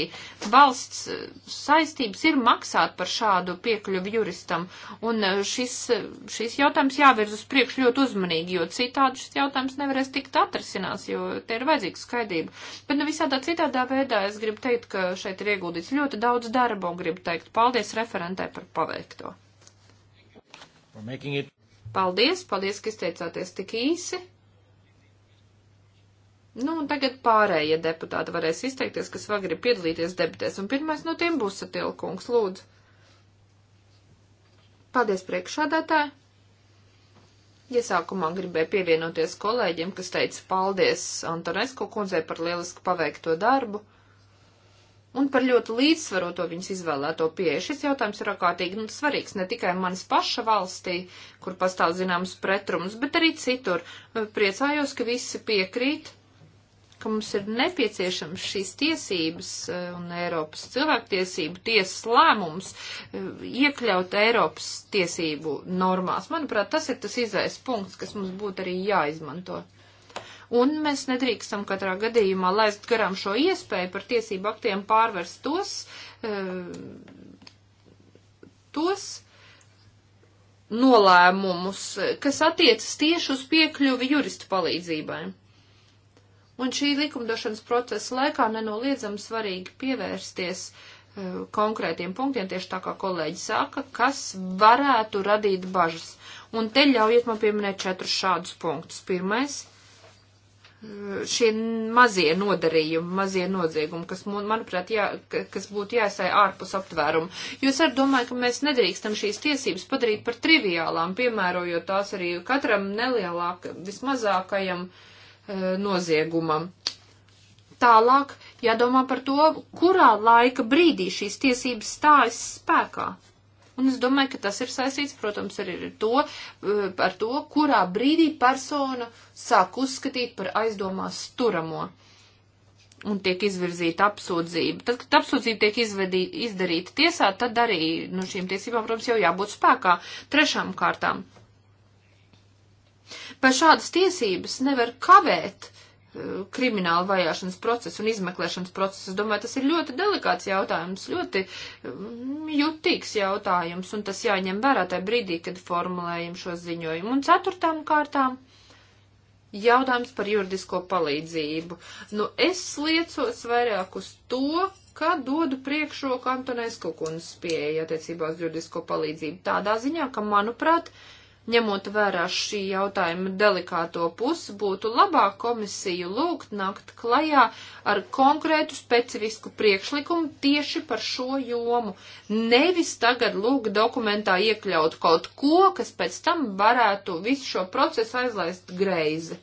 Valsts eh, saistības ir maksāt par šādu piekļuvu juristam, un eh, šis, eh, šis jautājums jāvirz uz priekšu ļoti uzmanīgi, jo citādi šis jautājums nevarēs tikt atrasinās, jo te ir vajadzīga skaidrība. Bet nu visādā citādā veidā es gribu teikt, ka šeit ir ieguldīts ļoti daudz darba, un gribu teikt paldies referentē par paveikto. Paldies, paldies, ka izteicāties tik īsi. Nu, un tagad pārējie deputāti varēs izteikties, kas vēl grib piedalīties debatēs, un pirmais no tiem būs Satilkungs, lūdzu. Paldies priekšādātāji. Iesākumā ja gribēju pievienoties kolēģiem, kas teica paldies Antonesko kundzei par lielisku paveikto darbu un par ļoti līdzsvaroto viņas izvēlēto pieeju. Šis jautājums ir ārkārtīgi nu, svarīgs ne tikai manas paša valstī, kur pastāv zināms pretrums, bet arī citur. Priecājos, ka visi piekrīt ka mums ir nepieciešams šīs tiesības eh, un Eiropas cilvēktiesību tiesas lēmums eh, iekļaut Eiropas tiesību normās. Manuprāt, tas ir tas izais punkts, kas mums būtu arī jāizmanto. Un mēs nedrīkstam katrā gadījumā laist garām šo iespēju par tiesību aktiem pārvērst tos, eh, tos nolēmumus, kas attiecas tieši uz piekļuvi juristu palīdzībai. Un šī likumdošanas procesa laikā nenoliedzami svarīgi pievērsties uh, konkrētiem punktiem, tieši tā kā kolēģi saka, kas varētu radīt bažas. Un te ļaujiet man pieminēt četrus šādus punktus. Pirmais e, šie mazie nodarījumi, mazie noziegumi, kas, manuprāt, jā, kas būtu jāsai ārpus aptvērumu. Jo es arī domāju, ka mēs nedrīkstam šīs tiesības padarīt par triviālām, piemērojot tās arī katram nelielāk, vismazākajam uh, E, noziegumam. Tālāk jādomā par to, kurā laika brīdī šīs tiesības stājas spēkā. Un es domāju, ka tas ir saistīts, protams, arī ar to, e, ar to kurā brīdī persona sāk uzskatīt par aizdomās turamo un tiek izvirzīta apsūdzība. Tad, kad apsūdzība tiek izvedī, izdarīta tiesā, tad arī nu, šīm tiesībām, protams, jau jābūt spēkā. Trešām kārtām Vai šādas tiesības nevar kavēt eh, krimināla vajāšanas procesu un izmeklēšanas procesu? Es domāju, tas ir ļoti delikāts jautājums, ļoti mm, jutīgs jautājums, un tas jāņem vērā tajā brīdī, kad formulējam šo ziņojumu. Un ceturtām kārtām. Jautājums par juridisko palīdzību. Nu, es liecos vairāk uz to, ka dodu priekšroku Antonēsku kundzes pieeja attiecībā uz juridisko palīdzību. Tādā ziņā, ka, manuprāt, uh, ņemot vērā šī jautājuma delikāto pusi, būtu labāk komisiju lūgt nakt klajā ar konkrētu specifisku priekšlikumu tieši par šo jomu. Nevis tagad lūgt dokumentā iekļaut kaut ko, kas pēc tam varētu visu šo procesu aizlaist greizi.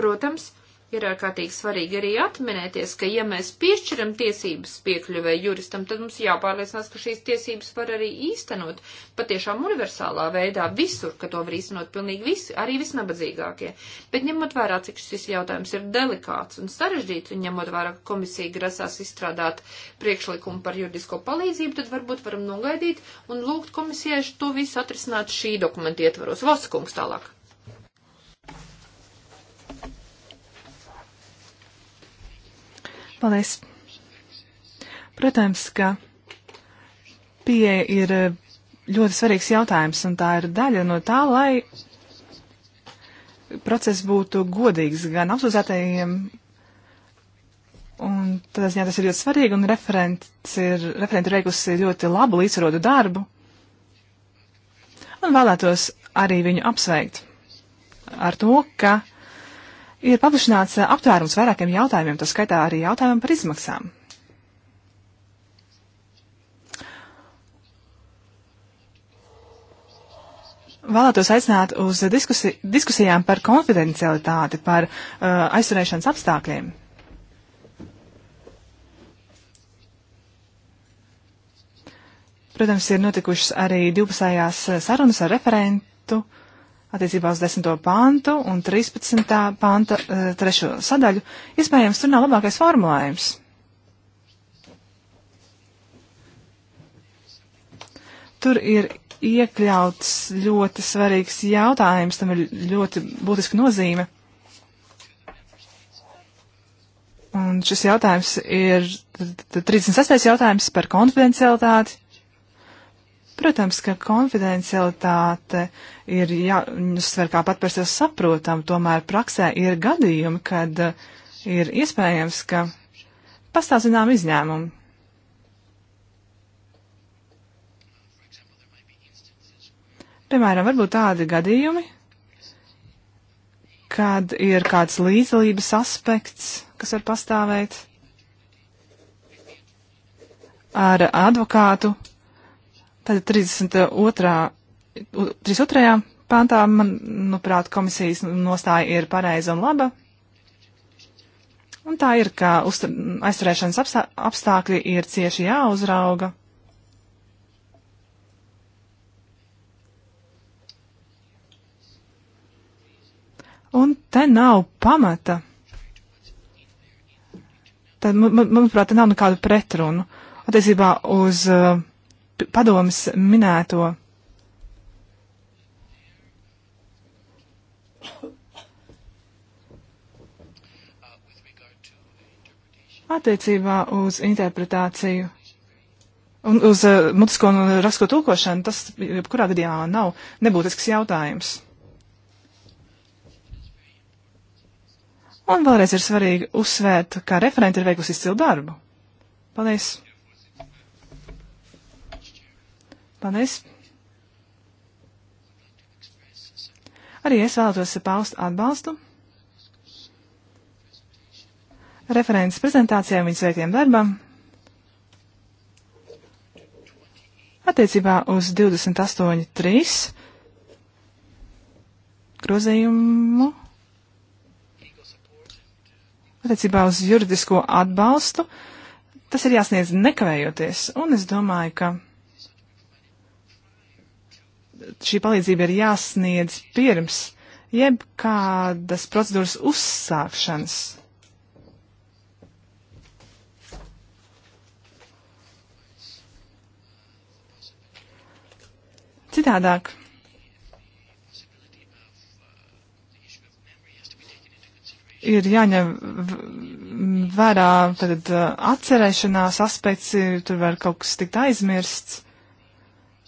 Protams, ir ārkārtīgi svarīgi arī atminēties, ka ja mēs piešķiram tiesības piekļuvē juristam, tad mums jāpārliecinās, ka šīs tiesības var arī īstenot patiešām universālā veidā visur, ka to var īstenot pilnīgi visi, arī visnabadzīgākie. Bet ņemot vērā, cik šis jautājums ir delikāts un sarežģīts, un ņemot vērā, ka komisija grasās izstrādāt priekšlikumu par juridisko palīdzību, tad varbūt varam nogaidīt un lūgt komisijai to visu atrisināt šī dokumenta ietvaros. Voskungs tālāk. Paldies! Protams, ka pieeja ir eh, ļoti svarīgs jautājums, un tā ir daļa no tā, lai process būtu godīgs gan apsūdzētajiem, un tādā ziņā tas ir ļoti svarīgi, un referents ir, referenti ir veikusi ļoti labu līdzsvarotu darbu, un vēlētos arī viņu apsveikt ar to, ka ir paplašināts eh, aptvērums vairākiem jautājumiem, tas skaitā arī jautājumam par izmaksām. Vēlētos aicināt uz diskusi, diskusijām par konfidencialitāti, par uh, aizturēšanas apstākļiem. Protams, ir notikušas arī divpusējās eh, sarunas ar referentu uh, attiecībā uz 10. pantu un 13. panta 3. Uh, eh, sadaļu, iespējams, tur nav labākais formulējums. Tur ir iekļauts ļoti svarīgs jautājums, tam ir ļoti būtiska nozīme. Un šis jautājums ir 36. jautājums par konfidencialitāti. Protams, ka konfidencialitāte ir jāuzsver kā pat par sevi saprotam, tomēr praksē ir gadījumi, kad uh, ir iespējams, ka pastāv zinām izņēmumi. Piemēram, varbūt tādi gadījumi, kad ir kāds līdzdalības aspekts, kas var pastāvēt ar advokātu Tad 32. 32. pāntā, manuprāt, komisijas nostāja ir pareiza un laba. Un tā ir, ka uztur, aizturēšanas apstā, apstākļi ir cieši jāuzrauga. Un te nav pamata. Tad, man, manuprāt, te nav nekādu pretrunu attiecībā uz uh, padomas minēto. Attiecībā uz interpretāciju un uz uh, mutisko un rasko tulkošanu, tas jebkurā gadījumā nav nebūtisks jautājums. Un vēlreiz ir svarīgi uzsvērt, kā referenti ir veikusi izcilu darbu. Paldies! Paldies! Arī es vēlētos paust atbalstu referents prezentācijām viņas veiktiem darbam. Attiecībā uz 28.3 grozījumu. Attiecībā uz juridisko atbalstu tas ir jāsniedz nekavējoties, un es domāju, ka šī palīdzība ir jāsniedz pirms jebkādas procedūras uzsākšanas. Citādāk. Ir jāņem vērā tad uh, atcerēšanās aspekts, tur var kaut kas tikt aizmirsts.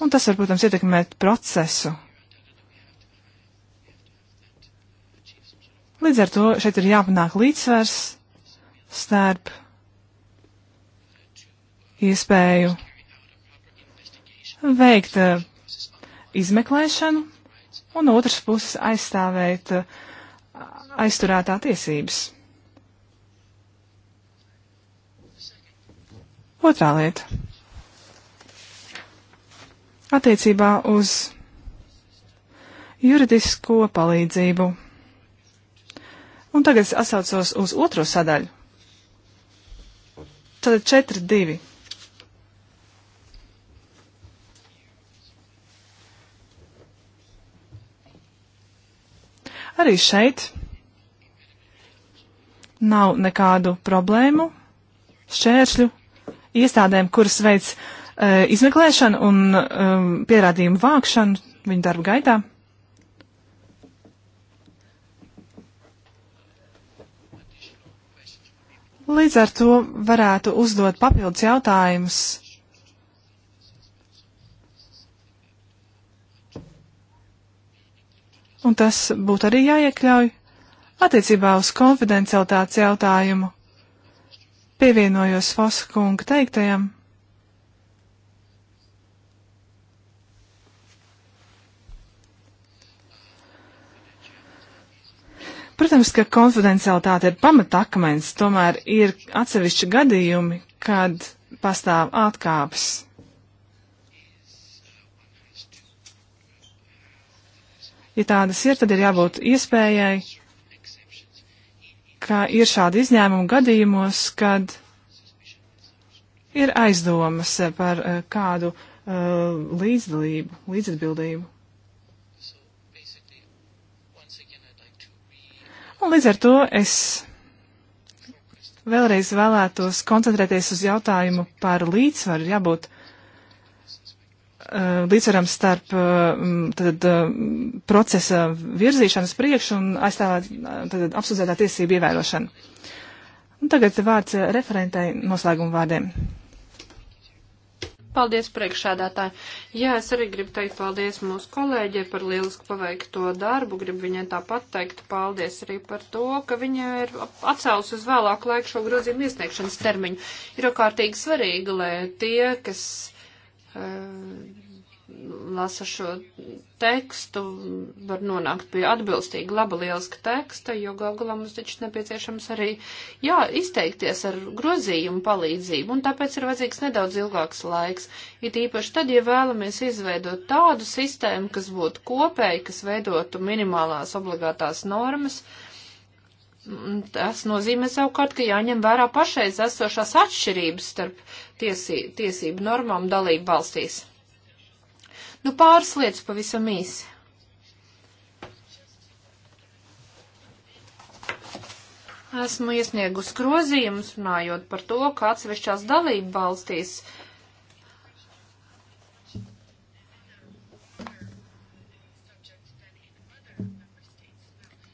Un tas var, protams, ietekmēt procesu. Līdz ar to šeit ir jāpanāk līdzsvers starp iespēju veikt uh, izmeklēšanu un no otras puses aizstāvēt uh, aizturētā tiesības. Otrā lieta attiecībā uz juridisko palīdzību. Un tagad es atsaucos uz otro sadaļu. Tad 4, 2. Arī šeit nav nekādu problēmu, šķēršļu iestādēm, kuras veids uh, E, izmeklēšanu un um, pierādījumu vākšanu viņu darba gaitā. Līdz ar to varētu uzdot papildus jautājumus. Un tas būtu arī jāiekļauj attiecībā uz konfidencialitātes jautājumu. Pievienojos Foskunga teiktajam. Protams, ka konfidencialitāte ir pamatakmens, tomēr ir atsevišķi gadījumi, kad pastāv atkāpes. Ja tādas ir, tad ir jābūt iespējai, ka ir šādi izņēmumi gadījumos, kad ir aizdomas par eh, kādu uh, līdzdalību, līdzatbildību. Un līdz ar to es vēlreiz vēlētos koncentrēties uz jautājumu par līdzsvaru. Jābūt uh, līdzsvaram starp uh, tad, uh, procesa virzīšanas priekš un aizstāvēt tad, apsūdzētā tiesību ievērošanu. Un tagad vārds referentai noslēguma vārdiem. Paldies priekšādātāji. Jā, es arī gribu teikt paldies mūsu kolēģei par lielisku paveikto darbu. Gribu viņai tāpat teikt paldies arī par to, ka viņa ir atcēlus uz vēlāku laiku šo grozījumu iesniegšanas termiņu. Ir okārtīgi svarīgi, lai tie, kas. Uh, lasa šo tekstu, var nonākt pie atbilstīga laba lieliska teksta, jo gal galā mums taču nepieciešams arī, jā, izteikties ar grozījumu palīdzību, un tāpēc ir vajadzīgs nedaudz ilgāks laiks. It īpaši tad, ja vēlamies izveidot tādu sistēmu, kas būtu kopēji, kas veidotu minimālās obligātās normas, Tas nozīmē savukārt, ka jāņem vērā pašreiz esošās atšķirības starp tiesī, tiesību normām dalību valstīs. Nu, pāris lietas pavisam īsi. Esmu iesniegus grozījumus runājot par to, ka atsevišķās dalību valstīs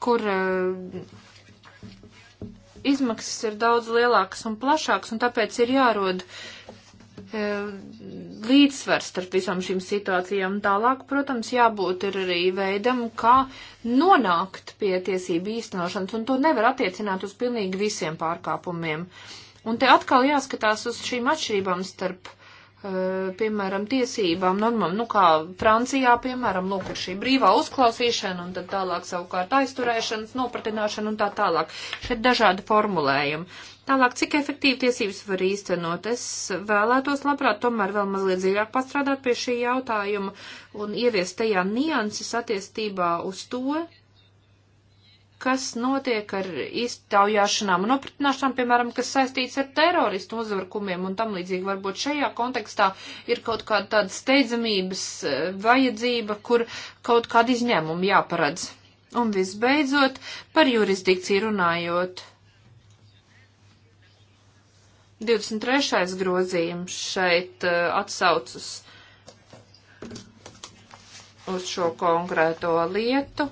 kur eh, izmaksas ir daudz lielākas un plašākas, un tāpēc ir jārod eh, līdzsvars starp visām šīm situācijām. Tālāk, protams, jābūt ir arī veidam, kā nonākt pie tiesību īstenošanas, un to nevar attiecināt uz pilnīgi visiem pārkāpumiem. Un te atkal jāskatās uz šīm atšķirībām starp, uh, piemēram, tiesībām, normām, nu kā Francijā, piemēram, lūk, ir šī brīvā uzklausīšana, un tad tālāk savukārt aizturēšanas, nopratināšana un tā tālāk. Šeit dažādi formulējumi. Tālāk, cik efektīvi tiesības var īstenot? Es vēlētos, labprāt, tomēr vēl mazliet dziļāk pastrādāt pie šī jautājuma un ieviest tajā nianses attiestībā uz to, kas notiek ar iztaujāšanām un nopratināšanām, piemēram, kas saistīts ar teroristu uzvarkumiem un tam līdzīgi. Varbūt šajā kontekstā ir kaut kāda tāda steidzamības eh, vajadzība, kur kaut kāda izņēmuma jāparedz. Un visbeidzot, par jurisdikciju runājot. 23. grozījums šeit eh, atsaucas uz šo konkrēto lietu.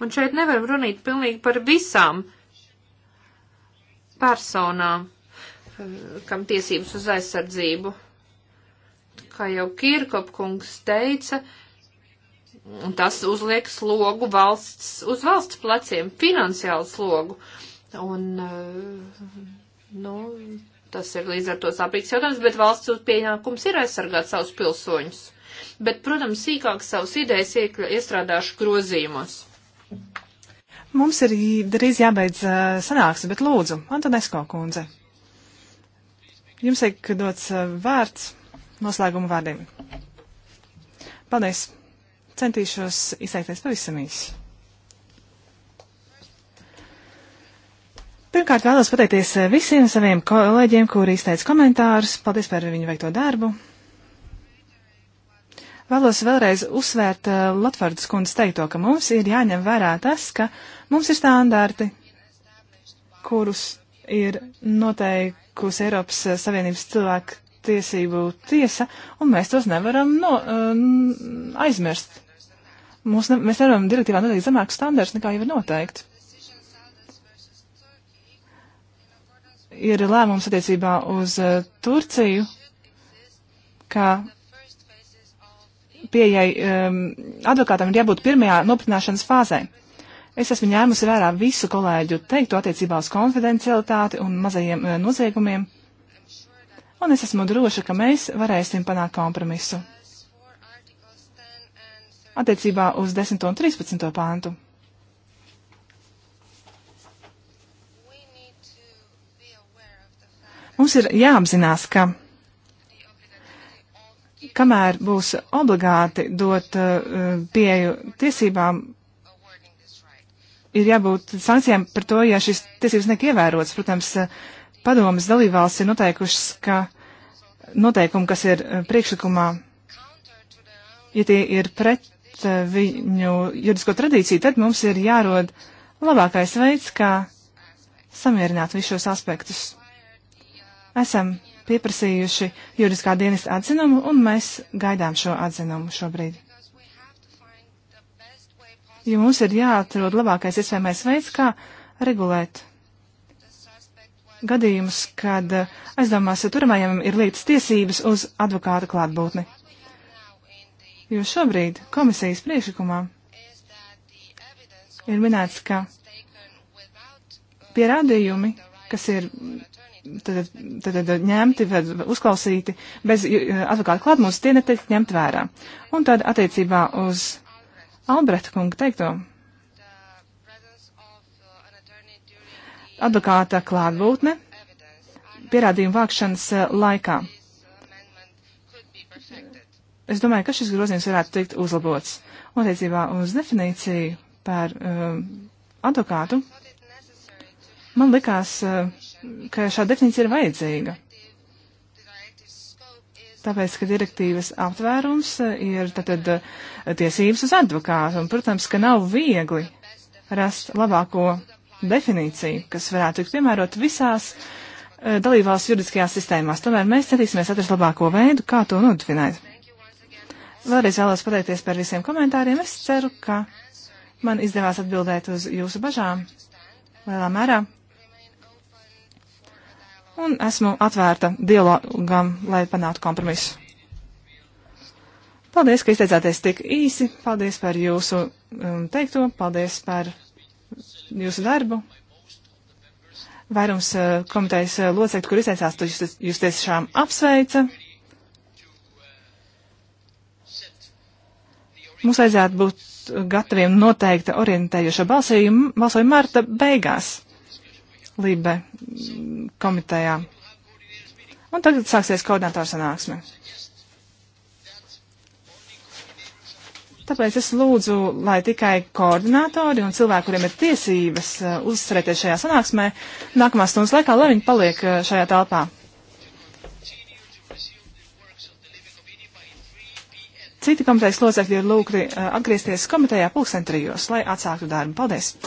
Un šeit nevaram runīt pilnīgi par visām personām, eh, kam tiesības uz aizsardzību. Kā jau Kirkopkungs teica, uh, Un tas uzliek slogu valsts, uz valsts pleciem, finansiālu slogu. Un, eh, nu, tas ir līdz ar to sāpīgs jautājums, bet valsts pienākums ir aizsargāt savus pilsoņus. Bet, protams, sīkāk savus idejas iekļa, iestrādāšu grozījumos. Mums ir drīz jābeidz uh, eh, sanāks, bet lūdzu, Antonesko kundze, jums tiek dots uh, vārds noslēguma vārdiem. Paldies! Centīšos izteikties pavisam īsi. Pirmkārt, vēlos pateikties eh, visiem saviem kolēģiem, kuri izteica komentārus. Paldies par viņu veikto darbu. Vēlos vēlreiz uzsvērt eh, Latvārdas kundas teikto, ka mums ir jāņem vērā tas, ka mums ir standarti, kurus ir noteikusi Eiropas Savienības cilvēku tiesību tiesa, un mēs tos nevaram no, eh, aizmirst. Mums ne, mēs nevaram direktīvā noteikt zemākus standarts, nekā jau ir noteikti. Ir lēmums attiecībā uz uh, Turciju, ka pieejai um, advokātam ir jābūt pirmajā nopratināšanas fāzē. Es esmu ņēmusi vērā visu kolēģu teikto attiecībā uz konfidencialitāti un mazajiem uh, noziegumiem, un es esmu droša, ka mēs varēsim panākt kompromisu attiecībā uz 10. un 13. pāntu. Mums ir jāapzinās, ka kamēr būs obligāti dot uh, pieju tiesībām, ir jābūt sankcijām par to, ja šis tiesības netiek ievērots. Protams, uh, padomas dalībvalsts ir noteikušas, ka noteikumi, kas ir uh, priekšlikumā, ja tie ir pret izmantot eh, viņu juridisko tradīciju, tad mums ir jārod labākais veids, kā samierināt visus šos aspektus. Esam pieprasījuši juridiskā dienesta atzinumu, un mēs gaidām šo atzinumu šobrīd. Jo mums ir jāatrod labākais iespējamais veids, kā regulēt gadījumus, kad aizdomās ja turamajam ir lietas tiesības uz advokāta klātbūtni. Jo šobrīd komisijas priekšlikumā ir minēts, ka pierādījumi, kas ir tad, tad, tad ņemti vai uzklausīti bez advokāta klātmūs, tie netiek ņemt vērā. Un tad attiecībā uz Albrehta kunga teikto. Advokāta klātbūtne pierādījumu vākšanas laikā es domāju, ka šis grozījums varētu tikt uzlabots. Un attiecībā uz definīciju par um, advokātu, man likās, uh, ka šāda definīcija ir vajadzīga. Tāpēc, ka direktīvas aptvērums uh, ir tātad uh, tiesības uz advokātu, un, protams, ka nav viegli rast labāko definīciju, kas varētu tikt piemērot visās uh, dalībvalsts juridiskajās sistēmās. Tomēr mēs centīsimies atrast labāko veidu, kā to nodefinēt. Vēlreiz vēlos pateikties par visiem komentāriem. Es ceru, ka man izdevās atbildēt uz jūsu bažām lielā mērā. Un esmu atvērta dialogam, lai panātu kompromisu. Paldies, ka izteicāties tik īsi. Paldies par jūsu um, teikto. Paldies par jūsu darbu. Vairums uh, komitejas uh, locekļu, kur izteicās, jūs, jūs tiešām apsveica. Mums vajadzētu būt gataviem noteikta orientējoša balsojuma, balsojuma marta beigās Lībe komitejā. Un tagad sāksies koordinātāra sanāksme. Tāpēc es lūdzu, lai tikai koordinātori un cilvēki, kuriem ir tiesības uh, uzsvērties šajā sanāksmē, nākamās stundas laikā, lai viņi paliek uh, šajā telpā. Citi komitejas locekļi ir lūgti eh, atgriezties komitejā pulkstentrijos, lai atsāktu darbu. Paldies!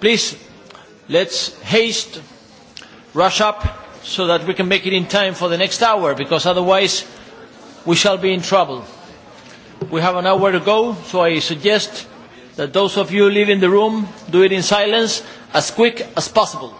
Please, let's haste, rush up, so that we can make it in time for the next hour, because otherwise we shall be in trouble. We have an hour to go, so I suggest that those of you leaving the room do it in silence as quick as possible.